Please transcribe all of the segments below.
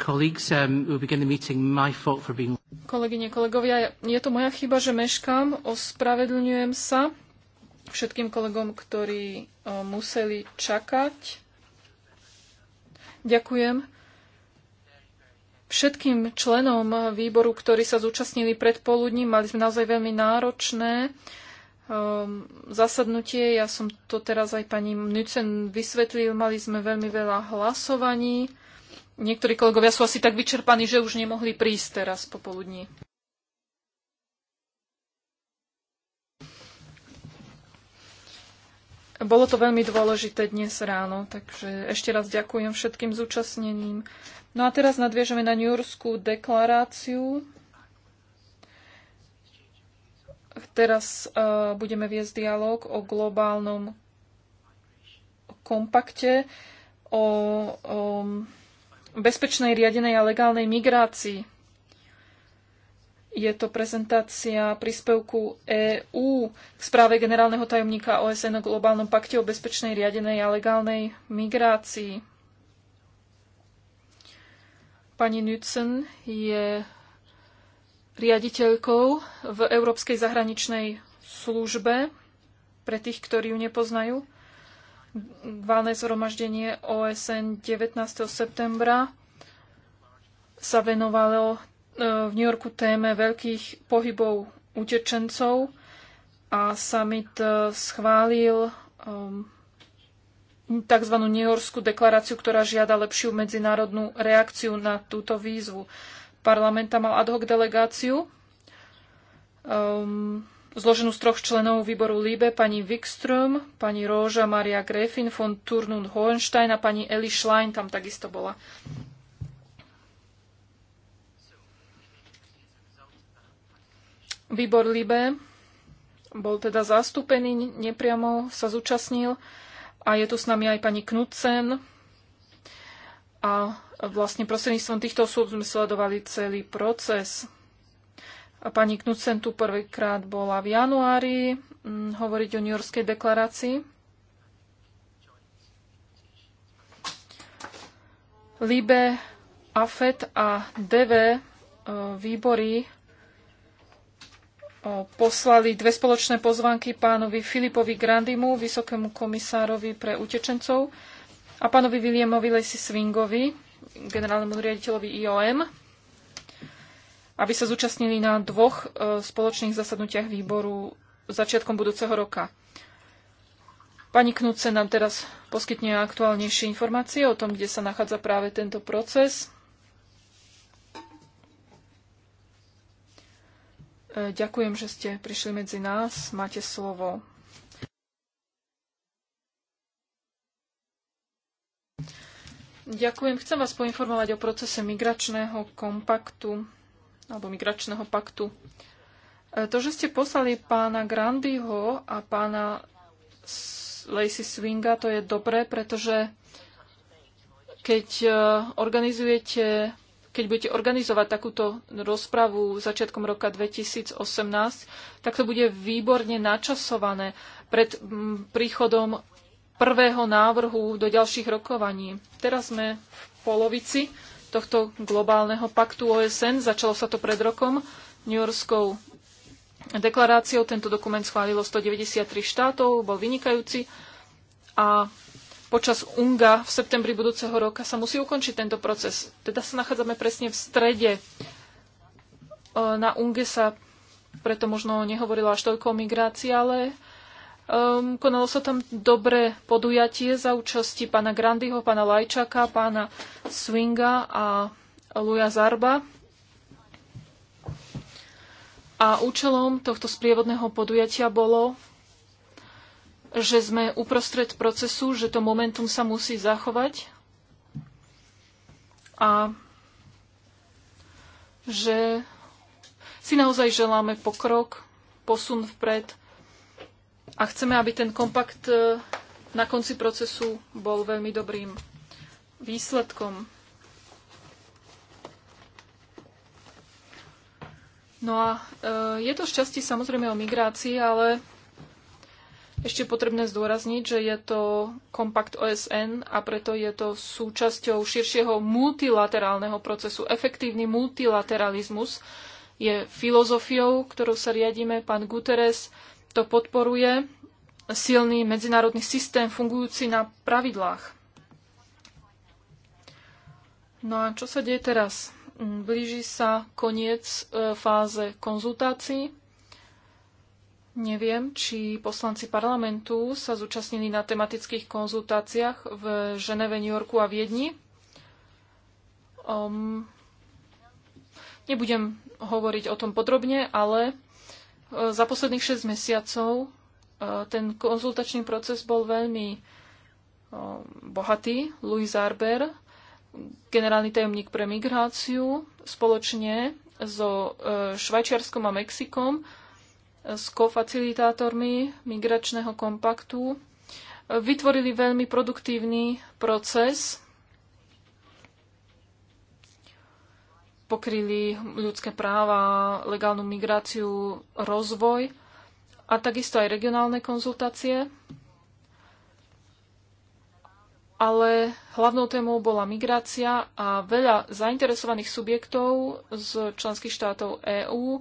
Um, Kolegyne, kolegovia, je to moja chyba, že meškám. Ospravedlňujem sa všetkým kolegom, ktorí museli čakať. Ďakujem všetkým členom výboru, ktorí sa zúčastnili predpoludní. Mali sme naozaj veľmi náročné um, zasadnutie. Ja som to teraz aj pani Mnucen vysvetlil. Mali sme veľmi veľa hlasovaní Niektorí kolegovia sú asi tak vyčerpaní, že už nemohli prísť teraz popoludní. Bolo to veľmi dôležité dnes ráno, takže ešte raz ďakujem všetkým zúčastneným. No a teraz nadviežeme na Ňurskú deklaráciu. Teraz uh, budeme viesť dialog o globálnom kompakte, o, o bezpečnej, riadenej a legálnej migrácii. Je to prezentácia príspevku EÚ k správe generálneho tajomníka OSN o globálnom pakte o bezpečnej, riadenej a legálnej migrácii. Pani Nutsen je riaditeľkou v Európskej zahraničnej službe pre tých, ktorí ju nepoznajú valné zhromaždenie OSN 19. septembra sa venovalo e, v New Yorku téme veľkých pohybov utečencov a summit e, schválil ehm, tzv. New Yorkskú deklaráciu, ktorá žiada lepšiu medzinárodnú reakciu na túto výzvu. Parlamenta mal ad hoc delegáciu. Um, zloženú z troch členov výboru LIBE, pani Wikström, pani Róža Maria Grefin von Turnund Hohenstein a pani Eli Schlein tam takisto bola. Výbor LIBE bol teda zastúpený, nepriamo sa zúčastnil a je tu s nami aj pani Knudsen a vlastne prostredníctvom týchto súd sme sledovali celý proces. Pani Knudsen tu prvýkrát bola v januári hm, hovoriť o New Yorkskej deklarácii. Libe, AFET a DV e, výbory e, poslali dve spoločné pozvanky pánovi Filipovi Grandimu, vysokému komisárovi pre utečencov, a pánovi Williamovi Lacey Swingovi, generálnemu riaditeľovi IOM aby sa zúčastnili na dvoch e, spoločných zasadnutiach výboru začiatkom budúceho roka. Pani Knudce nám teraz poskytne aktuálnejšie informácie o tom, kde sa nachádza práve tento proces. E, ďakujem, že ste prišli medzi nás. Máte slovo. Ďakujem. Chcem vás poinformovať o procese migračného kompaktu alebo migračného paktu. E, to, že ste poslali pána Grandyho a pána Lacey Swinga, to je dobré, pretože keď e, organizujete keď budete organizovať takúto rozpravu začiatkom roka 2018, tak to bude výborne načasované pred príchodom prvého návrhu do ďalších rokovaní. Teraz sme v polovici tohto globálneho paktu OSN. Začalo sa to pred rokom New Yorkskou deklaráciou. Tento dokument schválilo 193 štátov, bol vynikajúci a počas UNGA v septembri budúceho roka sa musí ukončiť tento proces. Teda sa nachádzame presne v strede. E, na UNGE sa preto možno nehovorilo až toľko o migrácii, ale Um, konalo sa tam dobré podujatie za účasti pána Grandyho, pána Lajčaka, pána Swinga a Luja Zarba. A účelom tohto sprievodného podujatia bolo, že sme uprostred procesu, že to momentum sa musí zachovať a že si naozaj želáme pokrok, posun vpred a chceme, aby ten kompakt e, na konci procesu bol veľmi dobrým výsledkom. No a e, je to šťastie samozrejme o migrácii, ale ešte potrebné zdôrazniť, že je to kompakt OSN a preto je to súčasťou širšieho multilaterálneho procesu. Efektívny multilateralizmus je filozofiou, ktorou sa riadíme. Pán Guterres to podporuje silný medzinárodný systém fungujúci na pravidlách. No a čo sa deje teraz? Mm, blíži sa koniec e, fáze konzultácií. Neviem, či poslanci parlamentu sa zúčastnili na tematických konzultáciách v Ženeve, New Yorku a Viedni. Um, nebudem hovoriť o tom podrobne, ale Eh, za posledných 6 mesiacov eh, ten konzultačný proces bol veľmi eh, bohatý. Louis Arber, generálny tajomník pre migráciu, spoločne so Švajčiarskom a Mexikom, s kofacilitátormi migračného kompaktu, vytvorili veľmi produktívny proces pokryli ľudské práva, legálnu migráciu, rozvoj a takisto aj regionálne konzultácie. Ale hlavnou témou bola migrácia a veľa zainteresovaných subjektov z členských štátov EÚ, e,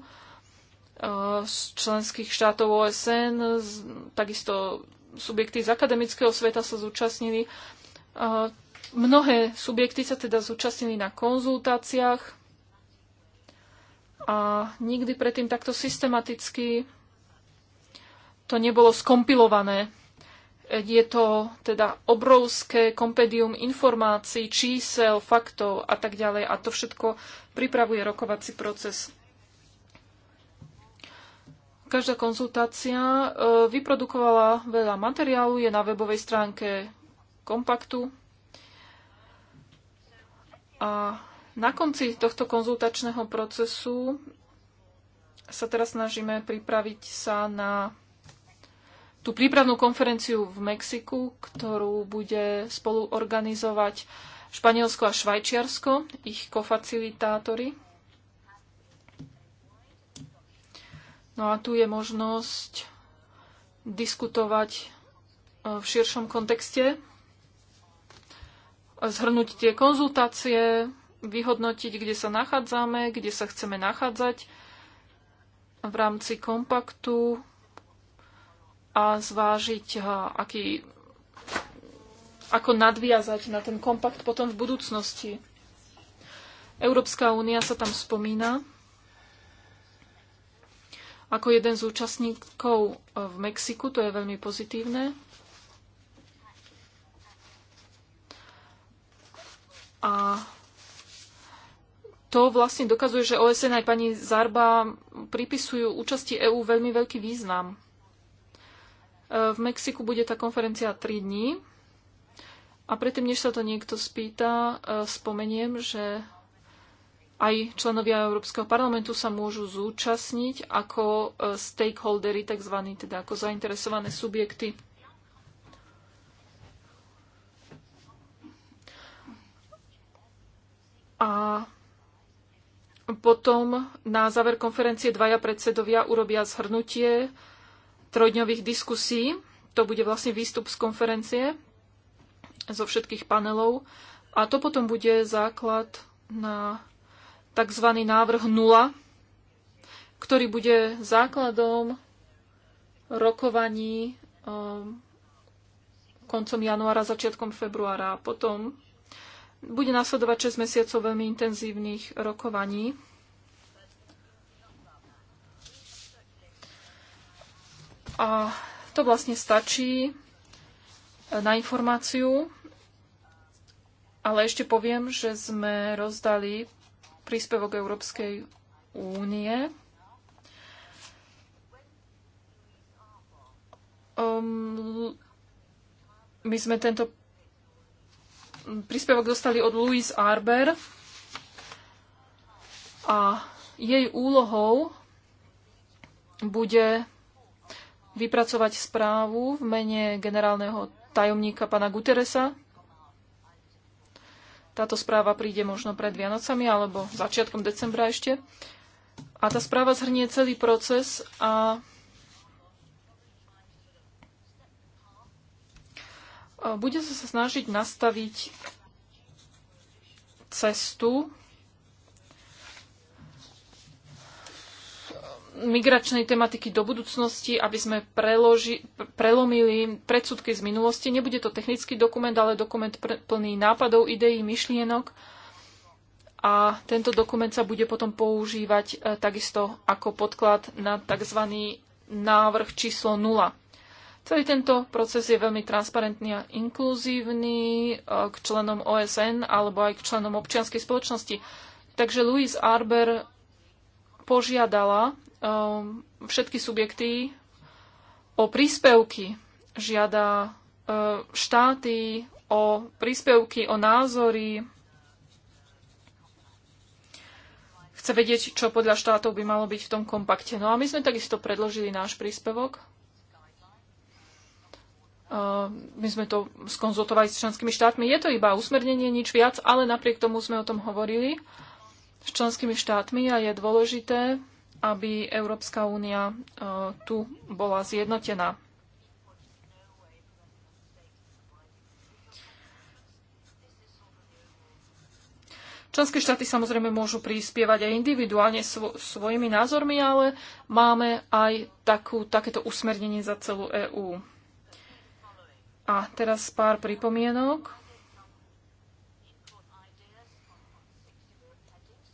z členských štátov OSN, z, takisto subjekty z akademického sveta sa zúčastnili. E, mnohé subjekty sa teda zúčastnili na konzultáciách a nikdy predtým takto systematicky to nebolo skompilované. Je to teda obrovské kompedium informácií, čísel, faktov a tak ďalej a to všetko pripravuje rokovací proces. Každá konzultácia e, vyprodukovala veľa materiálu, je na webovej stránke kompaktu a na konci tohto konzultačného procesu sa teraz snažíme pripraviť sa na tú prípravnú konferenciu v Mexiku, ktorú bude spolu organizovať Španielsko a Švajčiarsko, ich kofacilitátori. No a tu je možnosť diskutovať e, v širšom kontexte, zhrnúť tie konzultácie, vyhodnotiť, kde sa nachádzame, kde sa chceme nachádzať v rámci kompaktu a zvážiť, aký, ako nadviazať na ten kompakt potom v budúcnosti. Európska únia sa tam spomína ako jeden z účastníkov v Mexiku, to je veľmi pozitívne. A to vlastne dokazuje, že OSN aj pani Zarba pripisujú účasti EÚ veľmi veľký význam. E, v Mexiku bude tá konferencia 3 dní. A predtým, než sa to niekto spýta, e, spomeniem, že aj členovia Európskeho parlamentu sa môžu zúčastniť ako e, stakeholdery, tzv. teda ako zainteresované subjekty. A potom na záver konferencie dvaja predsedovia urobia zhrnutie trojdňových diskusí. To bude vlastne výstup z konferencie zo všetkých panelov. A to potom bude základ na tzv. návrh 0, ktorý bude základom rokovaní um, koncom januára, začiatkom februára. Potom bude nasledovať 6 mesiacov veľmi intenzívnych rokovaní. A to vlastne stačí e, na informáciu, ale ešte poviem, že sme rozdali príspevok Európskej únie. Um, my sme tento príspevok dostali od Louise Arber a jej úlohou bude vypracovať správu v mene generálneho tajomníka pana Guteresa. Táto správa príde možno pred Vianocami alebo začiatkom decembra ešte. A tá správa zhrnie celý proces a Bude sa snažiť nastaviť cestu migračnej tematiky do budúcnosti, aby sme preloži, prelomili predsudky z minulosti. Nebude to technický dokument, ale dokument plný nápadov, ideí, myšlienok. A tento dokument sa bude potom používať e, takisto ako podklad na tzv. návrh číslo 0. Celý tento proces je veľmi transparentný a inkluzívny e, k členom OSN alebo aj k členom občianskej spoločnosti. Takže Louise Arber požiadala e, všetky subjekty o príspevky. Žiada e, štáty o príspevky, o názory. Chce vedieť, čo podľa štátov by malo byť v tom kompakte. No a my sme takisto predložili náš príspevok my sme to skonzultovali s členskými štátmi. Je to iba usmernenie, nič viac, ale napriek tomu sme o tom hovorili s členskými štátmi a je dôležité, aby Európska únia e, tu bola zjednotená. Členské štáty samozrejme môžu prispievať aj individuálne svo- svojimi názormi, ale máme aj takú, takéto usmernenie za celú EÚ. A teraz pár pripomienok.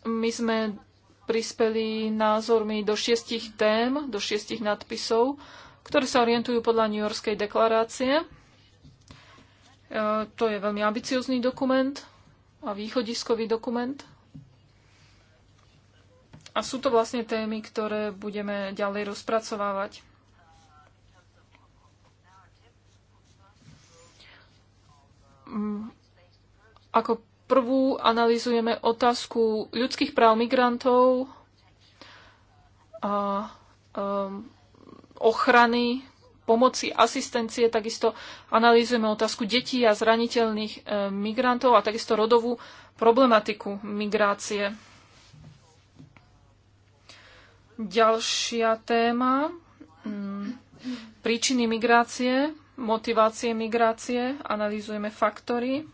My sme prispeli názormi do šiestich tém, do šiestich nadpisov, ktoré sa orientujú podľa New Yorkskej deklarácie. E, to je veľmi ambiciózny dokument a východiskový dokument. A sú to vlastne témy, ktoré budeme ďalej rozpracovávať. Mm, ako prvú analýzujeme otázku ľudských práv migrantov a um, ochrany, pomoci, asistencie, takisto analýzujeme otázku detí a zraniteľných eh, migrantov a takisto rodovú problematiku migrácie. Ďalšia téma. Mm, príčiny migrácie motivácie migrácie, analýzujeme faktory,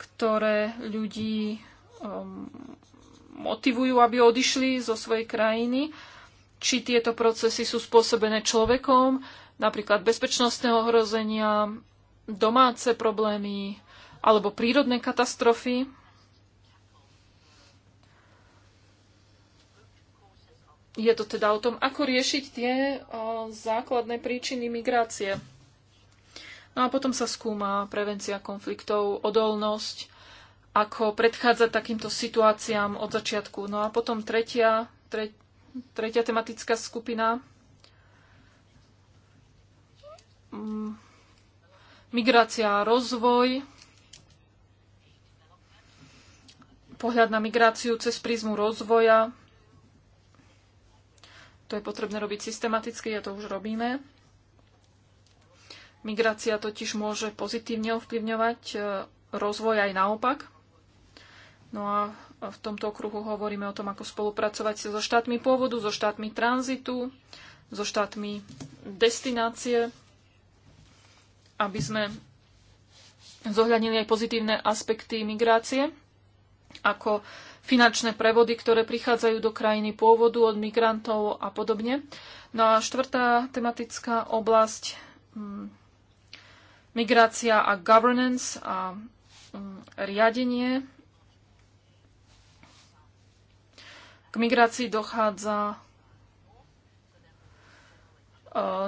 ktoré ľudí um, motivujú, aby odišli zo svojej krajiny, či tieto procesy sú spôsobené človekom, napríklad bezpečnostného ohrozenia, domáce problémy alebo prírodné katastrofy. je to teda o tom, ako riešiť tie základné príčiny migrácie. No a potom sa skúma prevencia konfliktov, odolnosť, ako predchádzať takýmto situáciám od začiatku. No a potom tretia, tre, tretia tematická skupina. Mm, migrácia a rozvoj. Pohľad na migráciu cez prízmu rozvoja, to je potrebné robiť systematicky a to už robíme. Migrácia totiž môže pozitívne ovplyvňovať e, rozvoj aj naopak. No a v tomto okruhu hovoríme o tom, ako spolupracovať so štátmi pôvodu, so štátmi tranzitu, so štátmi destinácie, aby sme zohľadnili aj pozitívne aspekty migrácie, ako finančné prevody, ktoré prichádzajú do krajiny pôvodu od migrantov a podobne. No a štvrtá tematická oblasť mm, migrácia a governance a mm, riadenie. K migrácii dochádza e,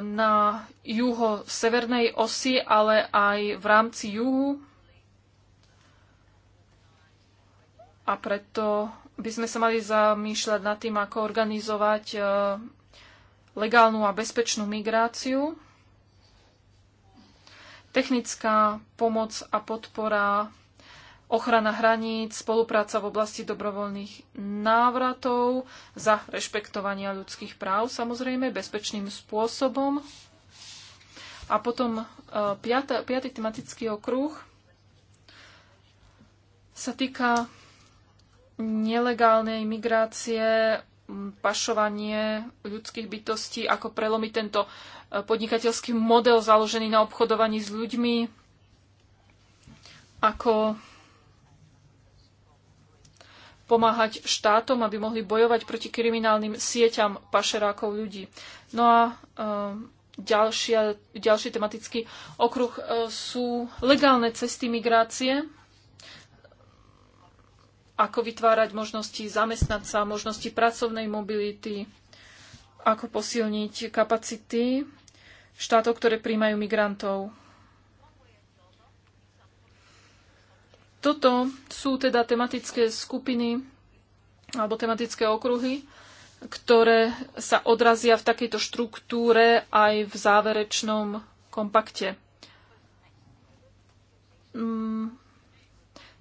na juho-severnej osy, ale aj v rámci juhu a preto by sme sa mali zamýšľať nad tým, ako organizovať e, legálnu a bezpečnú migráciu. Technická pomoc a podpora, ochrana hraníc, spolupráca v oblasti dobrovoľných návratov za rešpektovania ľudských práv, samozrejme, bezpečným spôsobom. A potom e, piatý tematický okruh sa týka nelegálnej migrácie, pašovanie ľudských bytostí, ako prelomiť tento e, podnikateľský model založený na obchodovaní s ľuďmi, ako pomáhať štátom, aby mohli bojovať proti kriminálnym sieťam pašerákov ľudí. No a e, ďalšia, ďalší tematický okruh e, sú legálne cesty migrácie, ako vytvárať možnosti zamestnať sa, možnosti pracovnej mobility, ako posilniť kapacity štátov, ktoré príjmajú migrantov. Toto sú teda tematické skupiny alebo tematické okruhy, ktoré sa odrazia v takejto štruktúre aj v záverečnom kompakte. Mm,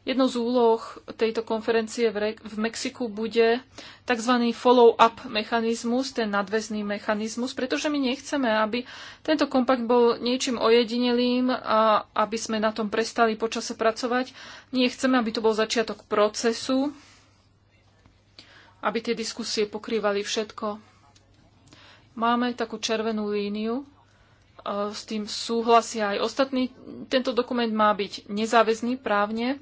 Jednou z úloh tejto konferencie v, Mexiku bude tzv. follow-up mechanizmus, ten nadväzný mechanizmus, pretože my nechceme, aby tento kompakt bol niečím ojedinelým a aby sme na tom prestali počase pracovať. Nechceme, aby to bol začiatok procesu, aby tie diskusie pokrývali všetko. Máme takú červenú líniu, e, s tým súhlasia aj ostatní. Tento dokument má byť nezáväzný právne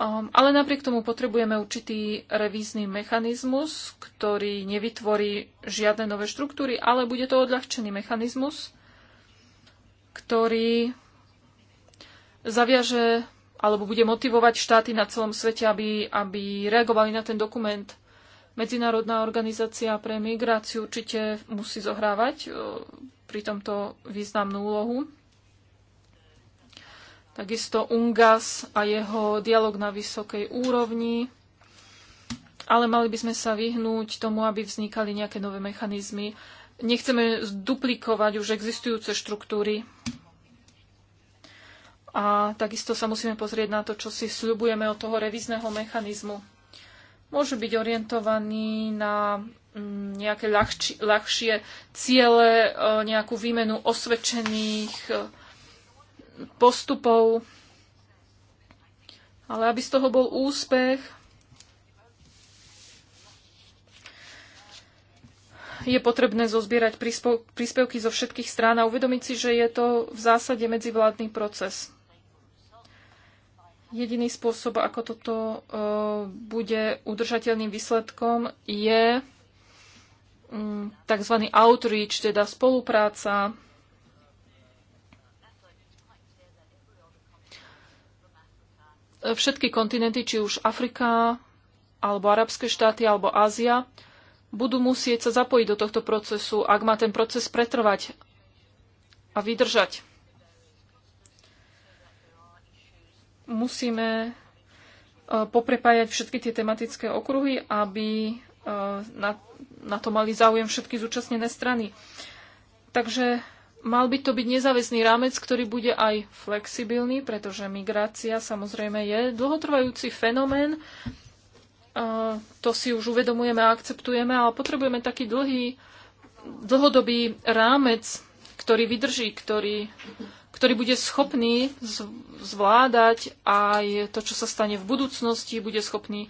Um, ale napriek tomu potrebujeme určitý revízny mechanizmus, ktorý nevytvorí žiadne nové štruktúry, ale bude to odľahčený mechanizmus, ktorý zaviaže alebo bude motivovať štáty na celom svete, aby, aby reagovali na ten dokument. Medzinárodná organizácia pre migráciu určite musí zohrávať uh, pri tomto významnú úlohu takisto UNGAS a jeho dialog na vysokej úrovni. Ale mali by sme sa vyhnúť tomu, aby vznikali nejaké nové mechanizmy. Nechceme duplikovať už existujúce štruktúry. A takisto sa musíme pozrieť na to, čo si sľubujeme od toho revízneho mechanizmu. Môže byť orientovaný na mm, nejaké ľahči, ľahšie ciele, e, nejakú výmenu osvedčených e, postupov. Ale aby z toho bol úspech, je potrebné zozbierať príspevky zo všetkých strán a uvedomiť si, že je to v zásade medzivládny proces. Jediný spôsob, ako toto e, bude udržateľným výsledkom, je mm, tzv. outreach, teda spolupráca všetky kontinenty, či už Afrika, alebo arabské štáty, alebo Ázia, budú musieť sa zapojiť do tohto procesu, ak má ten proces pretrvať a vydržať. Musíme e, poprepájať všetky tie tematické okruhy, aby e, na, na to mali záujem všetky zúčastnené strany. Takže mal by to byť nezáväzný rámec, ktorý bude aj flexibilný, pretože migrácia samozrejme je dlhotrvajúci fenomén. To si už uvedomujeme a akceptujeme, ale potrebujeme taký dlhý, dlhodobý rámec, ktorý vydrží, ktorý, ktorý bude schopný zvládať aj to, čo sa stane v budúcnosti, bude schopný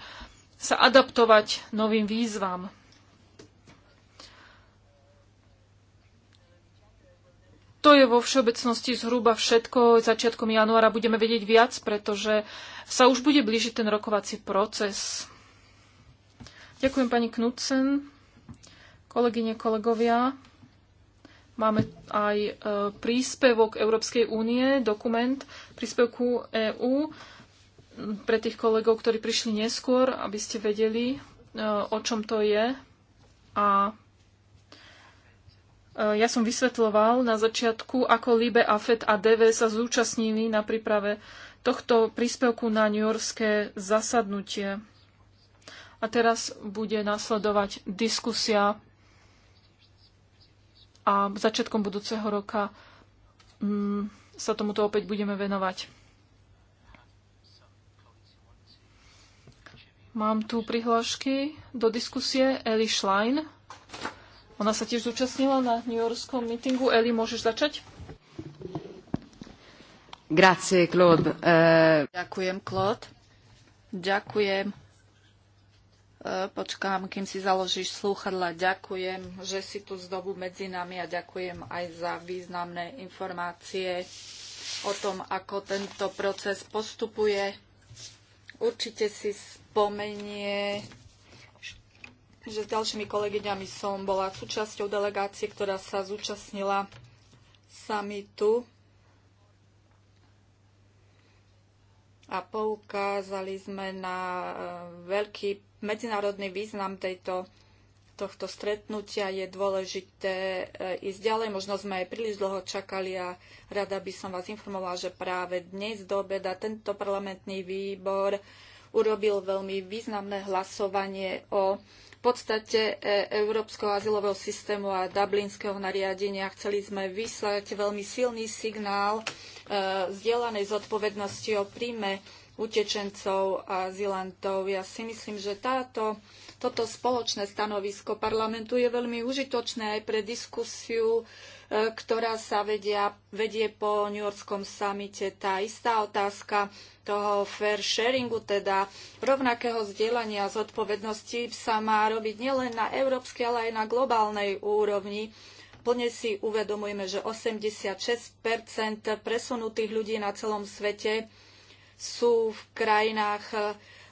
sa adaptovať novým výzvam. to je vo všeobecnosti zhruba všetko. Začiatkom januára budeme vedieť viac, pretože sa už bude blížiť ten rokovací proces. Ďakujem pani Knudsen, kolegyne, kolegovia. Máme aj e, príspevok Európskej únie, dokument príspevku EÚ pre tých kolegov, ktorí prišli neskôr, aby ste vedeli, e, o čom to je. A Eh, ja som vysvetloval na začiatku, ako Libe, AFET a DV sa zúčastnili na príprave tohto príspevku na newyorské zasadnutie. A teraz bude nasledovať diskusia a začiatkom budúceho roka mm, sa tomuto opäť budeme venovať. Mám tu prihlášky do diskusie Eli Schlein. Ona sa tiež zúčastnila na New Yorkskom mítingu. Eli, môžeš začať? Grazie, Claude. Uh... Ďakujem, Claude. Ďakujem. Uh, počkám, kým si založíš slúchadla. Ďakujem, že si tu z dobu medzi nami a ďakujem aj za významné informácie o tom, ako tento proces postupuje. Určite si spomenie že s ďalšími kolegyňami som bola súčasťou delegácie, ktorá sa zúčastnila samitu a poukázali sme na e, veľký medzinárodný význam tejto tohto stretnutia je dôležité e, ísť ďalej. Možno sme aj príliš dlho čakali a rada by som vás informovala, že práve dnes do obeda tento parlamentný výbor urobil veľmi významné hlasovanie o podstate e, Európskeho azylového systému a Dublinského nariadenia. Chceli sme vyslať veľmi silný signál vzdielanej e, zodpovednosti o príjme utečencov a azylantov. Ja si myslím, že táto toto spoločné stanovisko parlamentu je veľmi užitočné aj pre diskusiu, e, ktorá sa vedia, vedie po New Yorkskom samite. Tá istá otázka toho fair sharingu, teda rovnakého zdieľania zodpovednosti sa má robiť nielen na európskej, ale aj na globálnej úrovni. Plne si uvedomujeme, že 86 presunutých ľudí na celom svete sú v krajinách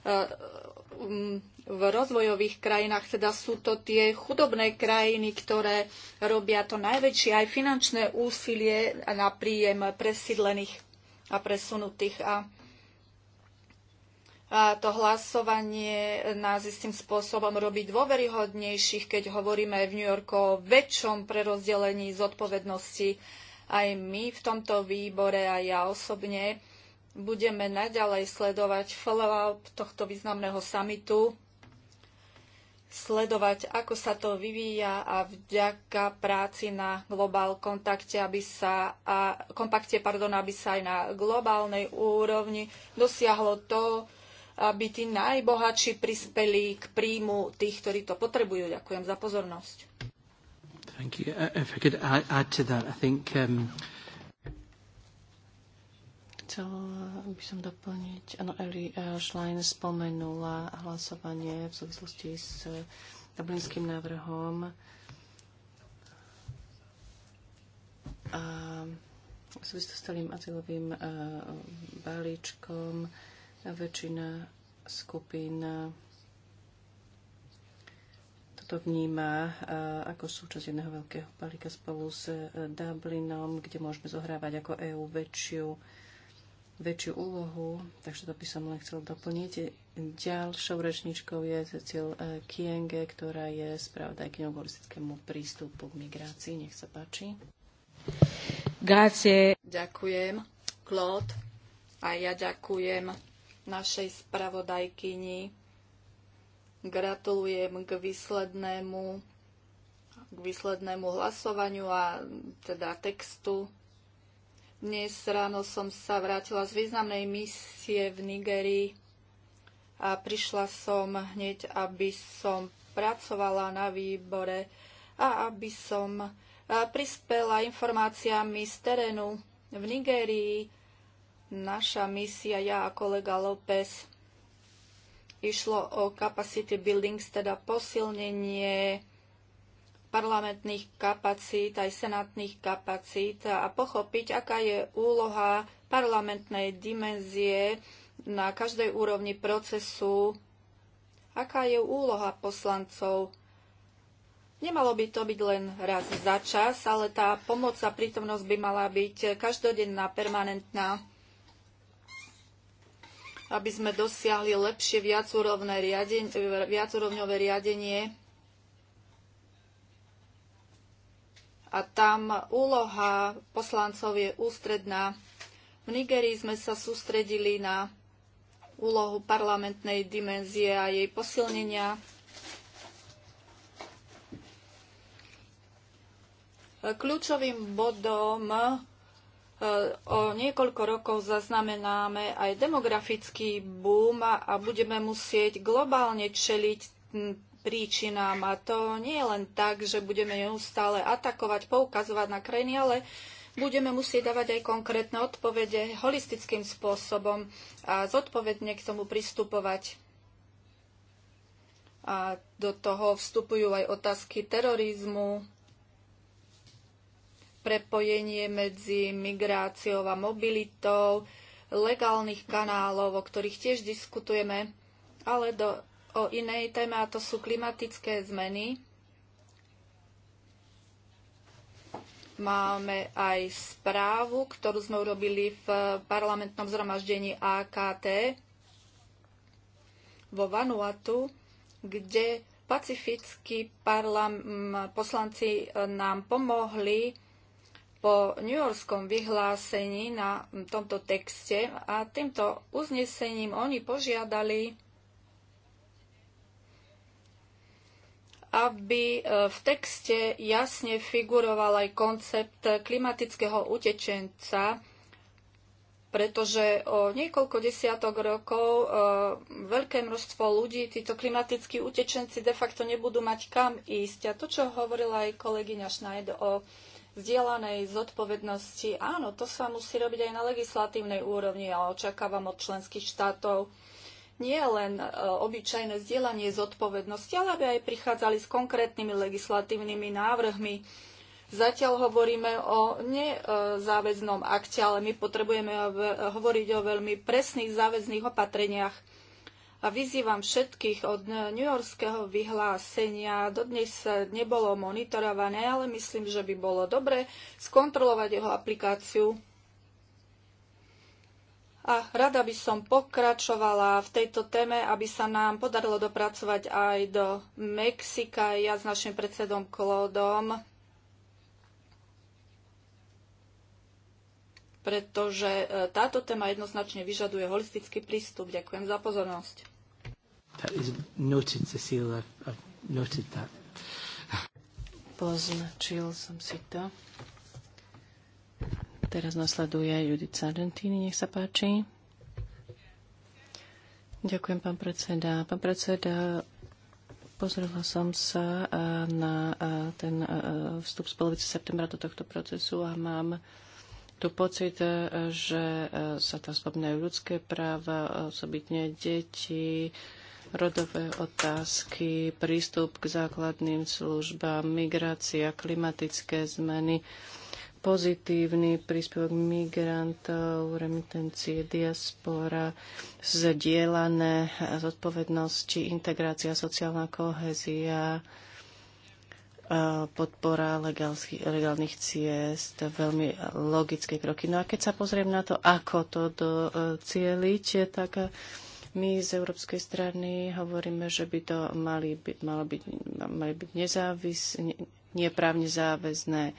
e, v rozvojových krajinách, teda sú to tie chudobné krajiny, ktoré robia to najväčšie aj finančné úsilie na príjem presídlených a presunutých. A, a to hlasovanie nás istým spôsobom robí dôveryhodnejších, keď hovoríme v New Yorku o väčšom prerozdelení zodpovednosti. Aj my v tomto výbore, aj ja osobne, budeme naďalej sledovať follow-up tohto významného samitu sledovať, ako sa to vyvíja a vďaka práci na global kontakte, aby sa, a, kompakte, pardon, aby sa aj na globálnej úrovni dosiahlo to, aby tí najbohatší prispeli k príjmu tých, ktorí to potrebujú. Ďakujem za pozornosť. Thank you. Uh, if I could add, add to that, I think um, Chcela eh, by som doplniť, áno, Eli eh, Schlein spomenula hlasovanie v súvislosti s eh, dublinským návrhom. A v súvislosti s celým azylovým balíčkom väčšina skupín to vníma ako súčasť jedného veľkého balíka spolu s Dublinom, kde môžeme zohrávať ako EÚ väčšiu väčšiu úlohu, takže to by som len chcel doplniť. Ďalšou rečničkou je Cecil e, Kienge, ktorá je k holistickému prístupu k migrácii. Nech sa páči. Grazie. Ďakujem, Claude. A ja ďakujem našej spravodajkyni. Gratulujem k výslednému k výslednému hlasovaniu a teda textu dnes ráno som sa vrátila z významnej misie v Nigerii a prišla som hneď, aby som pracovala na výbore a aby som prispela informáciami z terénu v Nigérii. Naša misia, ja a kolega López, išlo o capacity buildings, teda posilnenie parlamentných kapacít, aj senátnych kapacít a pochopiť, aká je úloha parlamentnej dimenzie na každej úrovni procesu, aká je úloha poslancov. Nemalo by to byť len raz za čas, ale tá pomoc a prítomnosť by mala byť každodenná, permanentná, aby sme dosiahli lepšie viacúrovňové riadenie, riadenie a tam úloha poslancov je ústredná. V Nigerii sme sa sústredili na úlohu parlamentnej dimenzie a jej posilnenia. Kľúčovým bodom e, o niekoľko rokov zaznamenáme aj demografický boom a budeme musieť globálne čeliť príčinám. A to nie je len tak, že budeme neustále atakovať, poukazovať na krajiny, ale budeme musieť dávať aj konkrétne odpovede holistickým spôsobom a zodpovedne k tomu pristupovať. A do toho vstupujú aj otázky terorizmu, prepojenie medzi migráciou a mobilitou, legálnych kanálov, o ktorých tiež diskutujeme, ale do o inej téme a to sú klimatické zmeny. Máme aj správu, ktorú sme urobili v parlamentnom zhromaždení AKT vo Vanuatu, kde pacifickí poslanci nám pomohli po New Yorkskom vyhlásení na tomto texte a týmto uznesením oni požiadali aby e, v texte jasne figuroval aj koncept klimatického utečenca, pretože o niekoľko desiatok rokov e, veľké množstvo ľudí, títo klimatickí utečenci de facto nebudú mať kam ísť. A to, čo hovorila aj kolegyňa Schneider o vzdielanej zodpovednosti, áno, to sa musí robiť aj na legislatívnej úrovni a očakávam od členských štátov, nie len e, obyčajné zdieľanie zodpovednosti, ale aby aj prichádzali s konkrétnymi legislatívnymi návrhmi. Zatiaľ hovoríme o nezáväznom akte, ale my potrebujeme hovoriť o veľmi presných záväzných opatreniach. A vyzývam všetkých od New Yorkského vyhlásenia. Dodnes nebolo monitorované, ale myslím, že by bolo dobre skontrolovať jeho aplikáciu. A rada by som pokračovala v tejto téme, aby sa nám podarilo dopracovať aj do Mexika. Ja s našim predsedom Klódom pretože e, táto téma jednoznačne vyžaduje holistický prístup. Ďakujem za pozornosť. Noted, I've, Poznačil som si to. Teraz nasleduje Judith Sargentini, nech sa páči. Ďakujem, pán predseda. Pán predseda, Pozrela som sa eh, na eh, ten eh, vstup z polovice septembra do tohto procesu a mám tu pocit, že sa tam spomínajú ľudské práva, osobitne deti, rodové otázky, prístup k základným službám, migrácia, klimatické zmeny pozitívny príspevok migrantov, remitencie, diaspora, zdieľané zodpovednosti, integrácia, sociálna kohezia, podpora legálnych ciest, veľmi logické kroky. No a keď sa pozriem na to, ako to docieliť, tak my z európskej strany hovoríme, že by to mali byť, malo byť, mali byť nezávis, neprávne záväzné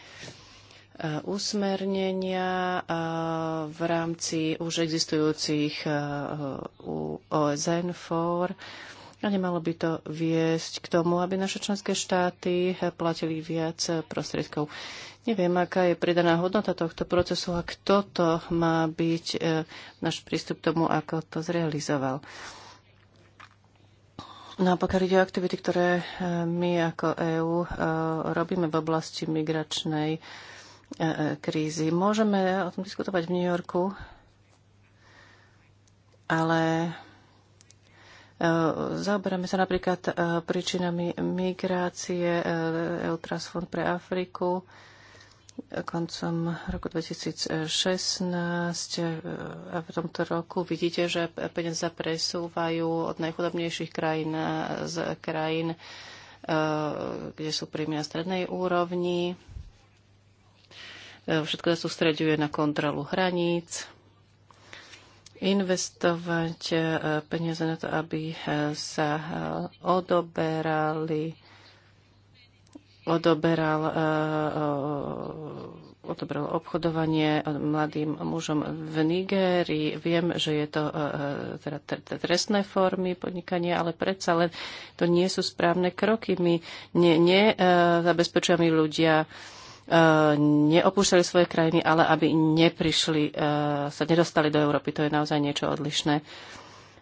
Eh, usmernenia eh, v rámci už existujúcich eh, OSN for a nemalo by to viesť k tomu, aby naše členské štáty platili viac prostriedkov. Neviem, aká je pridaná hodnota tohto procesu a kto to má byť náš prístup k tomu, ako to zrealizoval. No a pokiaľ ide o aktivity, ktoré my ako EÚ robíme v oblasti migračnej, E, e, krízy. Môžeme o tom diskutovať v New Yorku, ale e, Zaoberáme sa napríklad príčinami migrácie Eutras Fond pre Afriku. Koncom roku 2016 a v tomto roku vidíte, že peniaze presúvajú od najchudobnejších krajín z krajín, kde sú príjmy na strednej úrovni E, všetko sa sústreďuje na kontrolu hraníc, investovať e, peniaze na to, aby e, sa odoberali odoberal, odoberal obchodovanie mladým mužom v Nigérii. Viem, že je to teda trestné formy podnikania, ale predsa len to nie sú správne kroky. My nezabezpečujeme ľudia Eh, neopúšťali svoje krajiny, ale aby neprišli, eh, sa nedostali do Európy. To je naozaj niečo odlišné.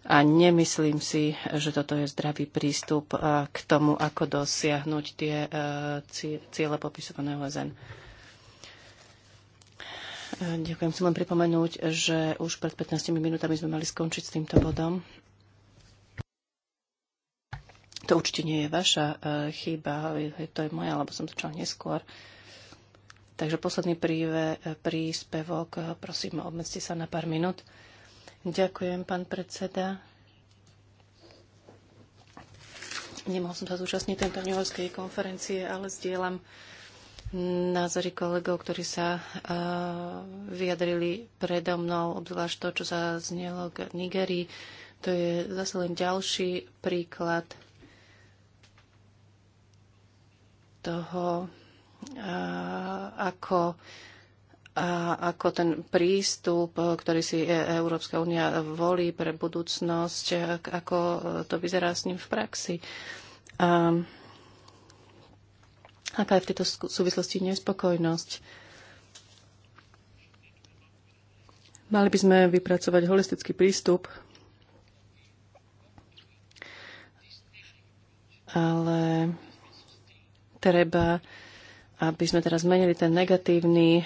A nemyslím si, že toto je zdravý prístup eh, k tomu, ako dosiahnuť tie ciele popisované OSN. Ďakujem. Chcem len pripomenúť, že už pred 15 minútami sme mali skončiť s týmto bodom. To určite nie je vaša chyba, to je moja, lebo som začal neskôr. Takže posledný príve, e, príspevok, e, prosím, obmedzte sa na pár minút. Ďakujem, pán predseda. Nemohol som sa zúčastniť tento ňovskej konferencie, ale zdieľam názory kolegov, ktorí sa uh, vyjadrili predo mnou, obzvlášť to, čo sa znelo k Nigerii. To je zase len ďalší príklad toho, ako a ako ten prístup, ktorý si e- Európska únia volí pre budúcnosť, ako to vyzerá s ním v praxi. A aká je v tejto súvislosti nespokojnosť? Mali by sme vypracovať holistický prístup, ale treba aby sme teraz zmenili ten negatívny eh,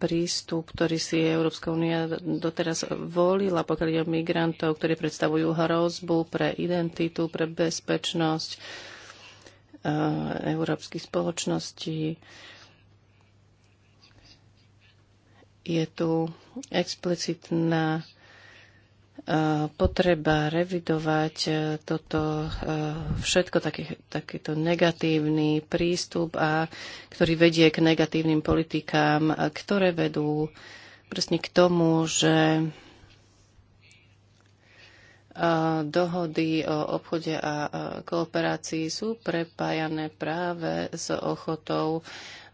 prístup, ktorý si Európska únia doteraz volila, pokiaľ ide o migrantov, ktorí predstavujú hrozbu pre identitu, pre bezpečnosť eh, európskych spoločností. Je tu explicitná potreba revidovať e, toto e, všetko, taký, takýto negatívny prístup, a, ktorý vedie k negatívnym politikám, ktoré vedú presne k tomu, že e, dohody o obchode a kooperácii sú prepájané práve s ochotou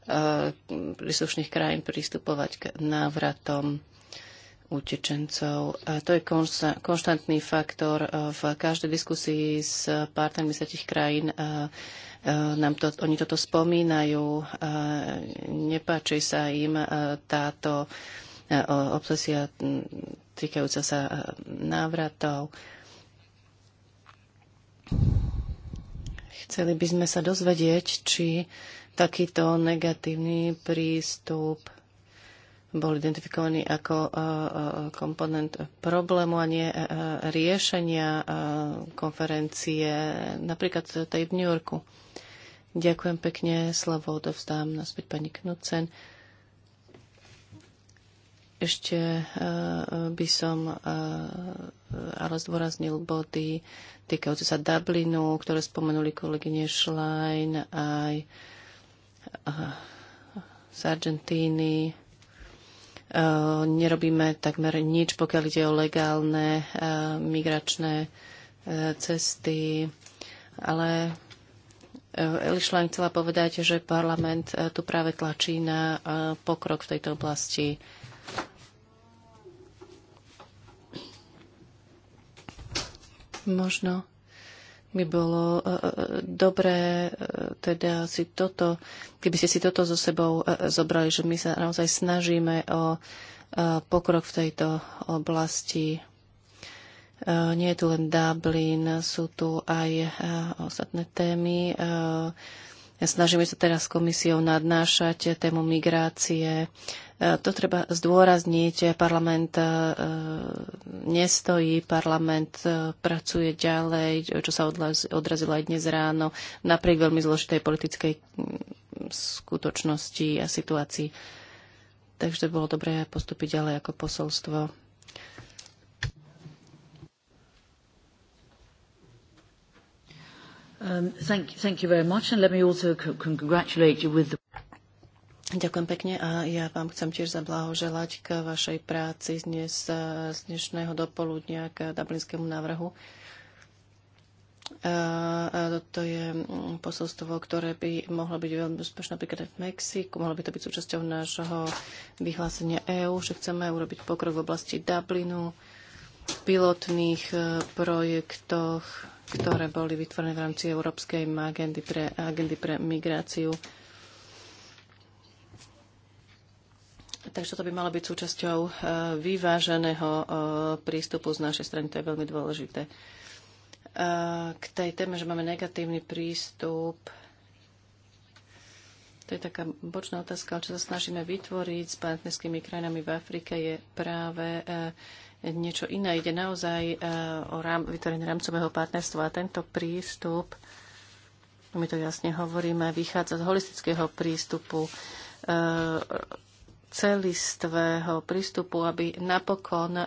príslušných krajín pristupovať k návratom utečencov. A to je konštantný faktor. E, v každej diskusii s partnermi z tých krajín e, e, nám to, oni toto spomínajú. Nepáči sa im táto obsesia týkajúca sa návratov. Chceli by sme sa dozvedieť, či takýto negatívny prístup bol identifikovaný ako e, e, komponent problému a nie e, riešenia konferencie, napríklad tej v New Yorku. Ďakujem pekne, slovo odovzdám naspäť pani Knudsen. Ešte by som ale zdôraznil body týkajúce sa Dublinu, ktoré spomenuli kolegyne Schlein aj z Argentíny E, nerobíme takmer nič, pokiaľ ide o legálne e, migračné e, cesty. Ale Elišla chcela povedať, že parlament tu práve tlačí na pokrok v tejto oblasti. Možno by bolo e, e, dobré e, teda si toto, keby ste si toto so sebou zobrali, že my sa naozaj snažíme o pokrok v tejto oblasti. Nie je tu len Dublin, sú tu aj ostatné témy. Snažíme sa teraz s komisiou nadnášať tému migrácie to treba zdôrazniť. Parlament e, nestojí, parlament e, pracuje ďalej, čo sa odrazilo aj dnes ráno, napriek veľmi zložitej politickej mm, skutočnosti a situácii. Takže bolo dobré postúpiť ďalej ako posolstvo. Um, thank, thank you very much, and let me also congratulate you with the Ďakujem pekne a ja vám chcem tiež zablahoželať k vašej práci z, dnes, e, z dnešného dopoludnia k dublinskému návrhu. A e, e, to je posolstvo, ktoré by mohlo byť veľmi úspešné napríklad v Mexiku. Mohlo by to byť súčasťou nášho vyhlásenia EÚ, že chceme urobiť pokrok v oblasti Dublinu, pilotných projektoch, ktoré boli vytvorené v rámci Európskej agendy pre, agendy pre migráciu. Takže to by malo byť súčasťou e, vyváženého e, prístupu z našej strany. To je veľmi dôležité. E, k tej téme, že máme negatívny prístup, to je taká bočná otázka, čo sa snažíme vytvoriť s partnerskými krajinami v Afrike, je práve niečo iné. Ide naozaj o rám, vytvorenie rámcového partnerstva a tento prístup, my to jasne hovoríme, vychádza z holistického prístupu celistvého prístupu, aby napokon e,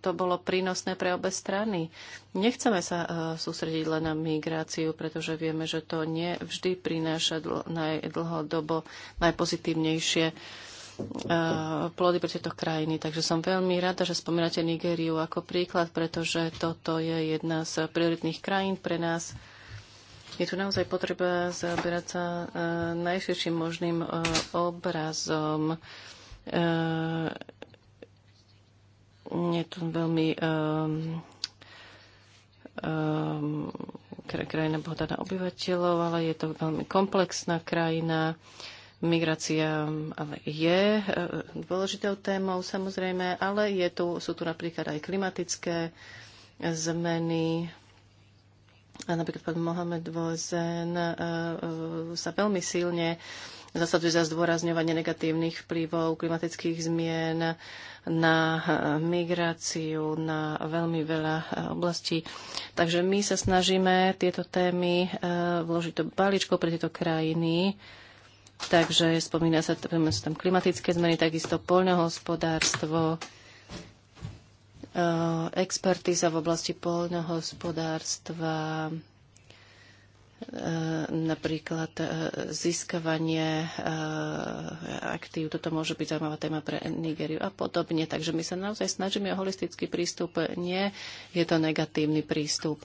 to bolo prínosné pre obe strany. Nechceme sa e, sústrediť len na migráciu, pretože vieme, že to nie vždy prináša dlhodobo najpozitívnejšie e, plody pre tieto krajiny. Takže som veľmi rada, že spomínate Nigériu ako príklad, pretože toto je jedna z prioritných krajín pre nás. Je tu naozaj potreba zaberať sa eh, najširším možným eh, obrazom. Eh, je tu veľmi krajina bohatá na obyvateľov, ale je to veľmi komplexná krajina. Migrácia ale je dôležitou témou samozrejme, ale je tu, sú tu napríklad aj klimatické zmeny, a napríklad pán Mohamed Vozen e, e, sa veľmi silne zasaduje za zdôrazňovanie negatívnych vplyvov klimatických zmien na e, migráciu, na veľmi veľa oblastí. Takže my sa snažíme tieto témy vložiť do balíčkov pre tieto krajiny. Takže spomína sa, spomína sa tam klimatické zmeny, takisto poľnohospodárstvo, Eh, expertíza v oblasti poľnohospodárstva, eh, napríklad eh, získavanie aktív, toto môže byť zaujímavá téma pre Nigeriu a podobne. Takže my sa naozaj snažíme o holistický prístup, nie je to negatívny prístup.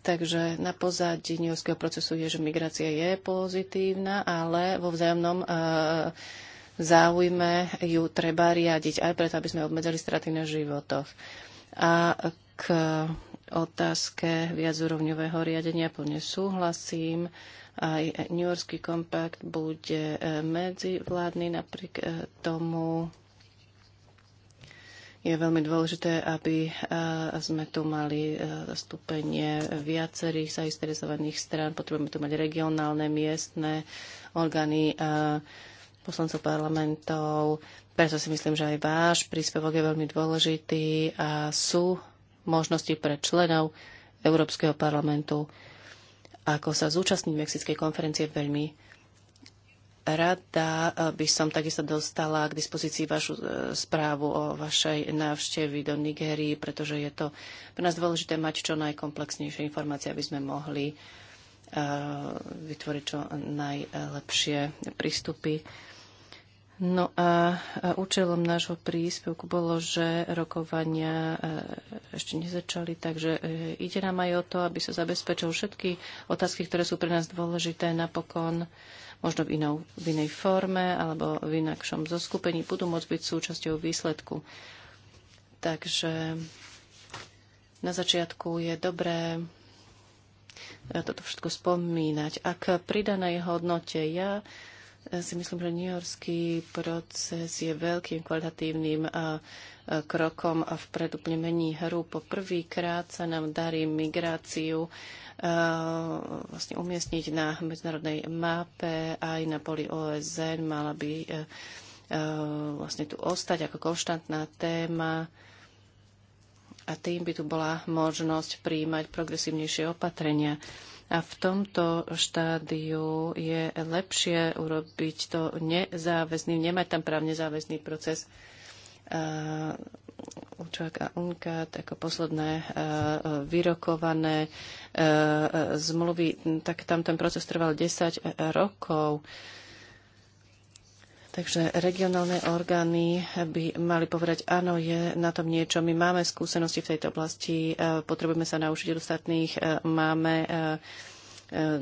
Takže na pozadí procesu je, že migrácia je pozitívna, ale vo vzájomnom uh, záujme ju treba riadiť aj preto, aby sme obmedzili straty na životoch. A k otázke viacúrovňového riadenia plne súhlasím. Aj New Yorkský kompakt bude e, medzivládny napriek e, tomu. Je veľmi dôležité, aby e, sme tu mali zastúpenie viacerých zainteresovaných strán. Potrebujeme tu mať regionálne, miestne orgány, poslancov parlamentov. Preto si myslím, že aj váš príspevok je veľmi dôležitý a sú možnosti pre členov Európskeho parlamentu, ako sa zúčastniť Mexickej konferencie veľmi rada eh, by som takisto dostala k dispozícii vašu eh, správu o vašej návštevy do Nigerii, pretože je to pre nás dôležité mať čo najkomplexnejšie informácie, aby sme mohli eh, vytvoriť čo najlepšie prístupy No a účelom nášho príspevku bolo, že rokovania e, ešte nezačali, takže e, ide nám aj o to, aby sa zabezpečil všetky otázky, ktoré sú pre nás dôležité napokon, možno v, inou, v inej forme alebo v inakšom zoskupení, budú môcť byť súčasťou výsledku. Takže na začiatku je dobré e, toto všetko spomínať. Ak pridanej hodnote ja si myslím, že Yorkský proces je veľkým kvalitatívnym krokom a vpred úplne mení hru. Po prvýkrát sa nám darí migráciu vlastne umiestniť na medzinárodnej mape aj na poli OSN. Mala by vlastne tu ostať ako konštantná téma a tým by tu bola možnosť príjmať progresívnejšie opatrenia. A v tomto štádiu je lepšie urobiť to nezáväzným, nemať tam právne záväzný proces. Učák a UNCAT ako posledné vyrokované zmluvy, tak tam ten proces trval 10 rokov. Takže regionálne orgány by mali povedať, áno, je na tom niečo, my máme skúsenosti v tejto oblasti, e, potrebujeme sa naučiť od ostatných, e, máme e,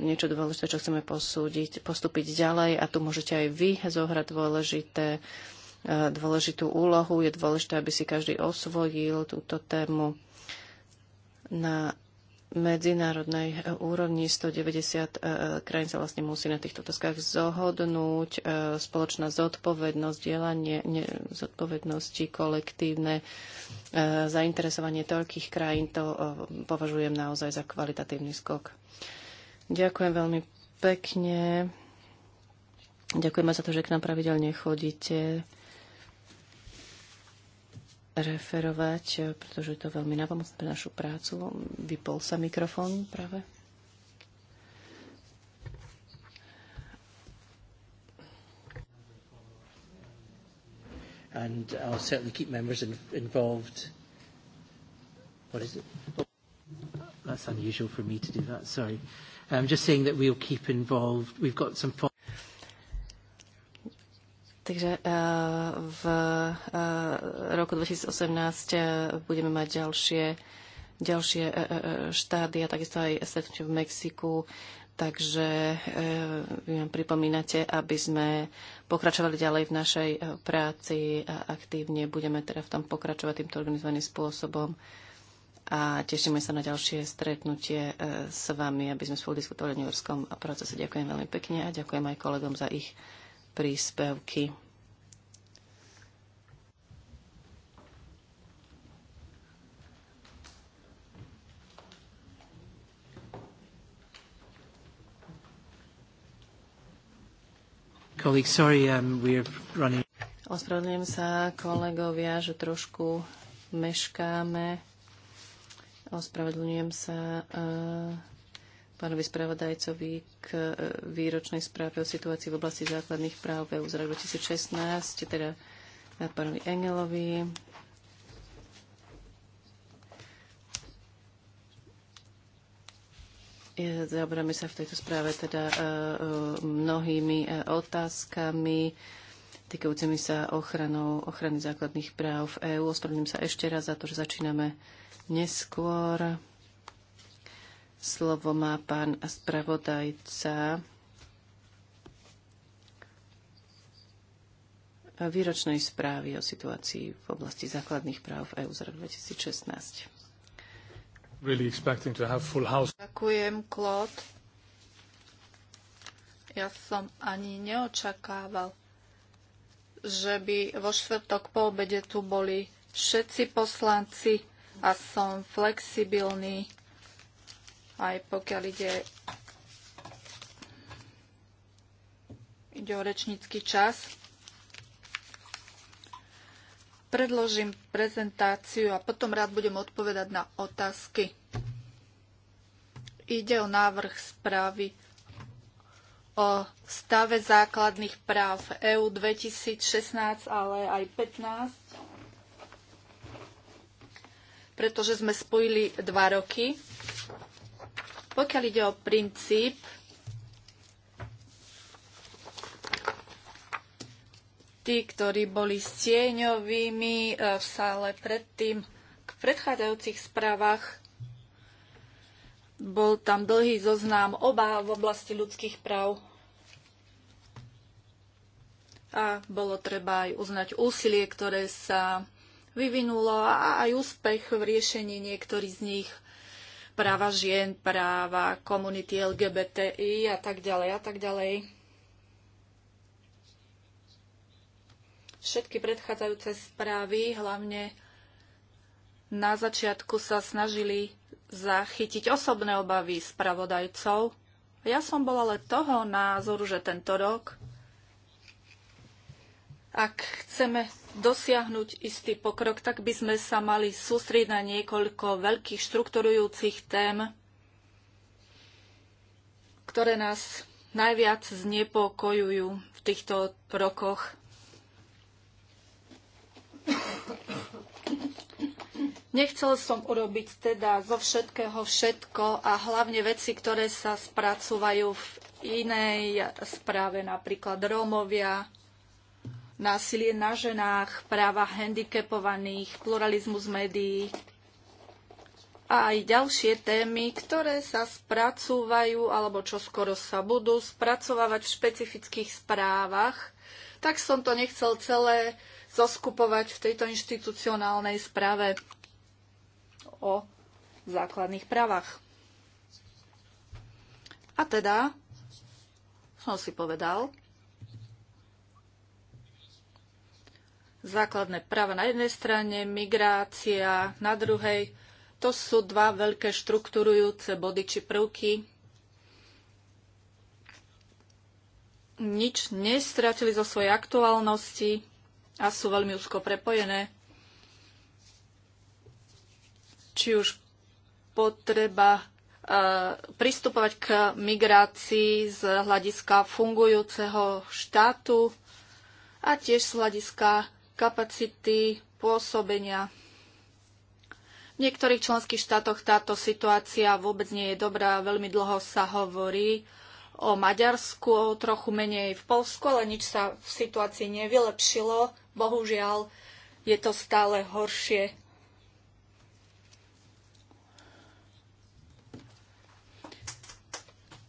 niečo dôležité, čo chceme posúdiť, postúpiť ďalej a tu môžete aj vy zohrať dôležité, dôležitú úlohu. Je dôležité, aby si každý osvojil túto tému na medzinárodnej e, úrovni 190 e, krajín sa vlastne musí na týchto otázkach zohodnúť. E, spoločná zodpovednosť, dielanie ne, zodpovednosti, kolektívne zainteresovanie toľkých krajín, to považujem naozaj za kvalitatívny skok. Ďakujem veľmi pekne. Ďakujeme za to, že k nám pravidelne chodíte referovať, eh, pretože je to veľmi napomocné pre našu prácu. Vypol sa mikrofón práve. And I'll certainly keep members in, involved. What is it? Oh, that's unusual for me to do that, sorry. I'm just saying that we'll keep involved. We've got some Takže eh, v eh, roku 2018 eh, budeme mať ďalšie, ďalšie štády a takisto aj stretnutie v Mexiku. Takže vy nám pripomínate, aby sme pokračovali ďalej v našej práci a aktívne budeme teda v tom pokračovať týmto organizovaným spôsobom a tešíme sa na ďalšie stretnutie s vami, aby sme spolu diskutovali o New Yorkskom procese. Ďakujem veľmi pekne a ďakujem aj kolegom za ich príspevky. Colleague, sorry, um, running. Ospravedlňujem sa kolegovia, že trošku meškáme. Ospravedlňujem sa. Uh, pánovi spravodajcovi k e, výročnej správe o situácii v oblasti základných práv v EU z roku 2016, teda pánovi Engelovi. Zaoberáme sa v tejto správe teda e, e, mnohými otázkami týkajúcimi sa ochranou, ochrany základných práv v EÚ. Ospravedlňujem sa ešte raz za to, že začíname neskôr. Slovo má pán spravodajca výročnej správy o situácii v oblasti základných práv v EU za rok 2016. Ďakujem, Claude. Ja som ani neočakával, že by vo štvrtok po obede tu boli všetci poslanci a som flexibilný aj pokiaľ ide, ide o rečnícky čas. Predložím prezentáciu a potom rád budem odpovedať na otázky. Ide o návrh správy o stave základných práv EU 2016, ale aj 15, pretože sme spojili dva roky pokiaľ ide o princíp, tí, ktorí boli stieňovými eh, v sále predtým, k predchádzajúcich správach bol tam dlhý zoznám oba v oblasti ľudských práv a bolo treba aj uznať úsilie, ktoré sa vyvinulo a aj úspech v riešení niektorých z nich – práva žien, práva komunity LGBTI a tak ďalej a tak ďalej. Všetky predchádzajúce správy, hlavne na začiatku sa snažili zachytiť osobné obavy spravodajcov. Ja som bola ale toho názoru, že tento rok ak chceme dosiahnuť istý pokrok, tak by sme sa mali sústrieť na niekoľko veľkých štrukturujúcich tém, ktoré nás najviac znepokojujú v týchto rokoch. Nechcel som urobiť teda zo všetkého všetko a hlavne veci, ktoré sa spracúvajú v inej správe, napríklad Rómovia, násilie na ženách, práva handicapovaných, pluralizmus médií a aj ďalšie témy, ktoré sa spracúvajú alebo čo skoro sa budú spracovávať v špecifických správach. Tak som to nechcel celé zoskupovať v tejto inštitucionálnej správe o základných právach. A teda som si povedal, základné práva na jednej strane, migrácia na druhej. To sú dva veľké štrukturujúce body či prvky. Nič nestratili zo svojej aktuálnosti a sú veľmi úzko prepojené. Či už potreba e, pristupovať k migrácii z hľadiska fungujúceho štátu a tiež z hľadiska kapacity pôsobenia. V niektorých členských štátoch táto situácia vôbec nie je dobrá. Veľmi dlho sa hovorí o Maďarsku, o trochu menej v Polsku, ale nič sa v situácii nevylepšilo. Bohužiaľ, je to stále horšie.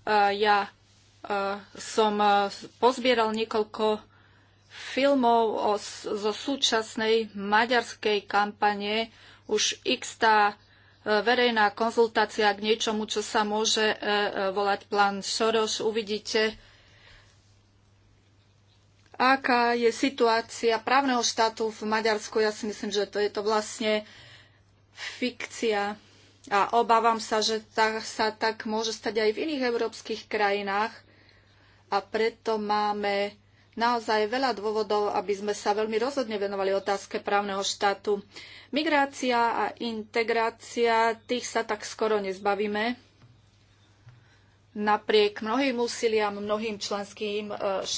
Ja som e, pozbieral niekoľko filmov o, zo súčasnej maďarskej kampane už x tá e, verejná konzultácia k niečomu, čo sa môže e, e, volať plán Soros. Uvidíte, aká je situácia právneho štátu v Maďarsku. Ja si myslím, že to je to vlastne fikcia. A obávam sa, že tá, sa tak môže stať aj v iných európskych krajinách. A preto máme naozaj veľa dôvodov, aby sme sa veľmi rozhodne venovali otázke právneho štátu. Migrácia a integrácia, tých sa tak skoro nezbavíme. Napriek mnohým úsiliam mnohým členským, e,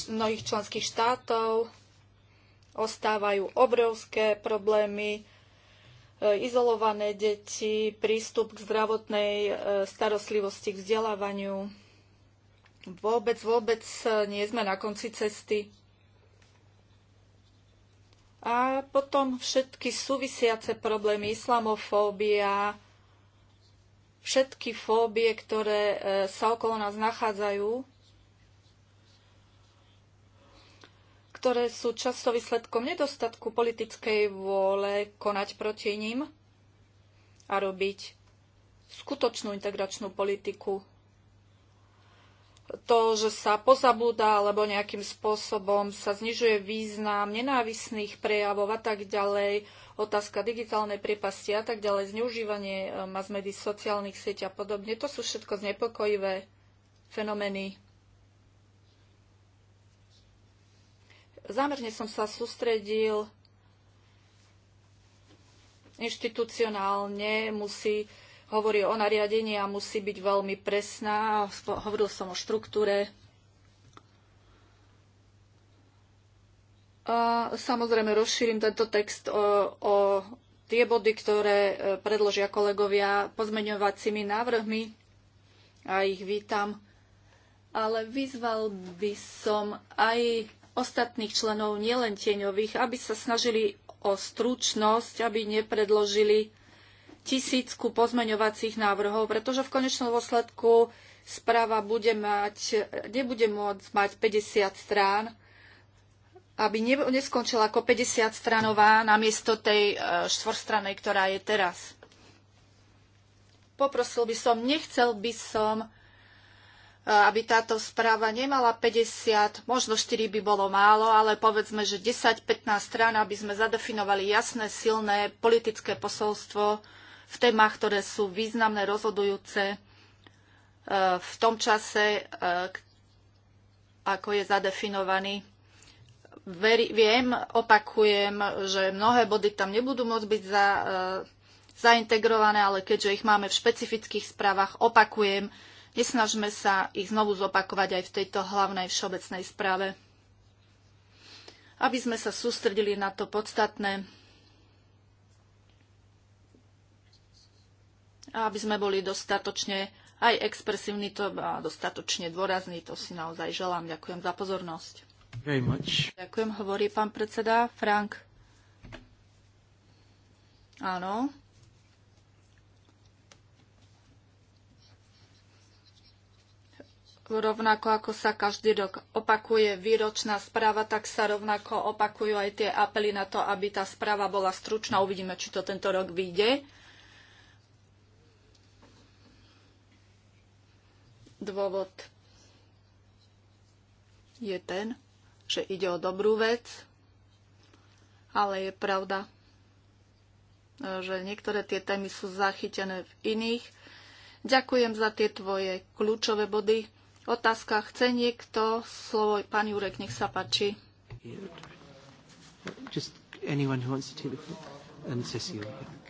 mnohých členských štátov ostávajú obrovské problémy e, izolované deti, prístup k zdravotnej e, starostlivosti, k vzdelávaniu. Vôbec, vôbec nie sme na konci cesty. A potom všetky súvisiace problémy, islamofóbia, všetky fóbie, ktoré e, sa okolo nás nachádzajú, ktoré sú často výsledkom nedostatku politickej vôle konať proti ním a robiť skutočnú integračnú politiku to, že sa pozabúda alebo nejakým spôsobom sa znižuje význam nenávisných prejavov a tak ďalej, otázka digitálnej priepasti a tak ďalej, zneužívanie e, mass sociálnych sieť a podobne. To sú všetko znepokojivé fenomény. Zámerne som sa sústredil inštitucionálne, musí hovorí o nariadení a musí byť veľmi presná. Hovoril som o štruktúre. A samozrejme, rozšírim tento text o, e, o tie body, ktoré e, predložia kolegovia pozmeňovacími návrhmi a ich vítam. Ale vyzval by som aj ostatných členov, nielen tieňových, aby sa snažili o stručnosť, aby nepredložili tisícku pozmeňovacích návrhov, pretože v konečnom dôsledku správa bude mať, nebude môcť mať 50 strán, aby ne, neskončila ako 50 stranová namiesto tej e, štvorstranej, ktorá je teraz. Poprosil by som, nechcel by som, e, aby táto správa nemala 50, možno 4 by bolo málo, ale povedzme, že 10-15 strán, aby sme zadefinovali jasné, silné politické posolstvo, v témach, ktoré sú významné, rozhodujúce e, v tom čase, e, ako je zadefinovaný. viem, opakujem, že mnohé body tam nebudú môcť byť za, e, zaintegrované, ale keďže ich máme v špecifických správach, opakujem, nesnažme sa ich znovu zopakovať aj v tejto hlavnej všeobecnej správe aby sme sa sústredili na to podstatné. a aby sme boli dostatočne aj expresívni to, a dostatočne dôrazní. To si naozaj želám. Ďakujem za pozornosť. Ďakujem, hovorí pán predseda Frank. Áno. Rovnako ako sa každý rok opakuje výročná správa, tak sa rovnako opakujú aj tie apely na to, aby tá správa bola stručná. Uvidíme, či to tento rok vyjde Dôvod je ten, že ide o dobrú vec, ale je pravda, že niektoré tie témy sú zachytené v iných. Ďakujem za tie tvoje kľúčové body. Otázka, chce niekto slovo? Pán Jurek, nech sa páči. Just anyone who wants to take the floor. And Okay.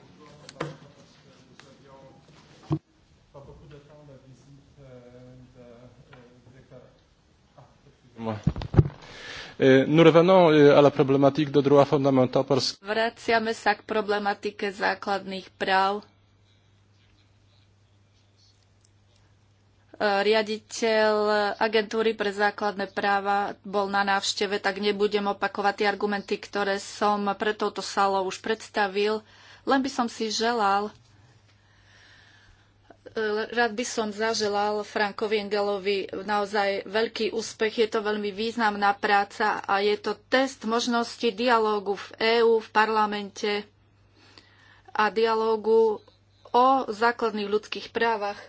Euh, euh, Vraciame sa k problematike základných práv. E, riaditeľ agentúry pre základné práva bol na návšteve, tak nebudem opakovať tie argumenty, ktoré som pre touto salou už predstavil. Len by som si želal, Eh, rád by som zaželal Frankovi Engelovi naozaj veľký úspech. Je to veľmi významná práca a je to test možnosti dialógu v EÚ, v parlamente a dialógu o základných ľudských právach.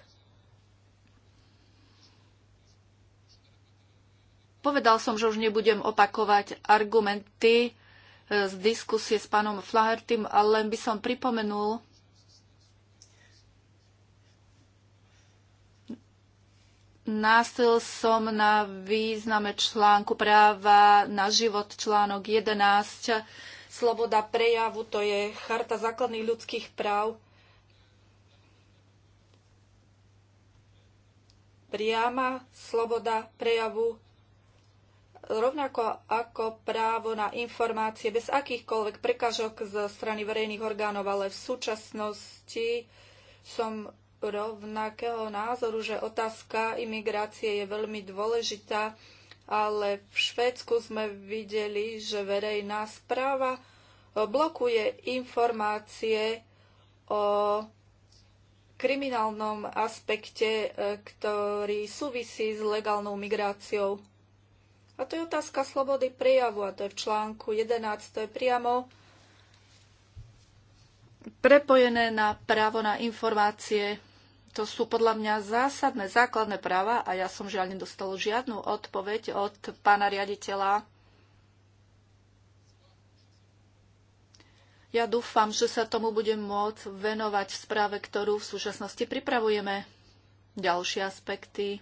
Povedal som, že už nebudem opakovať argumenty eh, z diskusie s pánom Flahertym, ale len by som pripomenul, násil som na význame článku práva na život, článok 11, sloboda prejavu, to je charta základných ľudských práv. Priama sloboda prejavu, rovnako ako právo na informácie bez akýchkoľvek prekážok zo strany verejných orgánov, ale v súčasnosti som rovnakého názoru, že otázka imigrácie je veľmi dôležitá, ale v Švédsku sme videli, že verejná správa e, blokuje informácie o kriminálnom aspekte, e, ktorý súvisí s legálnou migráciou. A to je otázka slobody prijavu, a to je v článku 11, to je priamo prepojené na právo na informácie. To sú podľa mňa zásadné, základné práva a ja som žiaľ nedostala žiadnu odpoveď od pána riaditeľa. Ja dúfam, že sa tomu budem môcť venovať v správe, ktorú v súčasnosti pripravujeme. Ďalšie aspekty.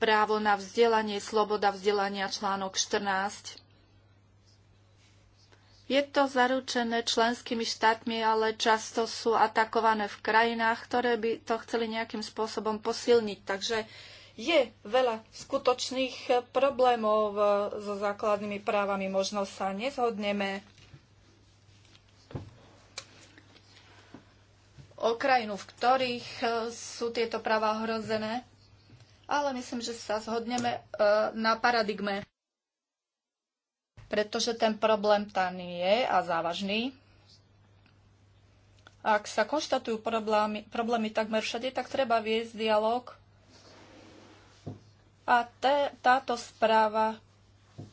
Právo na vzdelanie, sloboda vzdelania, článok 14 je to zaručené členskými štátmi, ale často sú atakované v krajinách, ktoré by to chceli nejakým spôsobom posilniť. Takže je veľa skutočných problémov so základnými právami. Možno sa nezhodneme o krajinu, v ktorých e, sú tieto práva ohrozené, ale myslím, že sa zhodneme e, na paradigme pretože ten problém tam je a závažný. Ak sa konštatujú problémy, problémy takmer všade, tak treba viesť dialog. A te, táto správa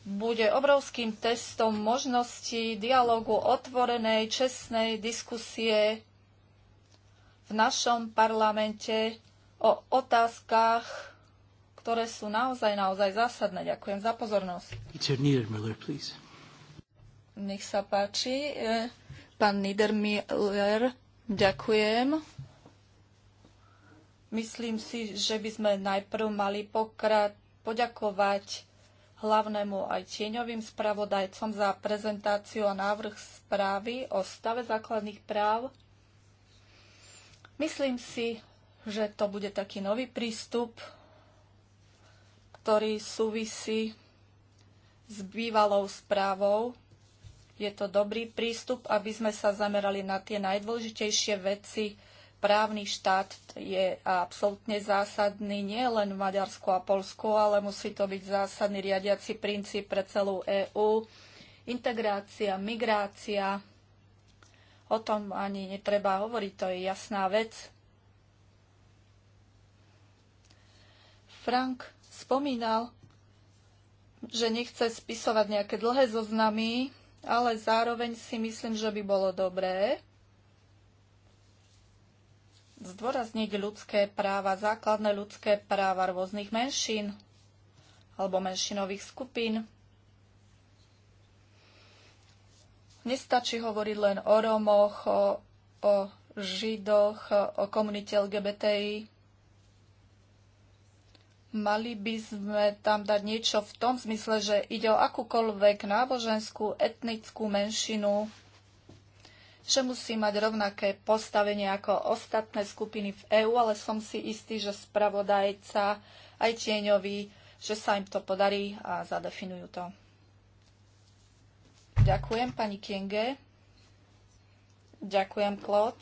bude obrovským testom možností dialogu otvorenej, čestnej diskusie v našom parlamente o otázkach ktoré sú naozaj, naozaj zásadné. Ďakujem za pozornosť. Nech sa páči. E, pán Niedermüller, ďakujem. Myslím si, že by sme najprv mali pokrát poďakovať hlavnému aj tieňovým spravodajcom za prezentáciu a návrh správy o stave základných práv. Myslím si, že to bude taký nový prístup ktorý súvisí s bývalou správou. Je to dobrý prístup, aby sme sa zamerali na tie najdôležitejšie veci. Právny štát je absolútne zásadný nie len v Maďarsku a Polsku, ale musí to byť zásadný riadiaci princíp pre celú EÚ. Integrácia, migrácia, o tom ani netreba hovoriť, to je jasná vec. Frank spomínal, že nechce spisovať nejaké dlhé zoznamy, ale zároveň si myslím, že by bolo dobré zdôrazniť ľudské práva, základné ľudské práva rôznych menšín alebo menšinových skupín. Nestačí hovoriť len o romoch, o, o Židoch, o komunite LGBTI. Mali by sme tam dať niečo v tom zmysle, že ide o akúkoľvek náboženskú, etnickú menšinu, že musí mať rovnaké postavenie ako ostatné skupiny v EÚ, ale som si istý, že spravodajca aj tieňovi, že sa im to podarí a zadefinujú to. Ďakujem pani Kienge. Ďakujem, Claude.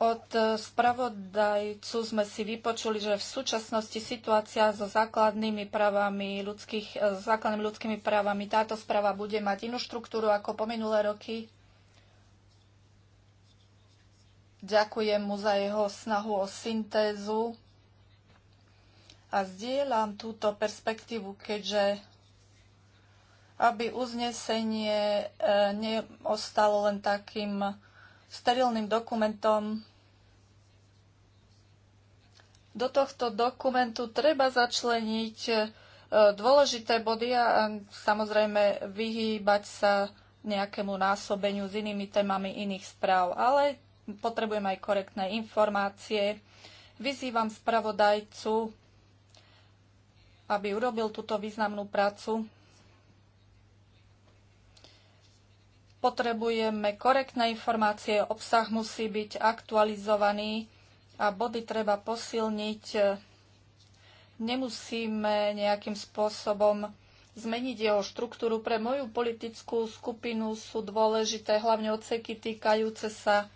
Od spravodajcu sme si vypočuli, že v súčasnosti situácia so základnými právami ľudských, e, základnými ľudskými právami táto správa bude mať inú štruktúru ako po minulé roky. Ďakujem mu za jeho snahu o syntézu a zdieľam túto perspektívu, keďže aby uznesenie e, neostalo len takým sterilným dokumentom, do tohto dokumentu treba začleniť e, dôležité body a samozrejme vyhýbať sa nejakému násobeniu s inými témami iných správ, ale potrebujem aj korektné informácie. Vyzývam spravodajcu, aby urobil túto významnú prácu. Potrebujeme korektné informácie, obsah musí byť aktualizovaný a body treba posilniť. Nemusíme nejakým spôsobom zmeniť jeho štruktúru. Pre moju politickú skupinu sú dôležité hlavne odseky týkajúce sa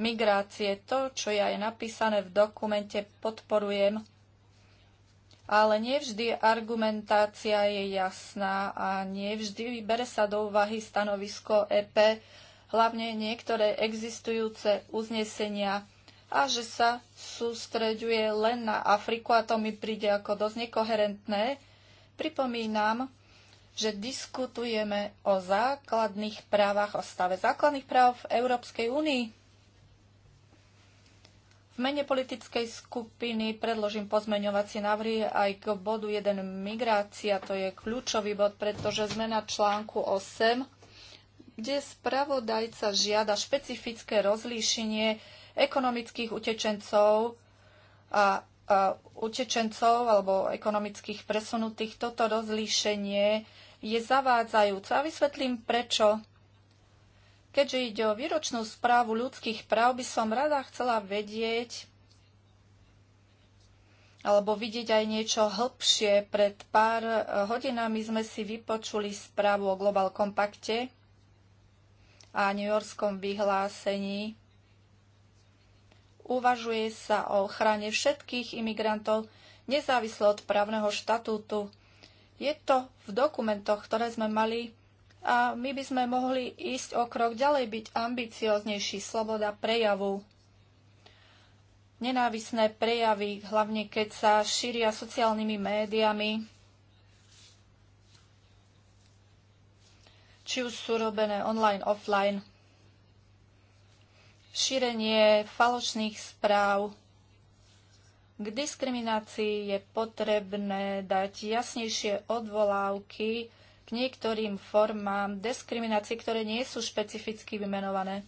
migrácie. To, čo ja je napísané v dokumente, podporujem, ale nevždy argumentácia je jasná a nevždy bere sa do úvahy stanovisko EP, hlavne niektoré existujúce uznesenia a že sa sústreďuje len na Afriku a to mi príde ako dosť nekoherentné. Pripomínam, že diskutujeme o základných právach, o stave základných práv v Európskej únii. V mene politickej skupiny predložím pozmeňovacie návrhy aj k bodu 1 migrácia. To je kľúčový bod, pretože sme na článku 8, kde spravodajca žiada špecifické rozlíšenie ekonomických utečencov a, a utečencov alebo ekonomických presunutých. Toto rozlíšenie je zavádzajúce a vysvetlím prečo. Keďže ide o výročnú správu ľudských práv, by som rada chcela vedieť alebo vidieť aj niečo hlbšie. Pred pár eh, hodinami sme si vypočuli správu o Global Compacte a New Yorkskom vyhlásení Uvažuje sa o ochrane všetkých imigrantov nezávisle od právneho štatútu. Je to v dokumentoch, ktoré sme mali a my by sme mohli ísť o krok ďalej, byť ambicioznejší, sloboda prejavu. Nenávisné prejavy, hlavne keď sa šíria sociálnymi médiami, či už sú robené online, offline šírenie falošných správ. K diskriminácii je potrebné dať jasnejšie odvolávky k niektorým formám diskriminácie, ktoré nie sú špecificky vymenované.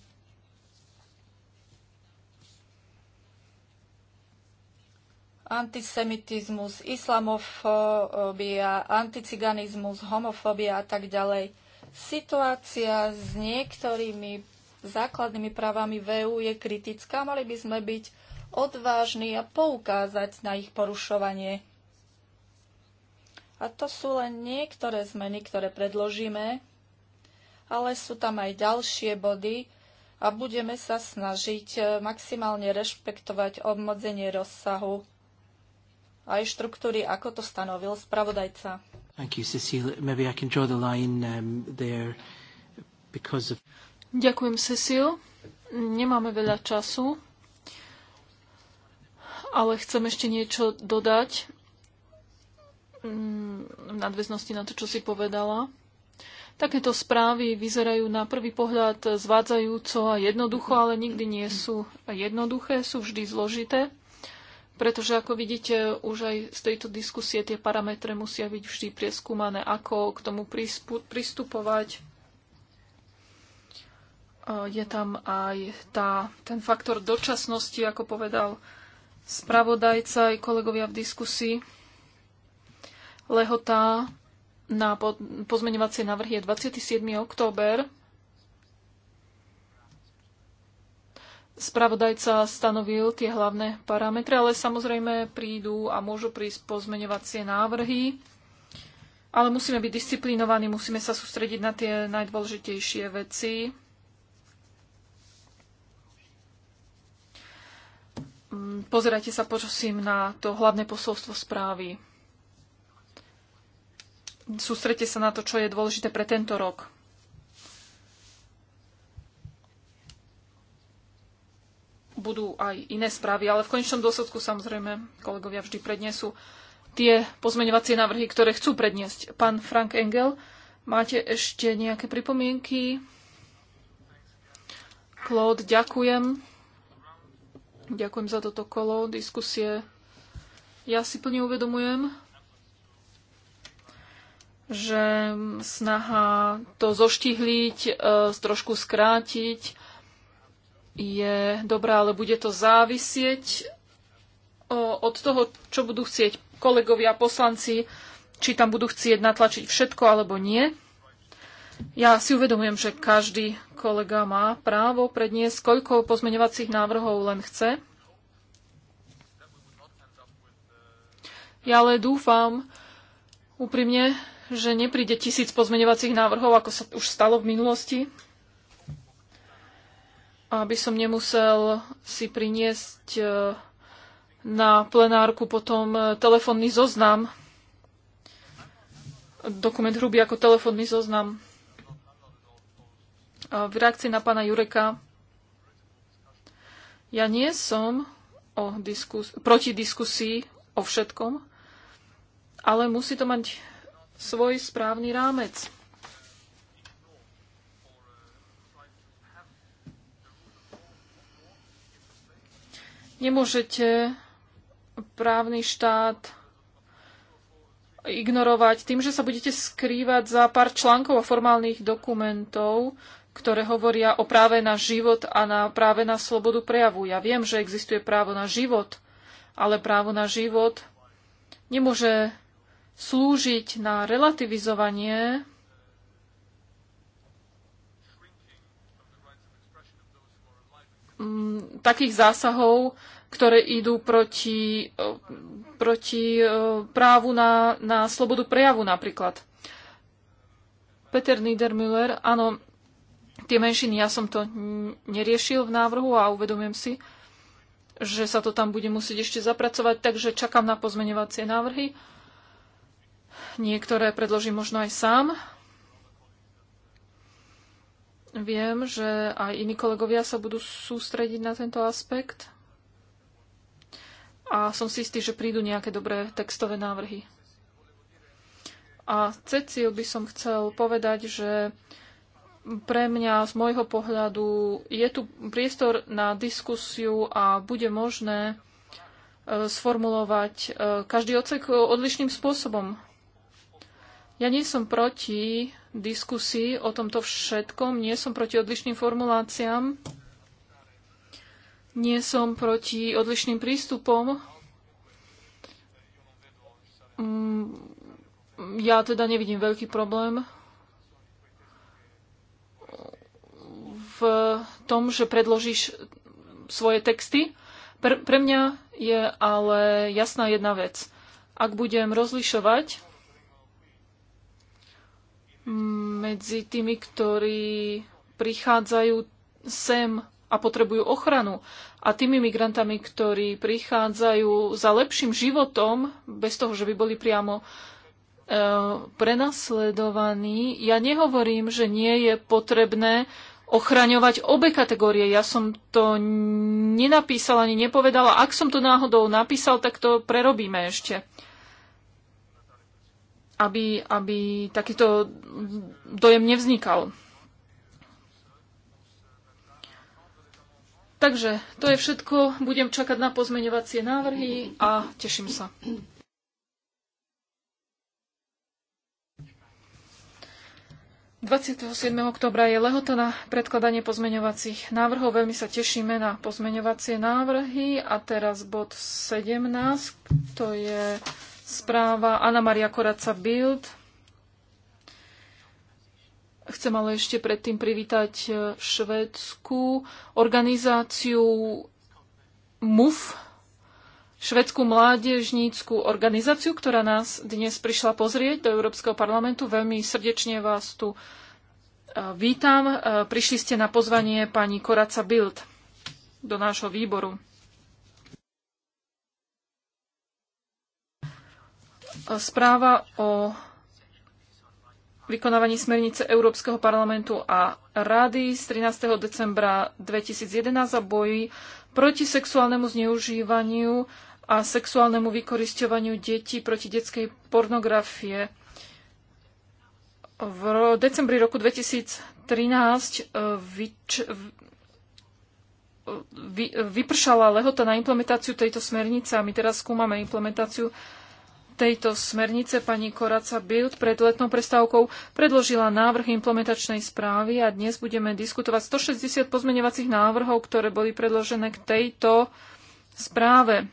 antisemitizmus, islamofóbia, anticiganizmus, homofóbia a tak ďalej. Situácia s niektorými základnými právami VÚ e je kritická, mali by sme byť odvážni a poukázať na ich porušovanie. A to sú len niektoré zmeny, ktoré predložíme, ale sú tam aj ďalšie body a budeme sa snažiť eh, maximálne rešpektovať obmedzenie rozsahu aj štruktúry, ako to stanovil spravodajca. Thank you, Cecile. Maybe I can draw the line um, there because of... Ďakujem, Cecil. Nemáme veľa času, ale chcem ešte niečo dodať mm, v nadväznosti na to, čo si povedala. Takéto správy vyzerajú na prvý pohľad zvádzajúco a jednoducho, ale nikdy nie sú jednoduché, sú vždy zložité, pretože ako vidíte, už aj z tejto diskusie tie parametre musia byť vždy prieskúmané, ako k tomu pristupovať, Eh, je tam aj tá, ten faktor dočasnosti, ako povedal spravodajca aj kolegovia v diskusii. Lehota na pozmeňovacie návrhy je 27. október. Spravodajca stanovil tie hlavné parametre, ale samozrejme prídu a môžu prísť pozmeňovacie návrhy. Ale musíme byť disciplinovaní, musíme sa sústrediť na tie najdôležitejšie veci Mm, pozerajte sa prosím na to hlavné posolstvo správy. Sústrete sa na to, čo je dôležité pre tento rok. Budú aj iné správy, ale v konečnom dôsledku samozrejme kolegovia vždy prednesú tie pozmeňovacie návrhy, ktoré chcú predniesť. Pán Frank Engel, máte ešte nejaké pripomienky? Claude, ďakujem. Ďakujem za toto kolo diskusie. Ja si plne uvedomujem, že snaha to zoštihliť, e, trošku skrátiť je dobrá, ale bude to závisieť e, od toho, čo budú chcieť kolegovia, poslanci, či tam budú chcieť natlačiť všetko alebo nie. Ja si uvedomujem, že každý kolega má právo predniesť, koľko pozmeňovacích návrhov len chce. Ja ale dúfam úprimne, že nepríde tisíc pozmeňovacích návrhov, ako sa už stalo v minulosti, aby som nemusel si priniesť e, na plenárku potom e, telefónny zoznam, dokument hrubý ako telefónny zoznam v reakcii na pána Jureka. Ja nie som o diskus- proti diskusii o všetkom, ale musí to mať svoj správny rámec. Nemôžete právny štát ignorovať tým, že sa budete skrývať za pár článkov a formálnych dokumentov ktoré hovoria o práve na život a na práve na slobodu prejavu. Ja viem, že existuje právo na život, ale právo na život nemôže slúžiť na relativizovanie takých zásahov, ktoré idú proti, proti e, právu na, na slobodu prejavu napríklad. Peter Niedermüller, áno, tie menšiny. Ja som to neriešil v návrhu a uvedomujem si, že sa to tam bude musieť ešte zapracovať, takže čakám na pozmeňovacie návrhy. Niektoré predložím možno aj sám. Viem, že aj iní kolegovia sa budú sústrediť na tento aspekt. A som si istý, že prídu nejaké dobré textové návrhy. A Cecil by som chcel povedať, že pre mňa z môjho pohľadu je tu priestor na diskusiu a bude možné e, sformulovať e, každý odsek odlišným spôsobom. Ja nie som proti diskusii o tomto všetkom, nie som proti odlišným formuláciám, nie som proti odlišným prístupom. Mm, ja teda nevidím veľký problém v tom, že predložíš svoje texty. Pre, pre mňa je ale jasná jedna vec. Ak budem rozlišovať medzi tými, ktorí prichádzajú sem a potrebujú ochranu a tými migrantami, ktorí prichádzajú za lepším životom, bez toho, že by boli priamo e, prenasledovaní. Ja nehovorím, že nie je potrebné ochraňovať obe kategórie. Ja som to nenapísala ani nepovedala. Ak som to náhodou napísal, tak to prerobíme ešte. Aby, aby takýto dojem nevznikal. Takže to je všetko. Budem čakať na pozmeňovacie návrhy a teším sa. 27. oktobra je lehota na predkladanie pozmeňovacích návrhov. Veľmi sa tešíme na pozmeňovacie návrhy. A teraz bod 17, to je správa Anna Maria Koraca Bild. Chcem ale ešte predtým privítať švédsku organizáciu MUF, švedskú mládežníckú organizáciu, ktorá nás dnes prišla pozrieť do Európskeho parlamentu. Veľmi srdečne vás tu e, vítam. E, prišli ste na pozvanie pani Koraca Bild do nášho výboru. Správa o vykonávaní smernice Európskeho parlamentu a Rady z 13. decembra 2011 za boji proti sexuálnemu zneužívaniu a sexuálnemu vykorisťovaniu detí proti detskej pornografie. V decembri roku 2013 e, vyč- e, vy, vypršala lehota na implementáciu tejto smernice a my teraz skúmame implementáciu tejto smernice pani Koraca Bild pred letnou prestávkou predložila návrh implementačnej správy a dnes budeme diskutovať 160 pozmeňovacích návrhov, ktoré boli predložené k tejto správe.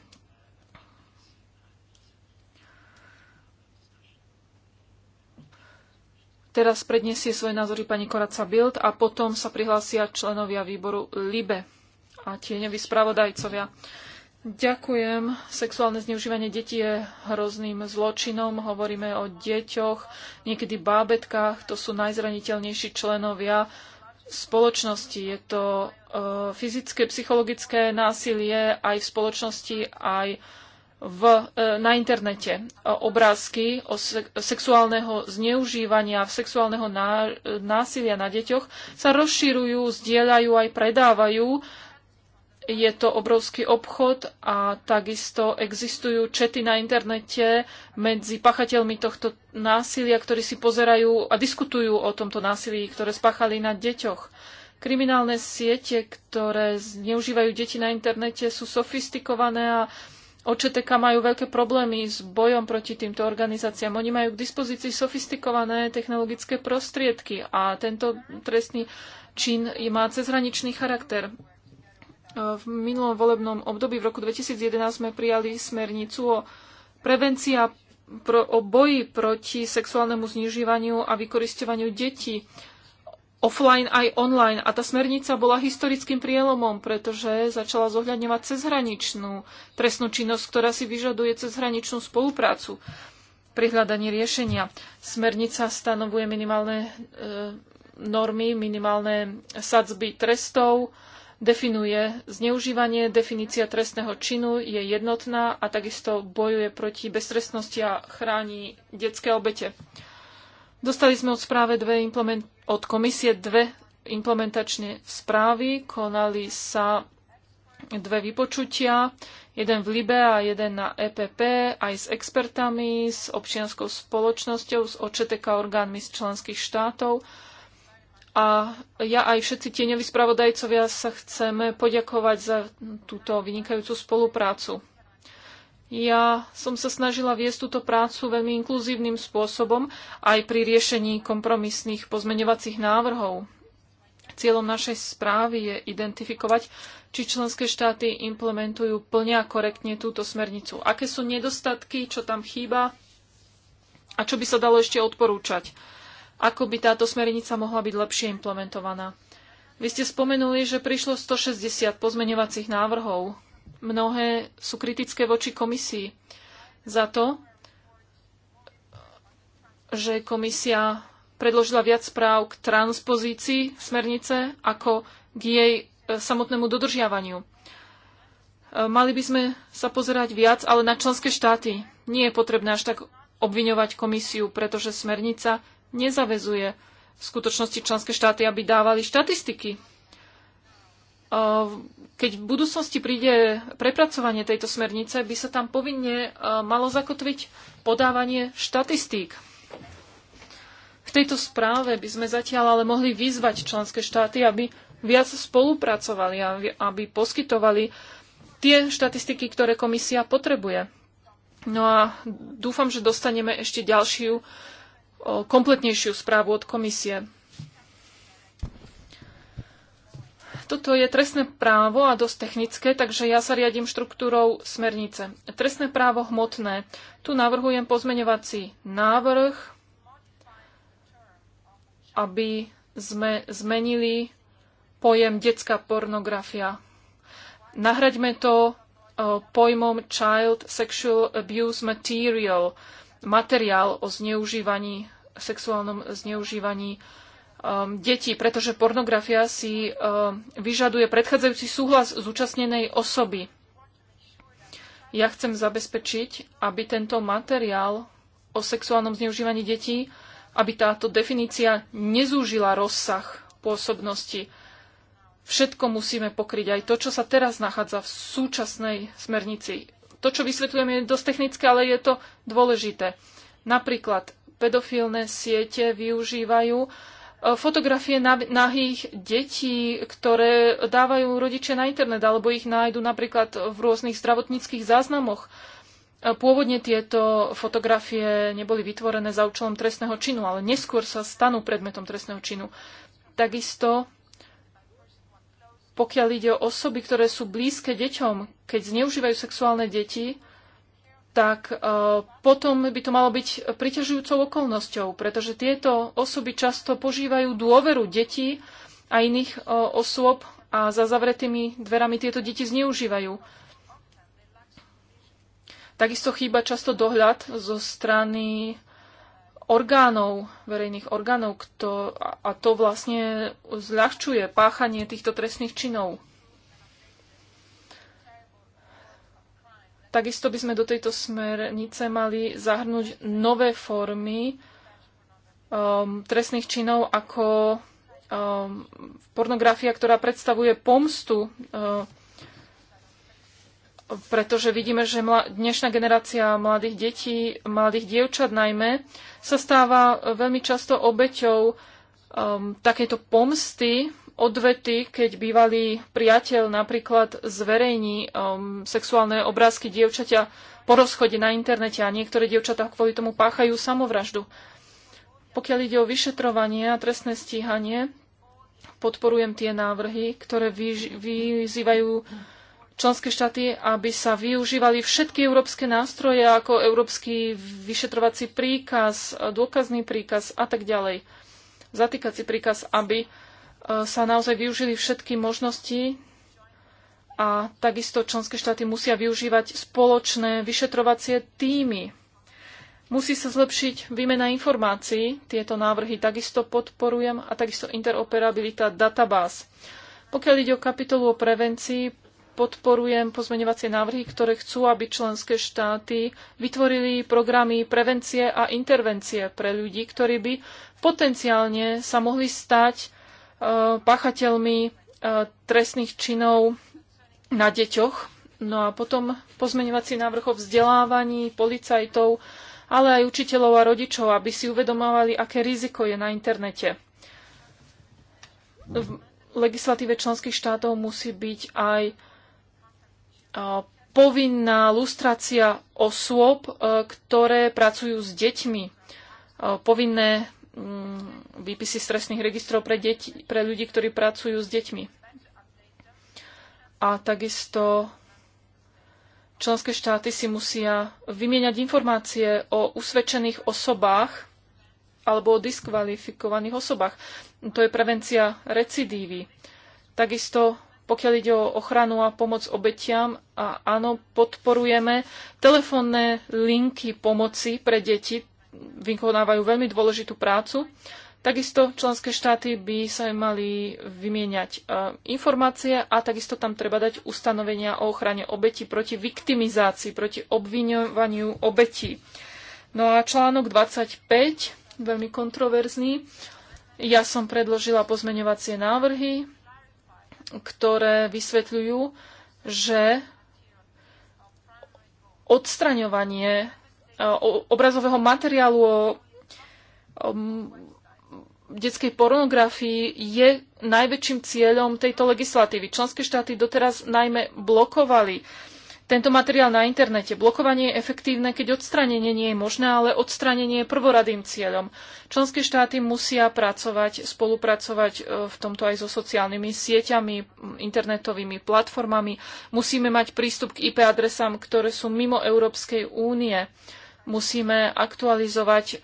Teraz predniesie svoje názory pani Koraca Bild a potom sa prihlásia členovia výboru LIBE a tieňoví spravodajcovia. Ďakujem. Sexuálne zneužívanie detí je hrozným zločinom. Hovoríme o deťoch, niekedy bábetkách. To sú najzraniteľnejší členovia spoločnosti. Je to e, fyzické, psychologické násilie aj v spoločnosti, aj v, e, na internete obrázky o sexuálneho zneužívania, sexuálneho násilia na deťoch sa rozširujú, zdieľajú aj predávajú. Je to obrovský obchod a takisto existujú čety na internete medzi pachateľmi tohto násilia, ktorí si pozerajú a diskutujú o tomto násilí, ktoré spáchali na deťoch. Kriminálne siete, ktoré zneužívajú deti na internete, sú sofistikované a OČTK majú veľké problémy s bojom proti týmto organizáciám. Oni majú k dispozícii sofistikované technologické prostriedky a tento trestný čin má cezhraničný charakter. E, v minulom volebnom období v roku 2011 sme prijali smernicu o prevencia pro, o boji proti sexuálnemu znižívaniu a vykoristovaniu detí offline aj online. A tá smernica bola historickým prielomom, pretože začala zohľadňovať cezhraničnú trestnú činnosť, ktorá si vyžaduje cezhraničnú spoluprácu pri hľadaní riešenia. Smernica stanovuje minimálne e, normy, minimálne sadzby trestov, definuje zneužívanie, definícia trestného činu je jednotná a takisto bojuje proti beztrestnosti a chráni detské obete. Dostali sme od správe dve implementácie od komisie dve implementačné správy. Konali sa dve vypočutia, jeden v Libe a jeden na EPP, aj s expertami, s občianskou spoločnosťou, s OČTK orgánmi z členských štátov. A ja aj všetci tieňoví spravodajcovia sa chceme poďakovať za túto vynikajúcu spoluprácu. Ja som sa snažila viesť túto prácu veľmi inkluzívnym spôsobom aj pri riešení kompromisných pozmeňovacích návrhov. Cieľom našej správy je identifikovať, či členské štáty implementujú plne a korektne túto smernicu. Aké sú nedostatky, čo tam chýba a čo by sa dalo ešte odporúčať. Ako by táto smernica mohla byť lepšie implementovaná. Vy ste spomenuli, že prišlo 160 pozmeňovacích návrhov mnohé sú kritické voči komisii za to, že komisia predložila viac správ k transpozícii smernice ako k jej e, samotnému dodržiavaniu. E, mali by sme sa pozerať viac, ale na členské štáty. Nie je potrebné až tak obviňovať komisiu, pretože smernica nezavezuje v skutočnosti členské štáty, aby dávali štatistiky keď v budúcnosti príde prepracovanie tejto smernice, by sa tam povinne e, malo zakotviť podávanie štatistík. V tejto správe by sme zatiaľ ale mohli vyzvať členské štáty, aby viac spolupracovali, aby poskytovali tie štatistiky, ktoré komisia potrebuje. No a dúfam, že dostaneme ešte ďalšiu, kompletnejšiu správu od komisie. Toto je trestné právo a dosť technické, takže ja sa riadím štruktúrou smernice. Trestné právo hmotné. Tu navrhujem pozmeňovací návrh, aby sme zmenili pojem detská pornografia. Nahraďme to e, pojmom Child Sexual Abuse Material, materiál o zneužívaní, sexuálnom zneužívaní um, detí, pretože pornografia si um, vyžaduje predchádzajúci súhlas zúčastnenej osoby. Ja chcem zabezpečiť, aby tento materiál o sexuálnom zneužívaní detí, aby táto definícia nezúžila rozsah pôsobnosti. Všetko musíme pokryť, aj to, čo sa teraz nachádza v súčasnej smernici. To, čo vysvetľujem, je dosť technické, ale je to dôležité. Napríklad pedofilné siete využívajú uh, E, fotografie nahých detí, ktoré dávajú rodičia na internet, alebo ich nájdu napríklad v rôznych zdravotníckých záznamoch. E, pôvodne tieto fotografie neboli vytvorené za účelom trestného činu, ale neskôr sa stanú predmetom trestného činu. Takisto, pokiaľ ide o osoby, ktoré sú blízke deťom, keď zneužívajú sexuálne deti, tak e, potom by to malo byť priťažujúcou okolnosťou, pretože tieto osoby často požívajú dôveru detí a iných e, osôb a za zavretými dverami tieto deti zneužívajú. Takisto chýba často dohľad zo strany orgánov, verejných orgánov, kto, a to vlastne zľahčuje páchanie týchto trestných činov. Takisto by sme do tejto smernice mali zahrnúť nové formy um, trestných činov ako um, pornografia, ktorá predstavuje pomstu, um, pretože vidíme, že mla- dnešná generácia mladých detí, mladých dievčat najmä, sa stáva veľmi často obeťou um, takéto pomsty odvety, keď bývalý priateľ napríklad zverejní um, sexuálne obrázky dievčatia po rozchode na internete a niektoré dievčatá kvôli tomu páchajú samovraždu. Pokiaľ ide o vyšetrovanie a trestné stíhanie, podporujem tie návrhy, ktoré vyzývajú členské štáty, aby sa využívali všetky európske nástroje, ako európsky vyšetrovací príkaz, dôkazný príkaz a tak ďalej. Zatýkací príkaz, aby Eh, sa naozaj využili všetky možnosti a takisto členské štáty musia využívať spoločné vyšetrovacie týmy. Musí sa zlepšiť výmena informácií, tieto návrhy takisto podporujem a takisto interoperabilita databáz. Pokiaľ ide o kapitolu o prevencii, podporujem pozmeňovacie návrhy, ktoré chcú, aby členské štáty vytvorili programy prevencie a intervencie pre ľudí, ktorí by potenciálne sa mohli stať páchateľmi e, trestných činov na deťoch. No a potom pozmeňovací návrh o vzdelávaní policajtov, ale aj učiteľov a rodičov, aby si uvedomovali, aké riziko je na internete. V legislatíve členských štátov musí byť aj e, povinná lustrácia osôb, e, ktoré pracujú s deťmi. Povinné mm, výpisy stresných registrov pre, deti, pre ľudí, ktorí pracujú s deťmi. A takisto členské štáty si musia vymieňať informácie o usvedčených osobách alebo o diskvalifikovaných osobách. To je prevencia recidívy. Takisto, pokiaľ ide o ochranu a pomoc obetiam, a áno, podporujeme telefónne linky pomoci pre deti, vykonávajú veľmi dôležitú prácu. Takisto členské štáty by sa mali vymieňať e, informácie a takisto tam treba dať ustanovenia o ochrane obeti proti viktimizácii, proti obviňovaniu obetí. No a článok 25, veľmi kontroverzný, ja som predložila pozmeňovacie návrhy, ktoré vysvetľujú, že odstraňovanie e, obrazového materiálu o detskej pornografii je najväčším cieľom tejto legislatívy. Členské štáty doteraz najmä blokovali tento materiál na internete. Blokovanie je efektívne, keď odstranenie nie je možné, ale odstranenie je prvoradým cieľom. Členské štáty musia pracovať, spolupracovať e, v tomto aj so sociálnymi sieťami, internetovými platformami. Musíme mať prístup k IP adresám, ktoré sú mimo Európskej únie musíme aktualizovať e,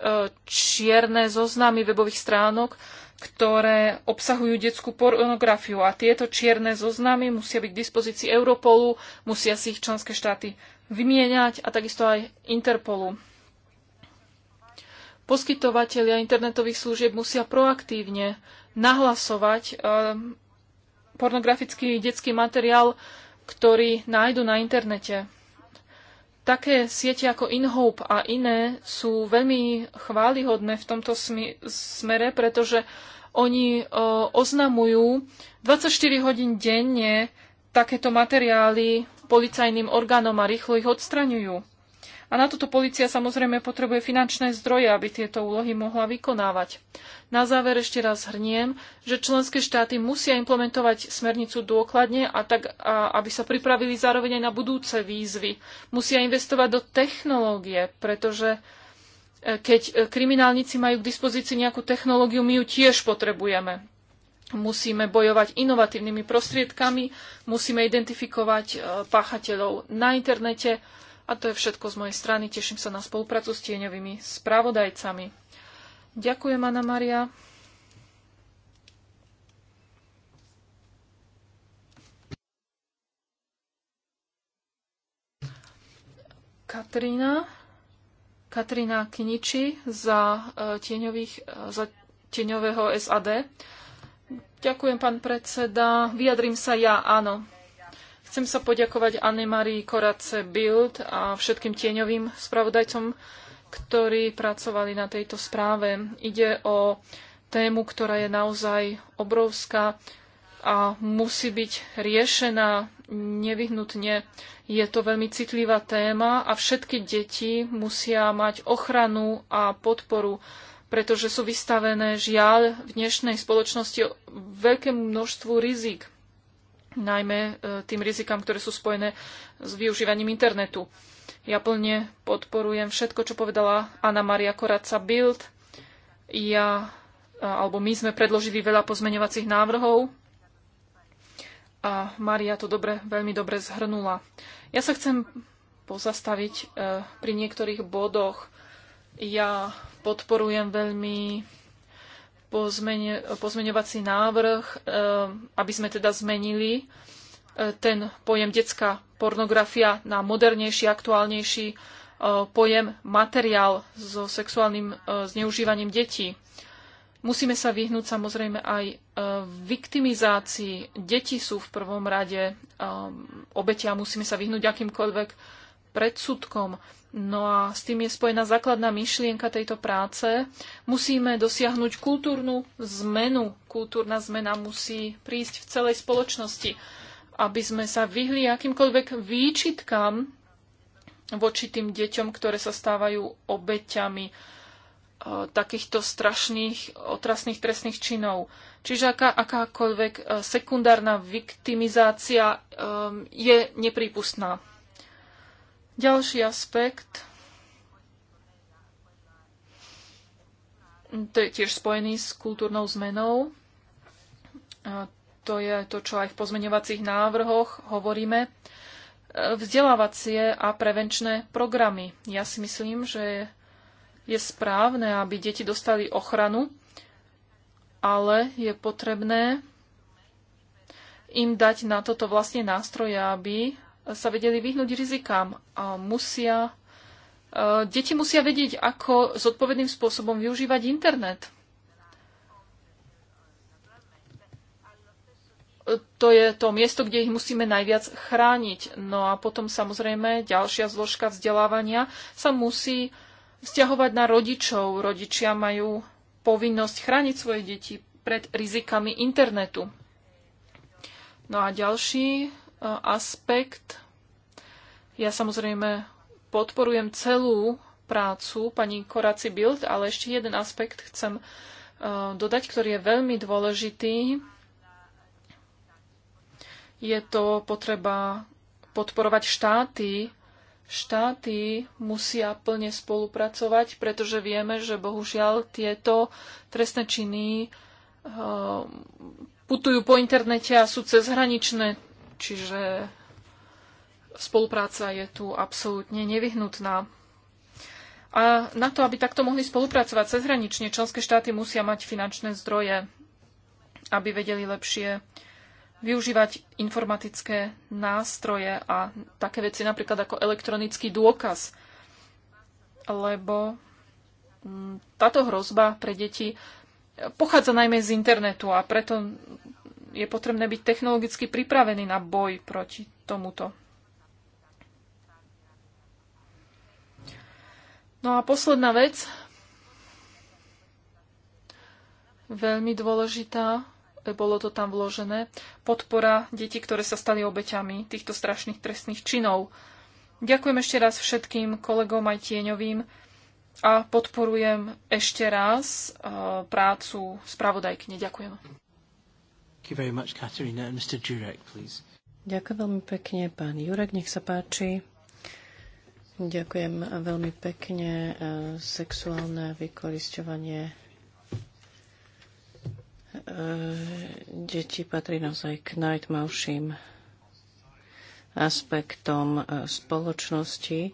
čierne zoznamy webových stránok, ktoré obsahujú detskú pornografiu. A tieto čierne zoznamy musia byť k dispozícii Europolu, musia si ich členské štáty vymieňať a takisto aj Interpolu. Poskytovateľia internetových služieb musia proaktívne nahlasovať e, pornografický detský materiál, ktorý nájdu na internete. Také siete ako InHope a iné sú veľmi chválihodné v tomto smere, pretože oni e, oznamujú 24 hodín denne takéto materiály policajným orgánom a rýchlo ich odstraňujú. A na toto policia samozrejme potrebuje finančné zdroje, aby tieto úlohy mohla vykonávať. Na záver ešte raz hrniem, že členské štáty musia implementovať smernicu dôkladne a tak, a aby sa pripravili zároveň aj na budúce výzvy. Musia investovať do technológie, pretože e, keď e, kriminálnici majú k dispozícii nejakú technológiu, my ju tiež potrebujeme. Musíme bojovať inovatívnymi prostriedkami, musíme identifikovať e, páchateľov na internete, a to je všetko z mojej strany. Teším sa na spoluprácu s tieňovými spravodajcami. Ďakujem, Anna Maria. Katrína. Katrína Kiniči za, e, tieňových, e, za tieňového SAD. Ďakujem, pán predseda. Vyjadrím sa ja, áno. Chcem sa poďakovať Anne-Marie Korace Bild a všetkým tieňovým spravodajcom, ktorí pracovali na tejto správe. Ide o tému, ktorá je naozaj obrovská a musí byť riešená nevyhnutne. Je to veľmi citlivá téma a všetky deti musia mať ochranu a podporu, pretože sú vystavené žiaľ v dnešnej spoločnosti veľkému množstvu rizik najmä e, tým rizikám, ktoré sú spojené s využívaním internetu. Ja plne podporujem všetko, čo povedala Anna Maria Koraca Bild. Ja, e, alebo my sme predložili veľa pozmeňovacích návrhov a Maria to dobre, veľmi dobre zhrnula. Ja sa chcem pozastaviť e, pri niektorých bodoch. Ja podporujem veľmi pozmene, pozmeňovací návrh, e, aby sme teda zmenili e, ten pojem detská pornografia na modernejší, aktuálnejší e, pojem materiál so sexuálnym zneužívaním detí. Musíme sa vyhnúť samozrejme aj viktimizácii. Deti sú v prvom rade a musíme sa vyhnúť akýmkoľvek predsudkom. No a s tým je spojená základná myšlienka tejto práce. Musíme dosiahnuť kultúrnu zmenu. Kultúrna zmena musí prísť v celej spoločnosti, aby sme sa vyhli akýmkoľvek výčitkám voči tým deťom, ktoré sa stávajú obeťami e, takýchto strašných, otrasných trestných činov. Čiže aká, akákoľvek e, sekundárna viktimizácia e, je neprípustná. Ďalší aspekt, to je tiež spojený s kultúrnou zmenou. A to je to, čo aj v pozmeňovacích návrhoch hovoríme. Vzdelávacie a prevenčné programy. Ja si myslím, že je správne, aby deti dostali ochranu, ale je potrebné im dať na toto vlastne nástroje, aby sa vedeli vyhnúť rizikám. A musia, e, deti musia vedieť, ako zodpovedným spôsobom využívať internet. to je to miesto, kde ich musíme najviac chrániť. No a potom samozrejme ďalšia zložka vzdelávania sa musí vzťahovať na rodičov. Rodičia majú povinnosť chrániť svoje deti pred rizikami internetu. No a ďalší aspekt. Ja samozrejme podporujem celú prácu pani Koraci Bild, ale ešte jeden aspekt chcem dodať, ktorý je veľmi dôležitý. Je to potreba podporovať štáty. Štáty musia plne spolupracovať, pretože vieme, že bohužiaľ tieto trestné činy putujú po internete a sú cezhraničné. Čiže spolupráca je tu absolútne nevyhnutná. A na to, aby takto mohli spolupracovať cezhranične, členské štáty musia mať finančné zdroje, aby vedeli lepšie využívať informatické nástroje a také veci napríklad ako elektronický dôkaz, lebo táto hrozba pre deti pochádza najmä z internetu a preto je potrebné byť technologicky pripravený na boj proti tomuto. No a posledná vec, veľmi dôležitá, e, bolo to tam vložené, podpora detí, ktoré sa stali obeťami týchto strašných trestných činov. Ďakujem ešte raz všetkým kolegom aj tieňovým a podporujem ešte raz e, prácu spravodajkne. Ďakujem you very much, And Mr. Jurek, please. Ďakujem veľmi pekne, pán Jurek, nech sa páči. Ďakujem veľmi pekne. E, sexuálne vykoristovanie e, detí patrí naozaj k najtmavším aspektom e, spoločnosti.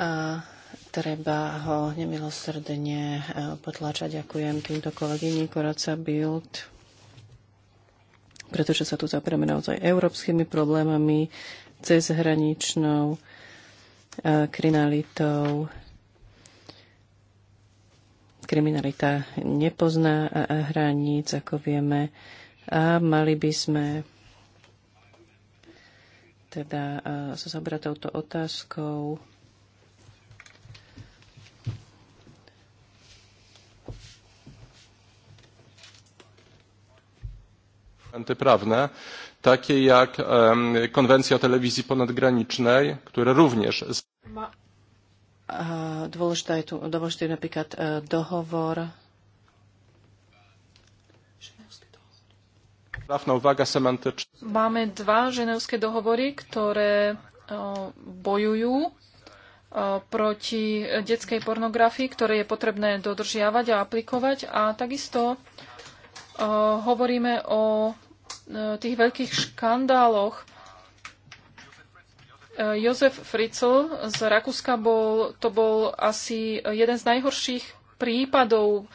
A Treba ho nemilosrdne e, potláčať. Ďakujem týmto kolegyni Koraca Bild, pretože sa tu zaprieme naozaj európskymi problémami, cezhraničnou e, kriminalitou. Kriminalita nepozná e, hraníc, ako vieme, a mali by sme teda sa zabrať touto otázkou. antyprawne, takie jak konwencja o telewizji ponadgranicznej, które również... E, dôležitá je tu, dôležitý je napríklad e, dohovor Máme dva ženevské dohovory, ktoré e, bojujú proti detskej pornografii, ktoré je potrebné dodržiavať a aplikovať. A takisto hovoríme o E, tých veľkých škandáloch. E, Jozef Fritzl z Rakúska bol, to bol asi jeden z najhorších prípadov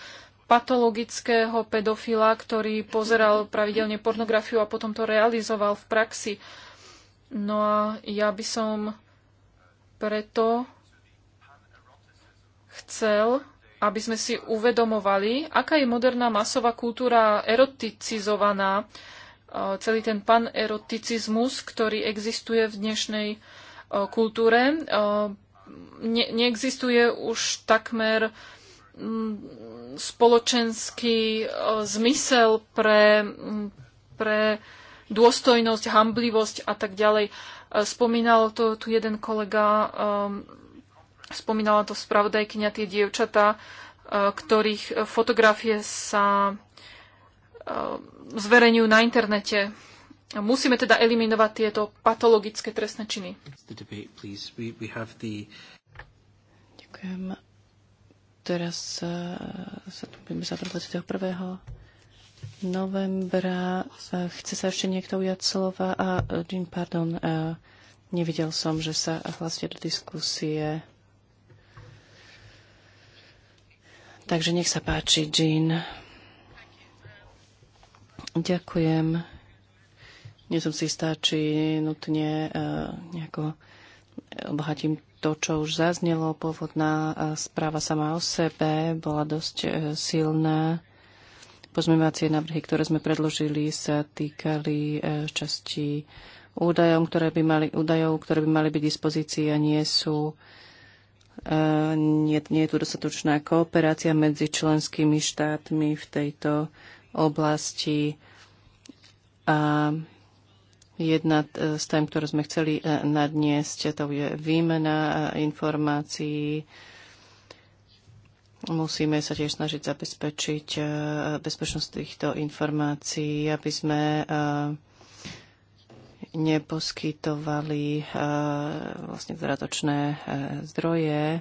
patologického pedofila, ktorý pozeral pravidelne pornografiu a potom to realizoval v praxi. No a ja by som preto chcel, aby sme si uvedomovali, aká je moderná masová kultúra eroticizovaná, celý ten panerotizmus, ktorý existuje v dnešnej kultúre. Ne- neexistuje už takmer spoločenský zmysel pre, pre dôstojnosť, hamblivosť a tak ďalej. E, spomínal to tu jeden kolega, spomínala to spravodajkynia tie dievčatá, ktorých fotografie sa Eh, zverejňujú na internete. Musíme teda eliminovať tieto patologické trestné činy. Ďakujem. Teraz eh, sa tu budeme zavrať 21. novembra. Eh, chce sa ešte niekto ujať slova? A, Jim, pardon, nevidel som, že sa hlasíte do diskusie. Takže nech sa páči, Jean. Ďakujem. Nie som si istá, či nutne e, nejako e, obohatím to, čo už zaznelo. Pôvodná e, správa sama o sebe bola dosť silná. Pozmevacie návrhy, ktoré sme predložili, sa týkali časti údajom, ktoré by mali, údajov, ktoré by mali byť dispozícii a nie sú nie, nie je tu dostatočná kooperácia medzi členskými štátmi v tejto oblasti. A jedna z tém, ktorú sme chceli e, nadniesť, to je výmena e, informácií. Musíme sa tiež snažiť zabezpečiť e, bezpečnosť týchto informácií, aby sme neposkytovali vlastne dodatočné zdroje.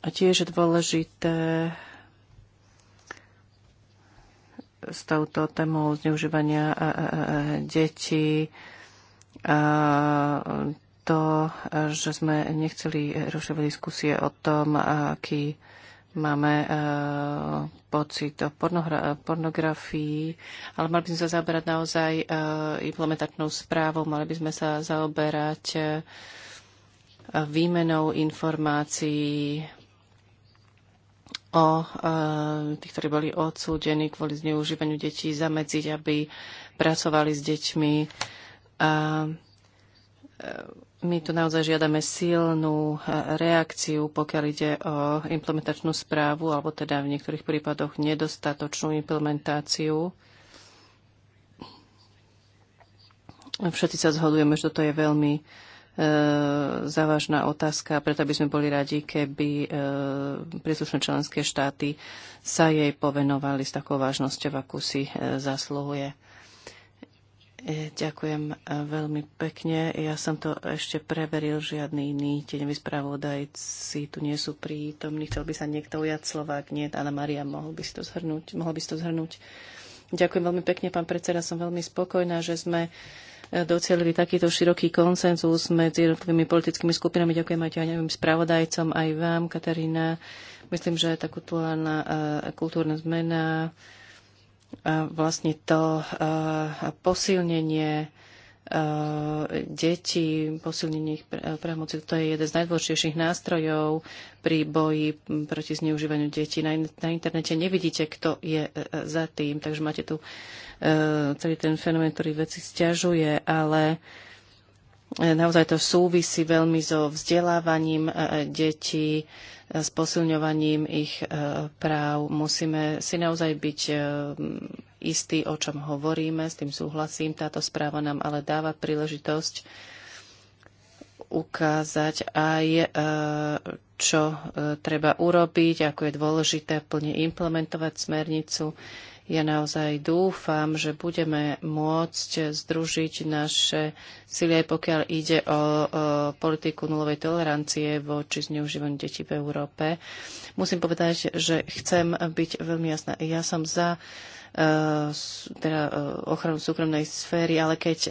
A tiež je dôležité s touto témou zneužívania e, e, e, detí to, že sme nechceli rozširovať diskusie o tom, aký máme pocit o pornografii, ale mali by sme sa zaoberať naozaj implementačnou správou, mali by sme sa zaoberať výmenou informácií, o eh, tých, ktorí boli odsúdení kvôli zneužívaniu detí, zamedziť, aby pracovali s deťmi. A eh, my tu naozaj žiadame silnú eh, reakciu, pokiaľ ide o implementačnú správu, alebo teda v niektorých prípadoch nedostatočnú implementáciu. Všetci sa zhodujeme, že toto je veľmi E, závažná otázka, preto by sme boli radi, keby e, príslušné členské štáty sa jej povenovali s takou vážnosťou, akú si e, zasluhuje. Ďakujem veľmi pekne. Ja som to ešte preveril, žiadny iný tieňový spravodajci tu nie sú prítomní. Chcel by sa niekto ujať slova, ak nie. Anna Maria, mohol by si to zhrnúť? Mohol by si to zhrnúť? Ďakujem veľmi pekne, pán predseda. Som veľmi spokojná, že sme docelili takýto široký konsenzus medzi jednotlivými politickými skupinami. Ďakujem aj ťaňovým spravodajcom, aj vám, Katarína. Myslím, že tá kultúrna, e, kultúrna zmena a vlastne to e, posilnenie Eh, detí, posilnenie ich právomoci. To je jeden z najdôležitejších nástrojov pri boji proti zneužívaniu detí. Na, na internete nevidíte, kto je eh, eh, za tým, takže máte tu celý ten fenomén, ktorý veci stiažuje, ale E, naozaj to súvisí veľmi so vzdelávaním e, e, detí, s posilňovaním ich práv. Musíme si naozaj byť istí, o čom hovoríme, s tým súhlasím. Táto správa nám ale dáva príležitosť ukázať aj, čo treba urobiť, ako je dôležité plne implementovať smernicu ja naozaj dúfam, že budeme môcť združiť naše sily, aj pokiaľ ide o, o politiku nulovej tolerancie voči zneužívaniu detí v Európe. Musím povedať, že chcem byť veľmi jasná. Ja som za e, teda e, ochranu súkromnej sféry, ale keď e,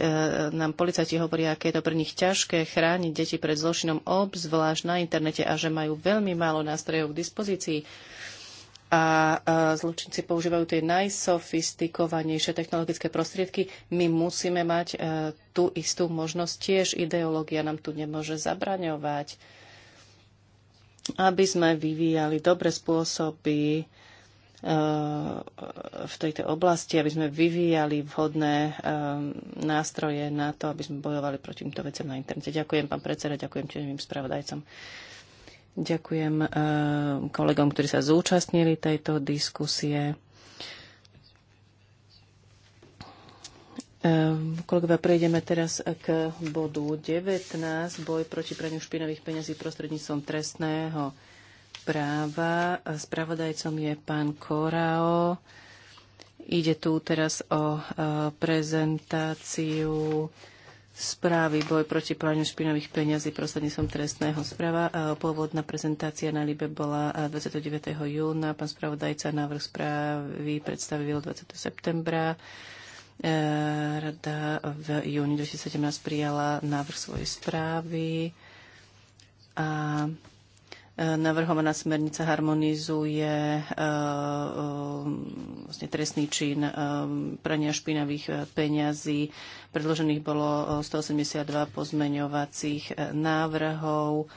nám policajti hovoria, aké je to pre nich ťažké chrániť deti pred zločinom, obzvlášť na internete a že majú veľmi málo nástrojov k dispozícii, a zločinci používajú tie najsofistikovanejšie technologické prostriedky. My musíme mať e, tú istú možnosť. Tiež ideológia nám tu nemôže zabraňovať, aby sme vyvíjali dobre spôsoby e, v tejto oblasti, aby sme vyvíjali vhodné e, nástroje na to, aby sme bojovali proti týmto veciam na internete. Ďakujem, pán predseda, ďakujem mým spravodajcom. Ďakujem eh, kolegom, ktorí sa zúčastnili tejto diskusie. Eh, kolegovia, prejdeme teraz k bodu 19, boj proti praniu špinavých peňazí prostredníctvom trestného práva. Spravodajcom je pán Korao. Ide tu teraz o eh, prezentáciu správy Boj proti praniu špinových peňazí prostredníctvom trestného správa. Pôvodná prezentácia na Libe bola 29. júna. Pán spravodajca návrh správy predstavil 20. septembra. E, rada v júni 2017 prijala návrh svojej správy a Navrhovaná smernica harmonizuje e, e, vlastne trestný čin e, prania špinavých peňazí. Predložených bolo 182 pozmeňovacích návrhov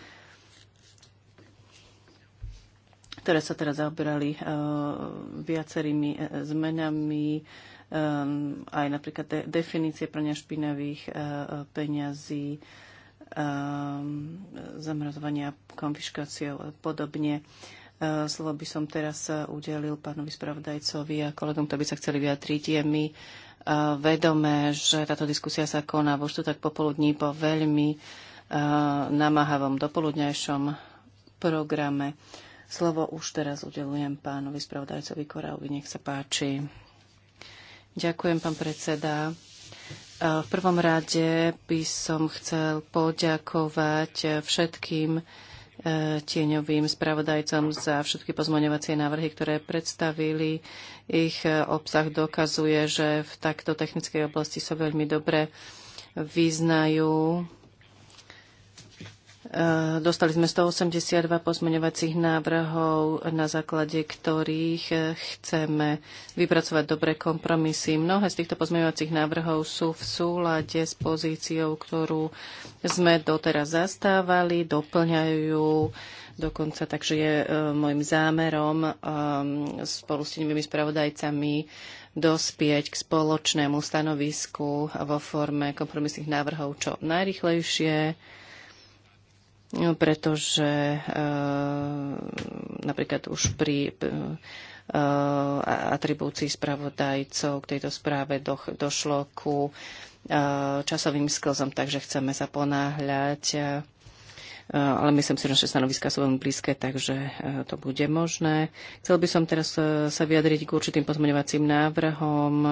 ktoré sa teraz zaoberali viacerými zmenami, aj napríklad de- definície prania špinavých peňazí, Um, zamrazovania, konfiškáciou a podobne. Uh, slovo by som teraz uh, udelil pánovi spravodajcovi a kolegom, ktorí by sa chceli vyjadriť. Je mi uh, vedomé, že táto diskusia sa koná vo štvrtok popoludní po veľmi namáhavom dopoludňajšom programe. Slovo už teraz udelujem pánovi spravodajcovi Korauvi. Nech sa páči. Ďakujem, pán predseda. V prvom rade by som chcel poďakovať všetkým e, tieňovým spravodajcom za všetky pozmoňovacie návrhy, ktoré predstavili. Ich e, obsah dokazuje, že v takto technickej oblasti sa veľmi dobre vyznajú Eh, dostali sme 182 pozmeňovacích návrhov, na základe ktorých eh, chceme vypracovať dobré kompromisy. Mnohé z týchto pozmeňovacích návrhov sú v súlade s pozíciou, ktorú sme doteraz zastávali, doplňajú dokonca, takže je eh, môjim zámerom ehm, spolu s tými spravodajcami dospieť k spoločnému stanovisku vo forme kompromisných návrhov čo najrychlejšie pretože eh, napríklad už pri eh, atribúcii spravodajcov k tejto správe do, došlo ku eh, časovým sklzom, takže chceme sa ponáhľať. Ale myslím si, že naše sú veľmi blízke, takže to bude možné. Chcel by som teraz sa vyjadriť k určitým pozmeňovacím návrhom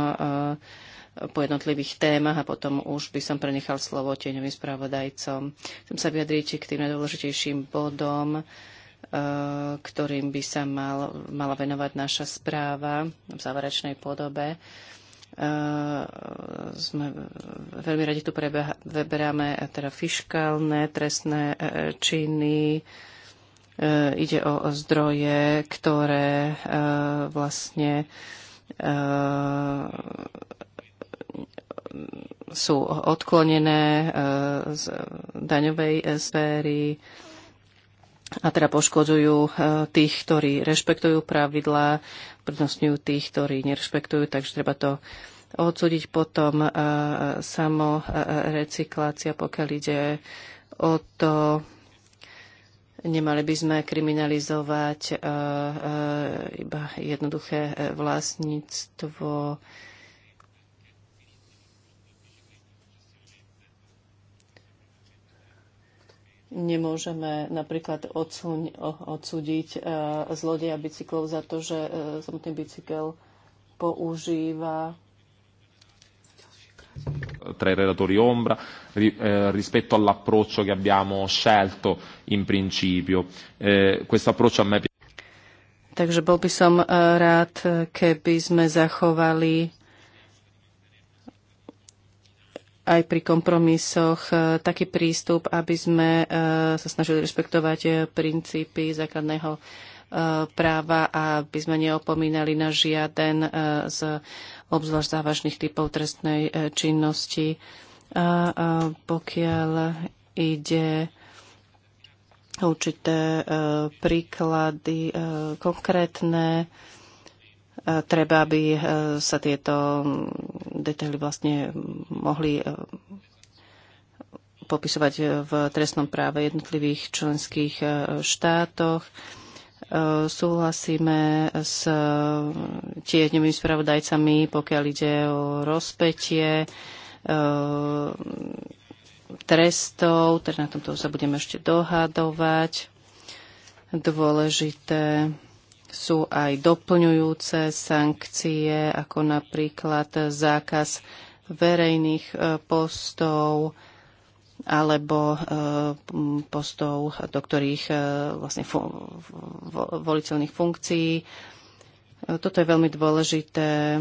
po jednotlivých témach a potom už by som prenechal slovo tieňovým spravodajcom. Chcem sa vyjadriť k tým najdôležitejším bodom, e, ktorým by sa mal, mala venovať naša správa v záverečnej podobe. Uh, sme veľmi radi tu preberáme teda fiškálne trestné e, činy, ide o zdroje, ktoré vlastne sú odklonené e, z daňovej e, sféry a teda poškodzujú e, tých, ktorí rešpektujú pravidlá, prednostňujú tých, ktorí nerešpektujú, takže treba to odsúdiť potom recyklácia, pokiaľ ide o to, Nemali by sme kriminalizovať iba jednoduché vlastníctvo Nemôžeme napríklad odsúň, odsúdiť e, zlodeja bicyklov za to, že e, samotný bicykel používa tra i relatori ombra ri, eh, rispetto all'approccio che abbiamo scelto in principio. Eh, questo approccio a me Takže bol by som e, rád, keby sme zachovali aj pri kompromisoch e, taký prístup, aby sme e, sa snažili rešpektovať e, princípy základného práva a aby sme neopomínali na žiaden z obzvlášť závažných typov trestnej činnosti. A pokiaľ ide určité príklady konkrétne, treba, aby e, sa tieto detaily vlastne mohli e, popisovať v trestnom práve jednotlivých členských e, štátoch. Súhlasíme s tieňovými spravodajcami, pokiaľ ide o rozpetie trestov, teda na tomto sa budeme ešte dohadovať. Dôležité sú aj doplňujúce sankcie, ako napríklad zákaz verejných e, postov alebo e, postov, do ktorých e, vlastne voliteľných funkcií. Toto je veľmi dôležité.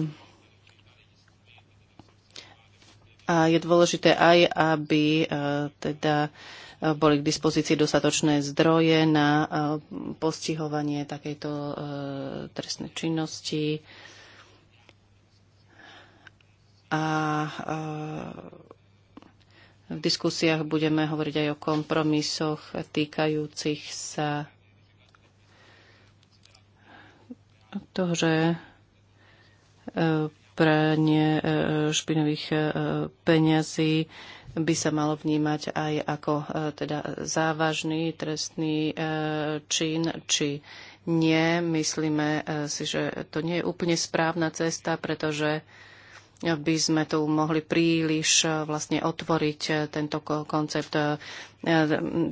A je dôležité aj, aby teda boli k dispozícii dostatočné zdroje na e, postihovanie takejto e, trestnej činnosti. A e, v diskusiách budeme hovoriť aj o kompromisoch týkajúcich sa toho, že pranie e, špinových e, peňazí by sa malo vnímať aj ako e, teda závažný trestný čin, či nie. Myslíme si, že to nie je úplne správna cesta, pretože by sme tu mohli príliš vlastne otvoriť tento koncept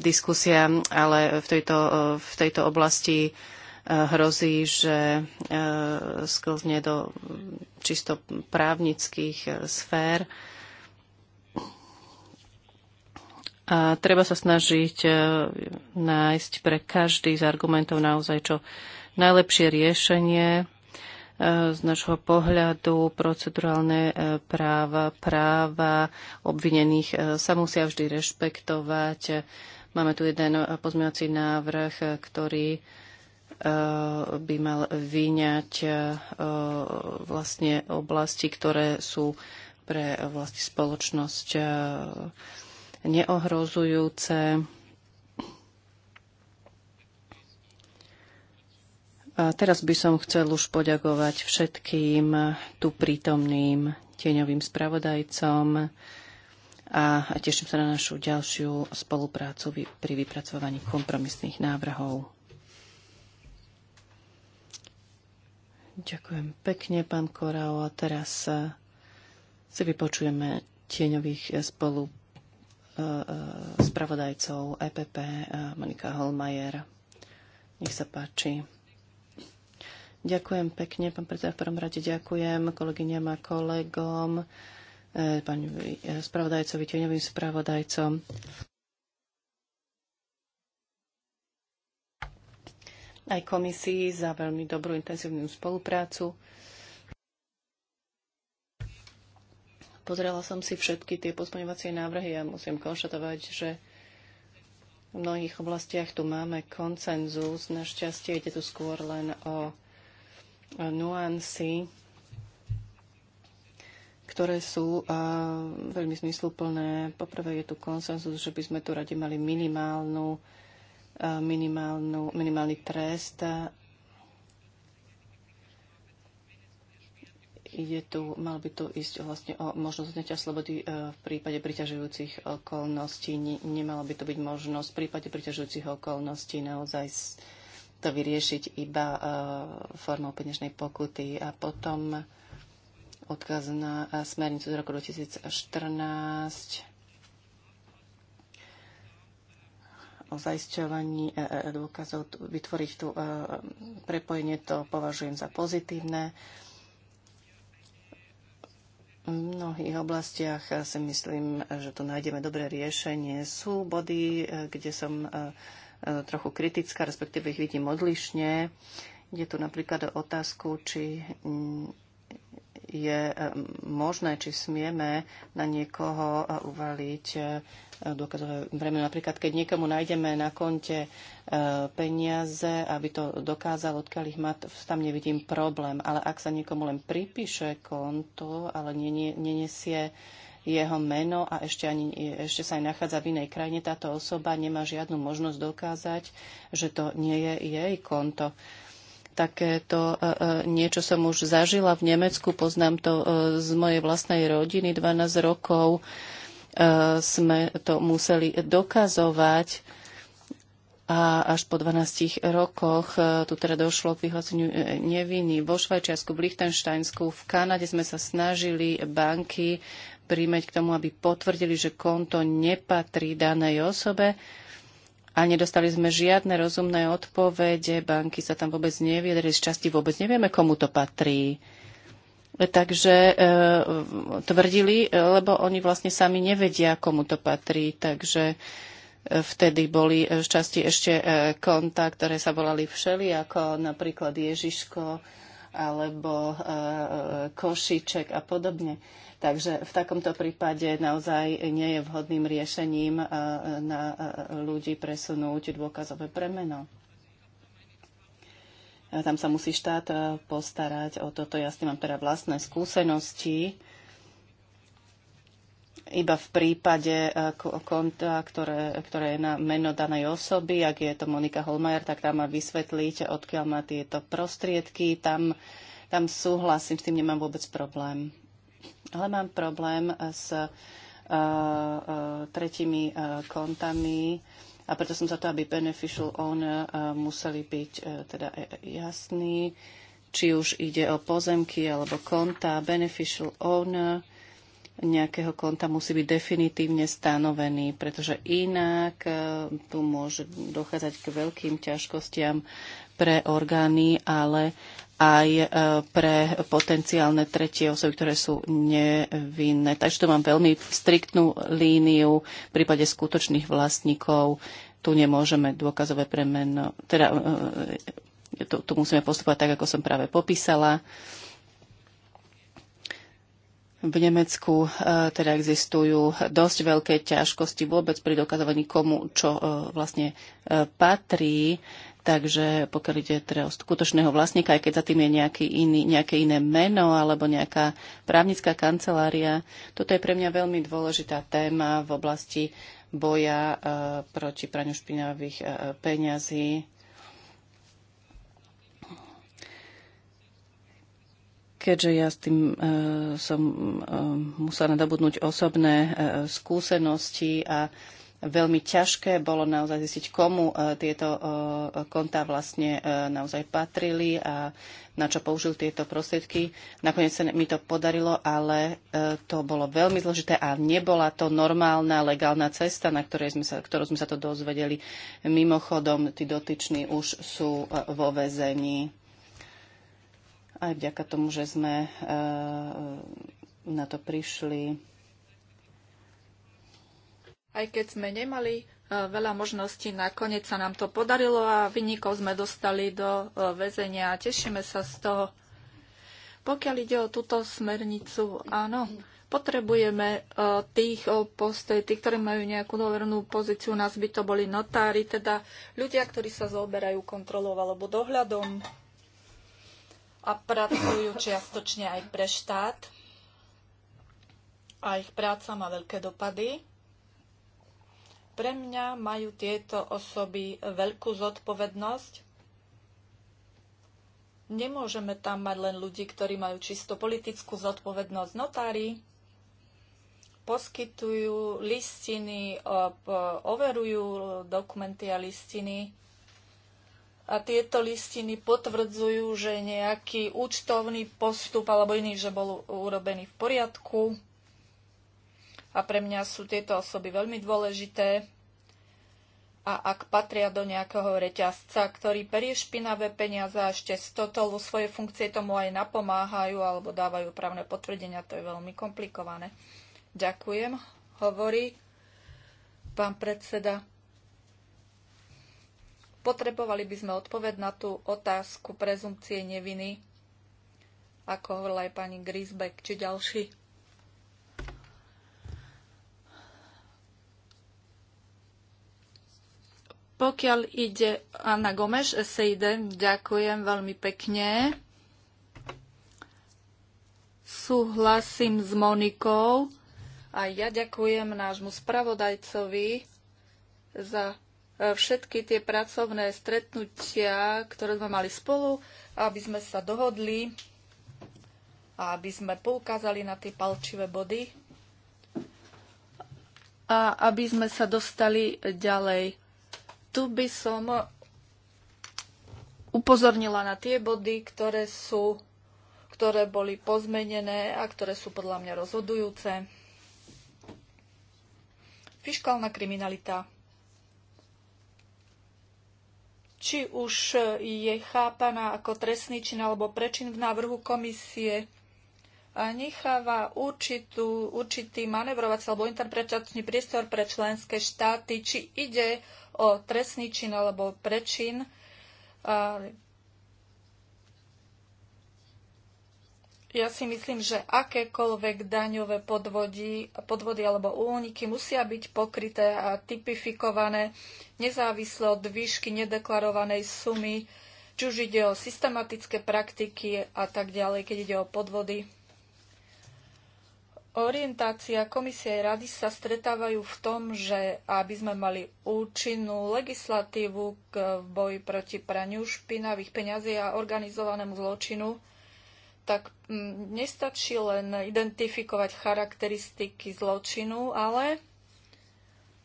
diskusia, ale v tejto, v tejto oblasti hrozí, že e, sklzne do čisto právnických e, sfér. A treba sa snažiť e, nájsť pre každý z argumentov naozaj čo najlepšie riešenie. Z našho pohľadu procedurálne práva, práva obvinených sa musia vždy rešpektovať. Máme tu jeden pozmeňovací návrh, ktorý Eh, by mal vyňať eh, vlastne oblasti, ktoré sú pre vlastne spoločnosť eh, neohrozujúce. A teraz by som chcel už poďakovať všetkým tu prítomným tieňovým spravodajcom a teším sa na našu ďalšiu spoluprácu pri vypracovaní kompromisných návrhov. Ďakujem pekne, pán Korao. A teraz e, si vypočujeme tieňových e, spolu e, spravodajcov EPP Monika Holmajer. Nech sa páči. Ďakujem pekne, pán predseda. V prvom rade ďakujem kolegyňam a kolegom, pani spravodajcovi, tieňovým spravodajcom. aj komisii za veľmi dobrú intenzívnu spoluprácu. Pozrela som si všetky tie pozmeňovacie návrhy a musím konštatovať, že v mnohých oblastiach tu máme koncenzus. Našťastie ide tu skôr len o nuancy, ktoré sú uh, veľmi zmysluplné. Poprvé je tu konsenzus, že by sme tu radi mali minimálnu minimálny trest. Ide tu, mal by tu ísť vlastne o možnosť zňatia slobody e, v prípade priťažujúcich okolností. Nemala by to byť možnosť v prípade priťažujúcich okolností naozaj to vyriešiť iba e, formou peňažnej pokuty. A potom odkaz na smernicu z roku 2014 o zaisťovaní e, e, e, dôkazov, vytvoriť tu prepojenie, to považujem za pozitívne. V mnohých oblastiach si myslím, že tu nájdeme dobré riešenie. Sú body, kde som trochu kritická, respektíve ich vidím odlišne. Je tu napríklad o otázku, či je e, možné, či smieme na niekoho e, uvaliť e, dôkazové bremeno. Napríklad, keď niekomu nájdeme na konte peniaze, aby to dokázal, odkiaľ ich má, tam nevidím problém. Ale ak sa niekomu len pripíše konto, ale nenesie jeho meno a ešte, ani, ešte sa aj nachádza v inej krajine, táto osoba nemá žiadnu možnosť dokázať, že to nie je jej konto. Takéto e, e, niečo som už zažila v Nemecku, poznám to e, z mojej vlastnej rodiny, 12 rokov sme to museli dokazovať a až po 12 rokoch tu teda došlo k vyhodeniu neviny. Vo Švajčiarsku, v Lichtensteinsku, v Kanade sme sa snažili banky príjmeť k tomu, aby potvrdili, že konto nepatrí danej osobe a nedostali sme žiadne rozumné odpovede, banky sa tam vôbec neviedli, z časti vôbec nevieme, komu to patrí. Takže e, tvrdili, lebo oni vlastne sami nevedia, komu to patrí. Takže e, vtedy boli v e, časti ešte e, konta, ktoré sa volali všeli, ako napríklad Ježiško, alebo e, e, košiček a podobne. Takže v takomto prípade naozaj nie je vhodným riešením e, na ľudí presunúť dôkazové premeno. Tam sa musí štát postarať o toto. Ja s tým mám teda vlastné skúsenosti iba v prípade e, konta, ktoré, ktoré je na meno danej osoby, ak je to Monika Holmajer, tak tam má vysvetliť, odkiaľ má tieto prostriedky. Tam, tam súhlasím, s tým nemám vôbec problém. Ale mám problém s uh, e, uh, e, tretimi uh, kontami a preto som za to, aby beneficial owner museli byť teda jasní, či už ide o pozemky alebo konta beneficial owner nejakého konta musí byť definitívne stanovený, pretože inak e, tu môže dochádzať k veľkým ťažkostiam pre orgány, ale aj e, pre potenciálne tretie osoby, ktoré sú nevinné. Takže tu mám veľmi striktnú líniu v prípade skutočných vlastníkov. Tu nemôžeme dôkazové premeno, teda e, tu, tu musíme postupovať tak, ako som práve popísala v Nemecku e, teda existujú dosť veľké ťažkosti vôbec pri dokazovaní komu čo e, vlastne e, patrí. Takže pokiaľ ide teda o skutočného vlastníka, aj keď za tým je nejaký iný, nejaké iné meno alebo nejaká právnická kancelária, toto je pre mňa veľmi dôležitá téma v oblasti boja proti praňu špinavých peňazí keďže ja s tým e, som e, musela nadobudnúť osobné e, skúsenosti a veľmi ťažké bolo naozaj zistiť, komu e, tieto e, kontá vlastne e, naozaj patrili a na čo použil tieto prostriedky. Nakoniec sa mi to podarilo, ale e, to bolo veľmi zložité a nebola to normálna legálna cesta, na ktorej sme sa, ktorú sme sa to dozvedeli. Mimochodom, tí dotyční už sú e, vo väzení aj vďaka tomu, že sme e, na to prišli. Aj keď sme nemali e, veľa možností, nakoniec sa nám to podarilo a vynikov sme dostali do e, väzenia a tešíme sa z toho. Pokiaľ ide o túto smernicu, áno, potrebujeme tých postoj, tých, ktorí majú nejakú dovernú pozíciu, nás by to boli notári, teda ľudia, ktorí sa zaoberajú kontrolou alebo dohľadom a pracujú čiastočne aj pre štát. A ich práca má veľké dopady. Pre mňa majú tieto osoby veľkú zodpovednosť. Nemôžeme tam mať len ľudí, ktorí majú čisto politickú zodpovednosť. Notári poskytujú listiny, overujú dokumenty a listiny a tieto listiny potvrdzujú, že nejaký účtovný postup alebo iný, že bol urobený v poriadku. A pre mňa sú tieto osoby veľmi dôležité. A ak patria do nejakého reťazca, ktorý perie špinavé peniaze a ešte vo svoje funkcie tomu aj napomáhajú alebo dávajú právne potvrdenia, to je veľmi komplikované. Ďakujem, hovorí pán predseda. Potrebovali by sme odpoved na tú otázku prezumcie neviny, ako hovorila aj pani Grisbeck či ďalší. Pokiaľ ide Anna Gomeš, SID, ďakujem veľmi pekne. Súhlasím s Monikou a ja ďakujem nášmu spravodajcovi za E, všetky tie pracovné stretnutia, ktoré sme mali spolu, aby sme sa dohodli a aby sme poukázali na tie palčivé body a aby sme sa dostali ďalej. Tu by som upozornila na tie body, ktoré, sú, ktoré boli pozmenené a ktoré sú podľa mňa rozhodujúce. Fiškálna kriminalita či už e, je chápaná ako trestný čin alebo prečin v návrhu komisie a necháva určitú, určitý manevrovací alebo interpretačný priestor pre členské štáty, či ide o trestný čin alebo prečin. A Ja si myslím, že akékoľvek daňové podvody, podvody alebo úniky musia byť pokryté a typifikované nezávisle od výšky nedeklarovanej sumy, či už ide o systematické praktiky a tak ďalej, keď ide o podvody. Orientácia komisie a rady sa stretávajú v tom, že aby sme mali účinnú legislatívu k boji proti praniu špinavých peňazí a organizovanému zločinu, tak mm, nestačí len identifikovať charakteristiky zločinu, ale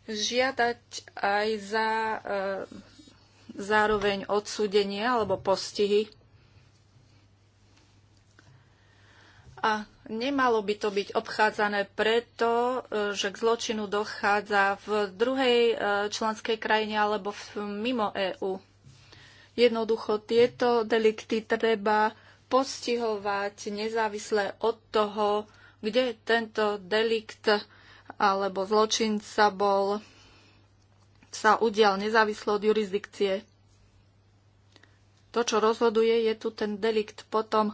žiadať aj za e, zároveň odsúdenie alebo postihy. A nemalo by to byť obchádzané preto, e, že k zločinu dochádza v druhej e, členskej krajine alebo v, mimo EÚ. Jednoducho tieto delikty treba postihovať nezávisle od toho, kde tento delikt alebo zločin sa bol sa udial nezávisle od jurisdikcie. To, čo rozhoduje, je tu ten delikt. Potom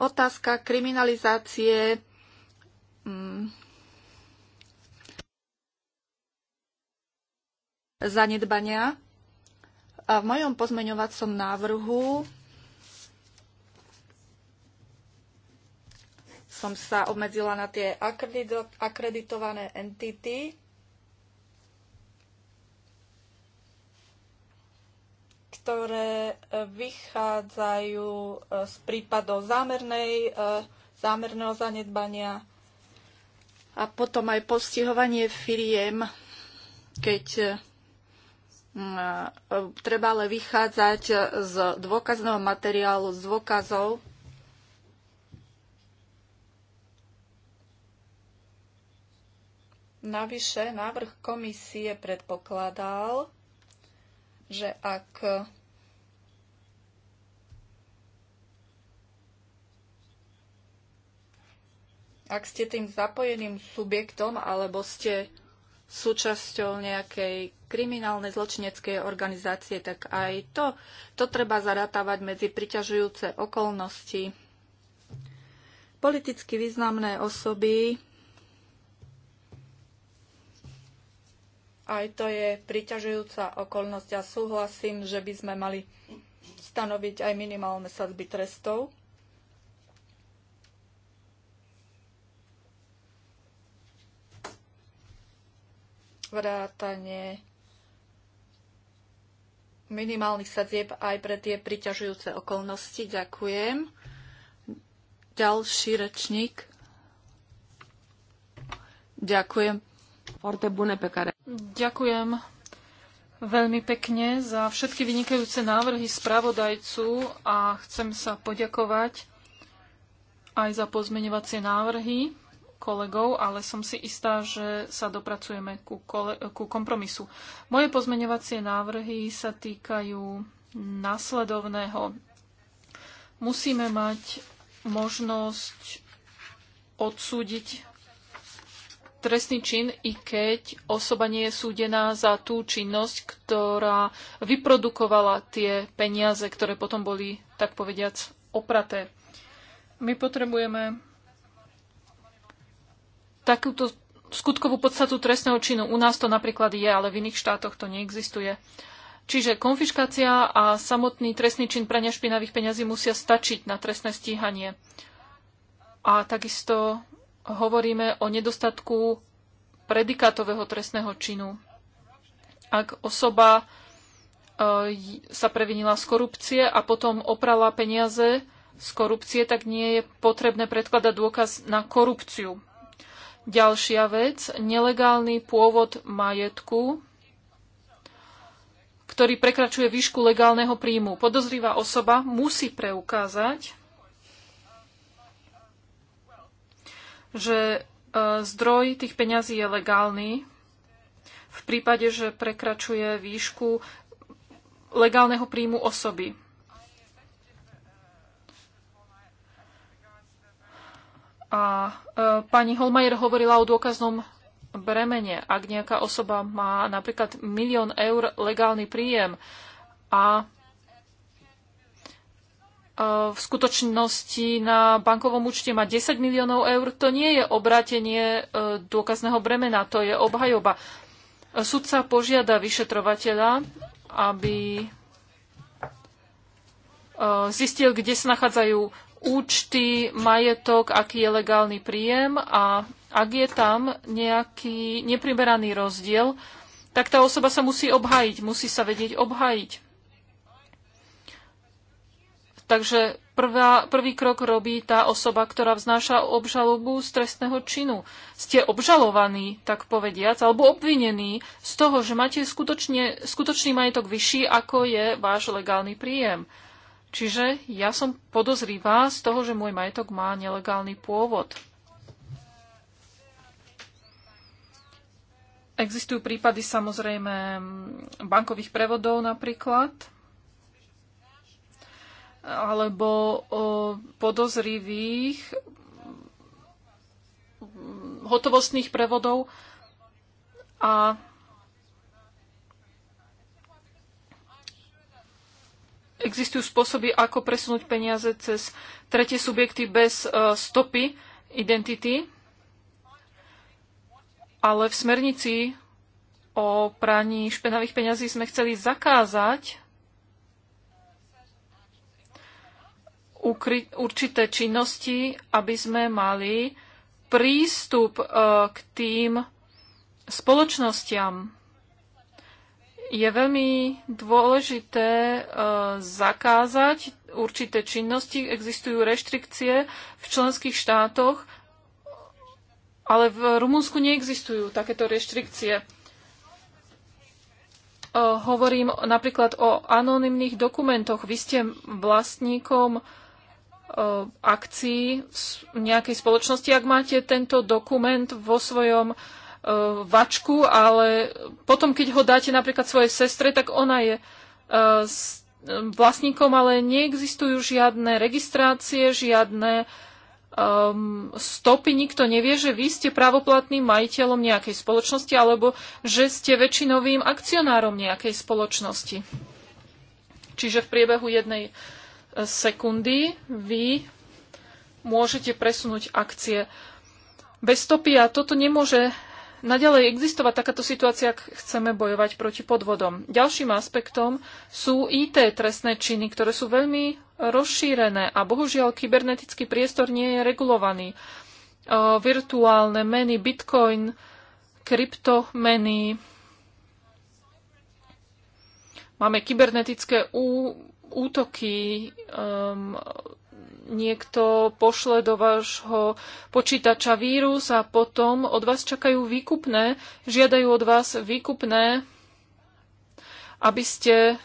otázka kriminalizácie hmm, zanedbania a v mojom pozmeňovacom návrhu som sa obmedzila na tie akreditované entity, ktoré e, vychádzajú e, z prípadov zámernej, e, zámerného zanedbania a potom aj postihovanie firiem, keď Mm, e, treba ale vychádzať z dôkazného materiálu, z dôkazov. Navyše návrh komisie predpokladal, že ak ak ste tým zapojeným subjektom alebo ste súčasťou nejakej kriminálne zločinecké organizácie, tak aj to, to treba zarátavať medzi priťažujúce okolnosti. Politicky významné osoby, aj to je priťažujúca okolnosť a súhlasím, že by sme mali stanoviť aj minimálne sadzby trestov. vrátanie minimálnych sadzieb aj pre tie priťažujúce okolnosti. Ďakujem. Ďalší rečník. Ďakujem. Forte bune pekare. Ďakujem veľmi pekne za všetky vynikajúce návrhy spravodajcu a chcem sa poďakovať aj za pozmeňovacie návrhy kolegov, ale som si istá, že sa dopracujeme ku, kole, ku kompromisu. Moje pozmeňovacie návrhy sa týkajú následovného. Musíme mať možnosť odsúdiť trestný čin, i keď osoba nie je súdená za tú činnosť, ktorá vyprodukovala tie peniaze, ktoré potom boli, tak povediac, opraté. My potrebujeme takúto skutkovú podstatu trestného činu. U nás to napríklad je, ale v iných štátoch to neexistuje. Čiže konfiškácia a samotný trestný čin prania špinavých peňazí musia stačiť na trestné stíhanie. A takisto hovoríme o nedostatku predikátového trestného činu. Ak osoba e, sa previnila z korupcie a potom oprala peniaze z korupcie, tak nie je potrebné predkladať dôkaz na korupciu. Ďalšia vec, nelegálny pôvod majetku, ktorý prekračuje výšku legálneho príjmu. Podozrivá osoba musí preukázať, že e, zdroj tých peňazí je legálny v prípade, že prekračuje výšku legálneho príjmu osoby. A e, pani Holmajer hovorila o dôkaznom bremene. Ak nejaká osoba má napríklad milión eur legálny príjem a e, v skutočnosti na bankovom účte má 10 miliónov eur, to nie je obrátenie e, dôkazného bremena, to je obhajoba. Sudca požiada vyšetrovateľa, aby e, zistil, kde sa nachádzajú účty, majetok, aký je legálny príjem a ak je tam nejaký neprimeraný rozdiel, tak tá osoba sa musí obhájiť, musí sa vedieť obhájiť. Takže prvá, prvý krok robí tá osoba, ktorá vznáša obžalobu z trestného činu. Ste obžalovaní, tak povediac, alebo obvinení z toho, že máte skutočne, skutočný majetok vyšší, ako je váš legálny príjem. Čiže ja som podozrivá z toho, že môj majetok má nelegálny pôvod. Existujú prípady samozrejme bankových prevodov napríklad, alebo podozrivých mm, hotovostných prevodov a existujú spôsoby, ako presunúť peniaze cez tretie subjekty bez e, stopy identity, ale v smernici o praní špenavých peňazí sme chceli zakázať určité činnosti, aby sme mali prístup e, k tým spoločnostiam je veľmi dôležité e, zakázať určité činnosti. Existujú reštrikcie v členských štátoch, ale v Rumunsku neexistujú takéto reštrikcie. E, hovorím napríklad o anonymných dokumentoch. Vy ste vlastníkom e, akcií v nejakej spoločnosti. Ak máte tento dokument vo svojom E, vačku, ale potom, keď ho dáte napríklad svojej sestre, tak ona je e, e, vlastníkom, ale neexistujú žiadne registrácie, žiadne um, stopy, nikto nevie, že vy ste právoplatným majiteľom nejakej spoločnosti alebo že ste väčšinovým akcionárom nejakej spoločnosti. Čiže v priebehu jednej sekundy vy môžete presunúť akcie bez stopy a toto nemôže naďalej existovať takáto situácia, ak chceme bojovať proti podvodom. Ďalším aspektom sú IT trestné činy, ktoré sú veľmi rozšírené a bohužiaľ kybernetický priestor nie je regulovaný. E, virtuálne meny, bitcoin, kryptomeny, máme kybernetické ú, útoky, niekto pošle do vášho počítača vírus a potom od vás čakajú výkupné, žiadajú od vás výkupné, aby ste e,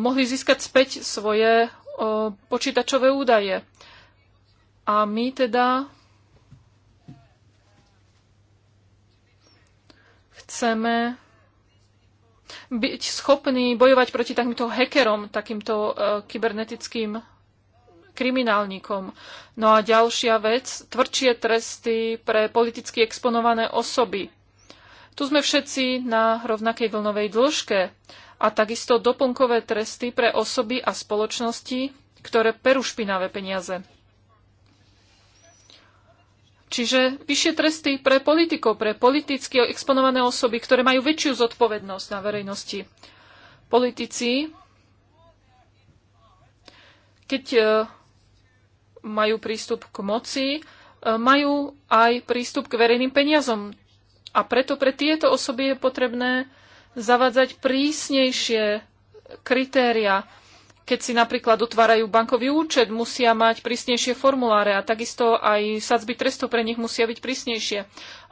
mohli získať späť svoje e, počítačové údaje. A my teda chceme byť schopní bojovať proti takýmto hackerom, takýmto e, kybernetickým kriminálnikom. No a ďalšia vec, tvrdšie tresty pre politicky exponované osoby. Tu sme všetci na rovnakej vlnovej dĺžke a takisto doplnkové tresty pre osoby a spoločnosti, ktoré perú špinavé peniaze. Čiže vyššie tresty pre politikov, pre politicky exponované osoby, ktoré majú väčšiu zodpovednosť na verejnosti. Politici, keď e, majú prístup k moci, e, majú aj prístup k verejným peniazom. A preto pre tieto osoby je potrebné zavádzať prísnejšie kritéria. Keď si napríklad otvárajú bankový účet, musia mať prísnejšie formuláre a takisto aj sadzby trestov pre nich musia byť prísnejšie.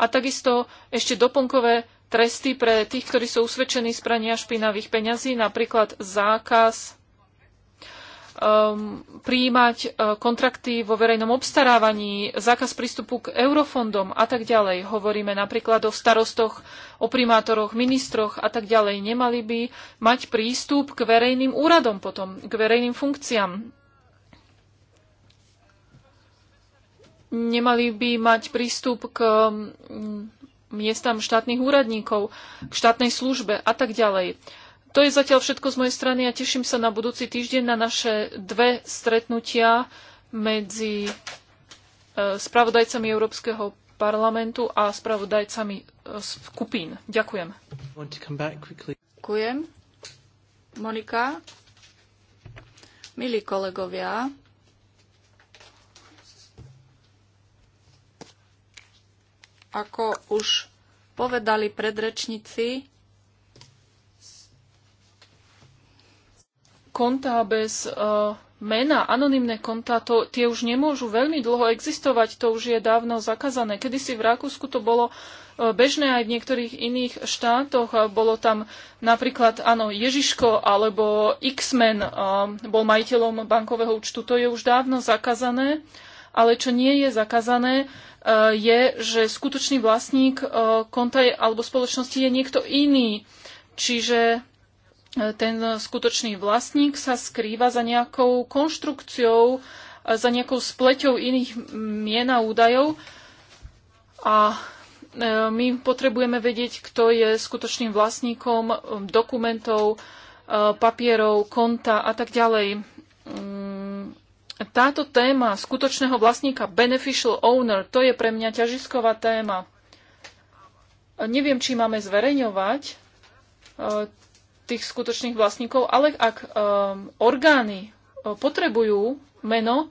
A takisto ešte doplnkové tresty pre tých, ktorí sú usvedčení z prania špinavých peňazí, napríklad zákaz um, prijímať uh, kontrakty vo verejnom obstarávaní, zákaz prístupu k eurofondom a tak ďalej. Hovoríme napríklad o starostoch, o primátoroch, ministroch a tak ďalej. Nemali by mať prístup k verejným úradom potom, k verejným funkciám. Nemali by mať prístup k um, miestam štátnych úradníkov, k štátnej službe a tak ďalej. Uh, to je zatiaľ všetko z mojej strany a teším sa na budúci týždeň na naše dve stretnutia medzi e, spravodajcami Európskeho parlamentu a spravodajcami e, skupín. Ďakujem. Ďakujem. Monika, milí kolegovia, ako už povedali predrečníci, kontá bez uh, mena, anonimné kontá, to, tie už nemôžu veľmi dlho existovať, to už je dávno zakázané. Kedysi v Rakúsku to bolo eh, bežné aj v niektorých iných štátoch. Eh, bolo tam napríklad, áno, Ježiško alebo X-Men bol majiteľom bankového účtu. To je už dávno zakázané, ale čo nie je zakázané, je, že skutočný vlastník konta je, alebo spoločnosti je niekto iný. Čiže ten skutočný vlastník sa skrýva za nejakou konštrukciou, za nejakou spleťou iných mien a údajov a e, my potrebujeme vedieť, kto je skutočným vlastníkom dokumentov, e, papierov, konta a tak ďalej. Mm, táto téma skutočného vlastníka, beneficial owner, to je pre mňa ťažisková téma. Neviem, či máme zverejňovať e, tých skutočných vlastníkov, ale ak um, orgány uh, potrebujú meno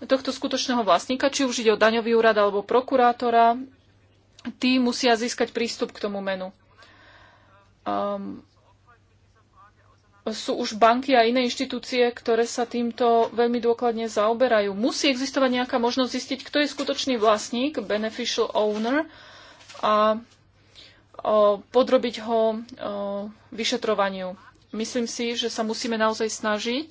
tohto skutočného vlastníka, či už ide o daňový úrad alebo prokurátora, tí musia získať prístup k tomu menu. Um, sú už banky a iné inštitúcie, ktoré sa týmto veľmi dôkladne zaoberajú. Musí existovať nejaká možnosť zistiť, kto je skutočný vlastník, beneficial owner, a podrobiť ho vyšetrovaniu. Myslím si, že sa musíme naozaj snažiť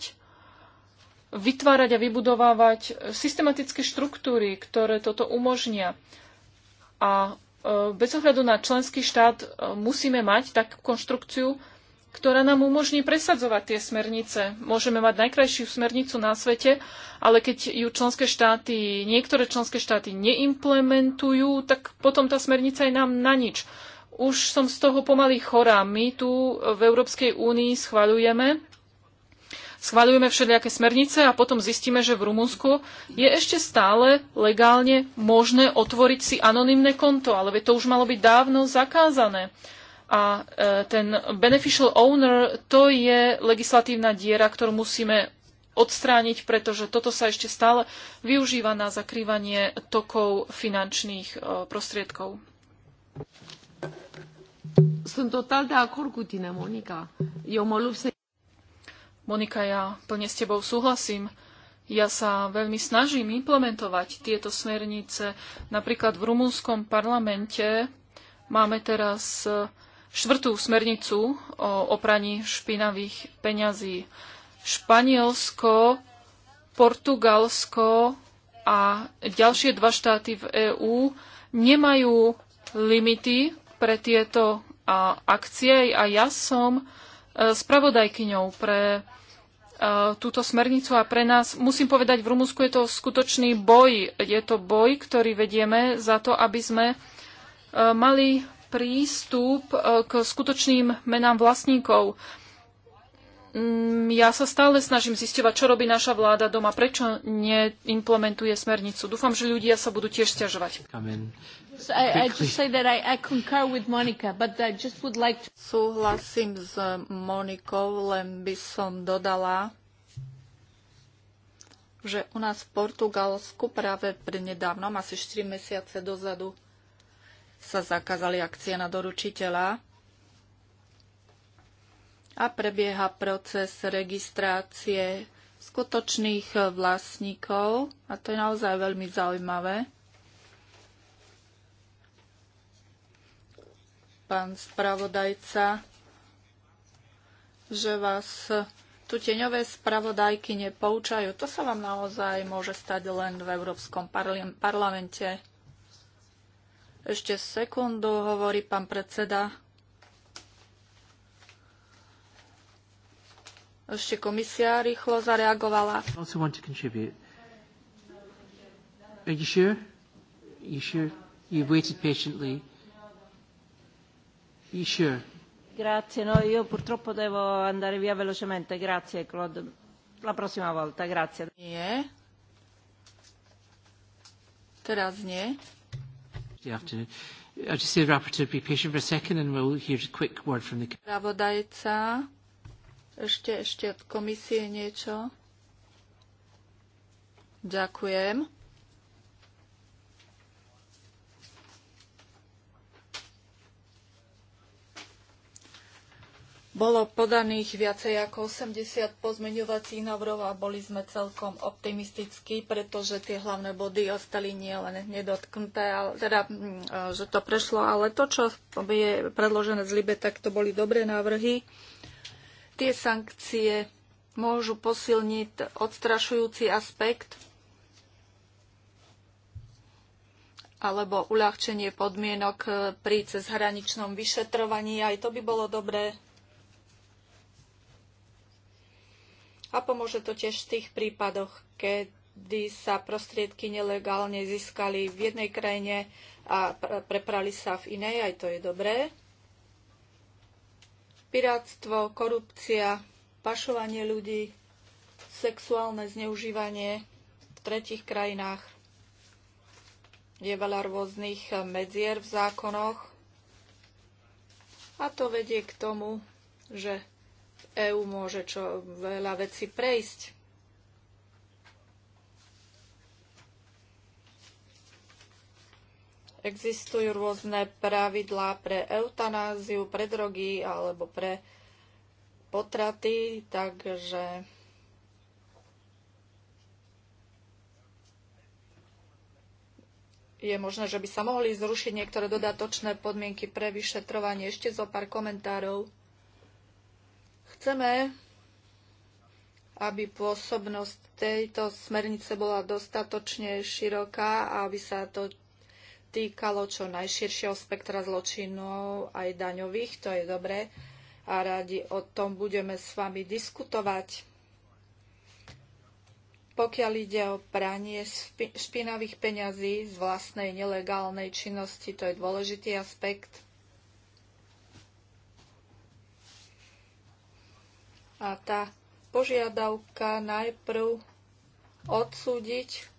vytvárať a vybudovávať systematické štruktúry, ktoré toto umožnia. A e, bez ohľadu na členský štát e, musíme mať takú konštrukciu, ktorá nám umožní presadzovať tie smernice. Môžeme mať najkrajšiu smernicu na svete, ale keď ju členské štáty, niektoré členské štáty neimplementujú, tak potom tá smernica je nám na nič. Už som z toho pomaly chorá. My tu v Európskej únii schvaľujeme schváľujeme všelijaké smernice a potom zistíme, že v Rumunsku je ešte stále legálne možné otvoriť si anonymné konto, ale to už malo byť dávno zakázané. A e, ten beneficial owner to je legislatívna diera, ktorú musíme odstrániť, pretože toto sa ešte stále využíva na zakrývanie tokov finančných e, prostriedkov. Sunt total de acord cu tine, Monica. Eu mă lupt să... Monika, ja plne s tebou súhlasím. Ja sa veľmi snažím implementovať tieto smernice. Napríklad v rumúnskom parlamente máme teraz e, štvrtú smernicu o opraní špinavých peňazí. Španielsko, Portugalsko a ďalšie dva štáty v EÚ nemajú limity pre tieto a akcie. A ja som e, spravodajkyňou pre e, túto smernicu a pre nás, musím povedať, v Rumunsku je to skutočný boj. Je to boj, ktorý vedieme za to, aby sme e, mali prístup k skutočným menám vlastníkov. Mm, ja sa stále snažím zistovať, čo robí naša vláda doma, prečo neimplementuje smernicu. Dúfam, že ľudia sa budú tiež stiažovať. Amen. So I, I just say that I, I concur with but I just would like to... Súhlasím s Monikou, len by som dodala, že u nás v Portugalsku práve pre nedávnom, asi 4 mesiace dozadu, sa zakázali akcie na doručiteľa a prebieha proces registrácie skutočných vlastníkov a to je naozaj veľmi zaujímavé. pán spravodajca, že vás tu tieňové spravodajky nepoučajú. To sa vám naozaj môže stať len v Európskom parlamente. Ešte sekundu, hovorí pán predseda. Ešte komisia rýchlo zareagovala. Are you sure? you sure? You've waited patiently. Isher. Grazie, no, io purtroppo devo andare via velocemente. Grazie, Claude. La prossima volta, grazie. Nie. Teraz nie. The afternoon. I'll just say the rapporteur be patient for a second and we'll hear a quick word from the... Pravodajca. Ešte, ešte od komisie niečo. Ďakujem. Bolo podaných viacej ako 80 pozmeňovacích návrhov a boli sme celkom optimistickí, pretože tie hlavné body ostali nielen nedotknuté, ale, teda, mm, e, že to prešlo, ale to, čo je predložené z Libe, tak to boli dobré návrhy. Tie sankcie môžu posilniť odstrašujúci aspekt alebo uľahčenie podmienok pri cezhraničnom vyšetrovaní. Aj to by bolo dobré A pomôže to tiež v tých prípadoch, kedy sa prostriedky nelegálne získali v jednej krajine a preprali sa v inej, aj to je dobré. Pirátstvo, korupcia, pašovanie ľudí, sexuálne zneužívanie v tretich krajinách. Je veľa rôznych medzier v zákonoch a to vedie k tomu, že EÚ môže čo veľa vecí prejsť. Existujú rôzne pravidlá pre eutanáziu, pre drogy alebo pre potraty, takže je možné, že by sa mohli zrušiť niektoré dodatočné podmienky pre vyšetrovanie. Ešte zo pár komentárov Chceme, aby pôsobnosť tejto smernice bola dostatočne široká a aby sa to týkalo čo najširšieho spektra zločinov, aj daňových, to je dobré. A radi o tom budeme s vami diskutovať. Pokiaľ ide o pranie špinavých peňazí z vlastnej nelegálnej činnosti, to je dôležitý aspekt. A tá požiadavka najprv odsúdiť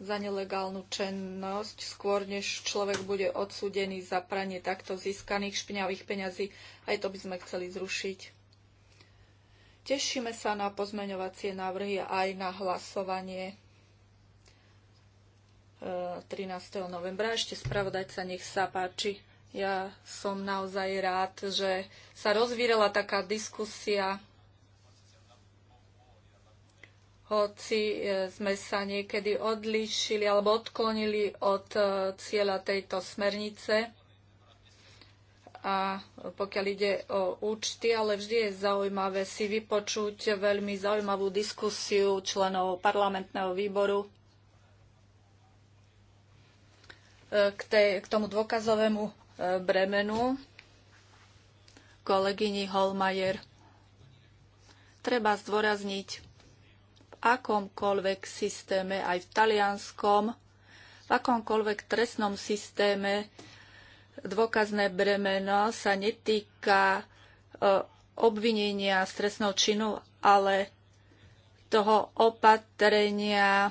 za nelegálnu činnosť, skôr než človek bude odsúdený za pranie takto získaných špiňavých peňazí. Aj to by sme chceli zrušiť. Tešíme sa na pozmeňovacie návrhy aj na hlasovanie 13. E, novembra. Ešte spravodať sa nech sa páči. Ja som naozaj rád, že sa rozvírala taká diskusia hoci e, sme sa niekedy odlíšili alebo odklonili od e, cieľa tejto smernice a pokiaľ ide o účty, ale vždy je zaujímavé si vypočuť veľmi zaujímavú diskusiu členov parlamentného výboru e, k, tej, k tomu dôkazovému bremenu kolegyni Holmajer. Treba zdôrazniť, akomkoľvek systéme, aj v talianskom, v akomkoľvek trestnom systéme dôkazné bremeno sa netýka e, obvinenia z trestnou činu, ale toho opatrenia e,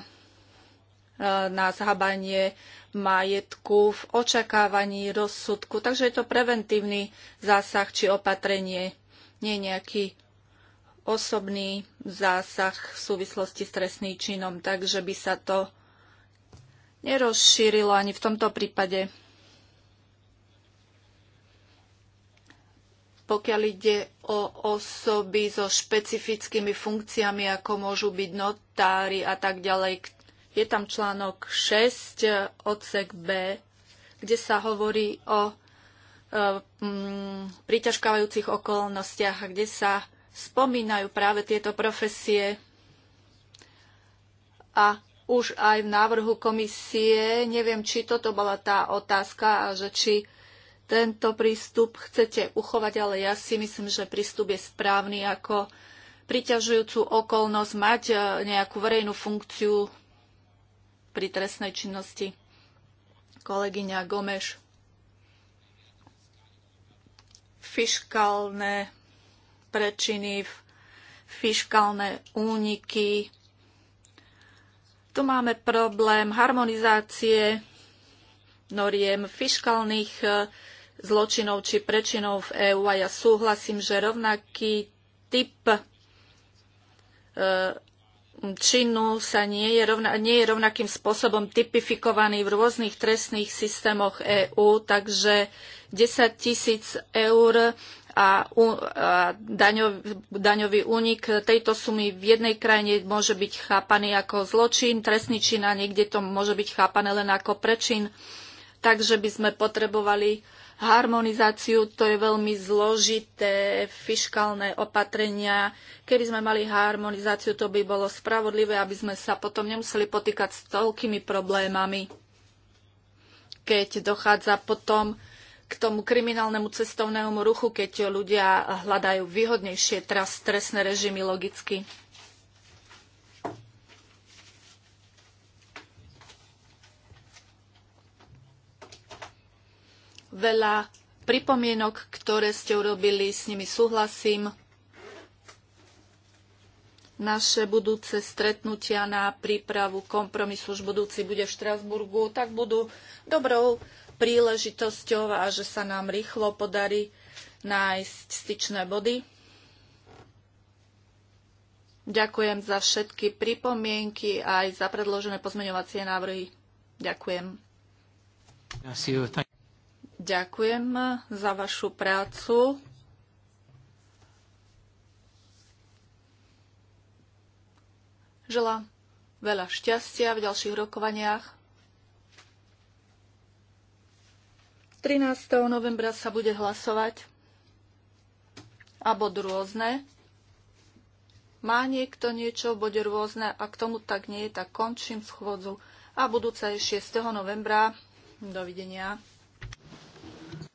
na zhabanie majetku v očakávaní rozsudku. Takže je to preventívny zásah či opatrenie, nie nejaký osobný zásah v súvislosti s trestným činom, takže by sa to nerozšírilo ani v tomto prípade. Pokiaľ ide o osoby so špecifickými funkciami, ako môžu byť notári a tak ďalej, je tam článok 6, odsek B, kde sa hovorí o e, m, priťažkávajúcich okolnostiach, kde sa spomínajú práve tieto profesie a už aj v návrhu komisie, neviem, či toto bola tá otázka, že či tento prístup chcete uchovať, ale ja si myslím, že prístup je správny ako priťažujúcu okolnosť mať e, nejakú verejnú funkciu pri trestnej činnosti. Kolegyňa Gomeš. Fiškálne prečiny, fiškálne úniky. Tu máme problém harmonizácie noriem fiškálnych eh, zločinov či prečinov v EÚ a ja súhlasím, že rovnaký typ eh, činu sa nie je, rovna, nie je rovnakým spôsobom typifikovaný v rôznych trestných systémoch EÚ, takže 10 tisíc eur a, a daňový únik tejto sumy v jednej krajine môže byť chápaný ako zločin, trestný čin a niekde to môže byť chápané len ako prečin. Takže by sme potrebovali harmonizáciu, to je veľmi zložité, fiškálne opatrenia. Keby sme mali harmonizáciu, to by bolo spravodlivé, aby sme sa potom nemuseli potýkať s toľkými problémami, keď dochádza potom k tomu kriminálnemu cestovnému ruchu, keď ľudia hľadajú výhodnejšie teraz trestné režimy logicky. Veľa pripomienok, ktoré ste urobili, s nimi súhlasím. Naše budúce stretnutia na prípravu kompromisu už budúci bude v Štrasburgu, tak budú dobrou príležitosťou a že sa nám rýchlo podarí nájsť styčné body. Ďakujem za všetky pripomienky a aj za predložené pozmeňovacie návrhy. Ďakujem. Ďakujem za vašu prácu. Želám veľa šťastia v ďalších rokovaniach. 13. novembra sa bude hlasovať a bod rôzne. Má niekto niečo v bode rôzne? k tomu tak nie tak končím schôdzu a budúca je 6. novembra. Dovidenia.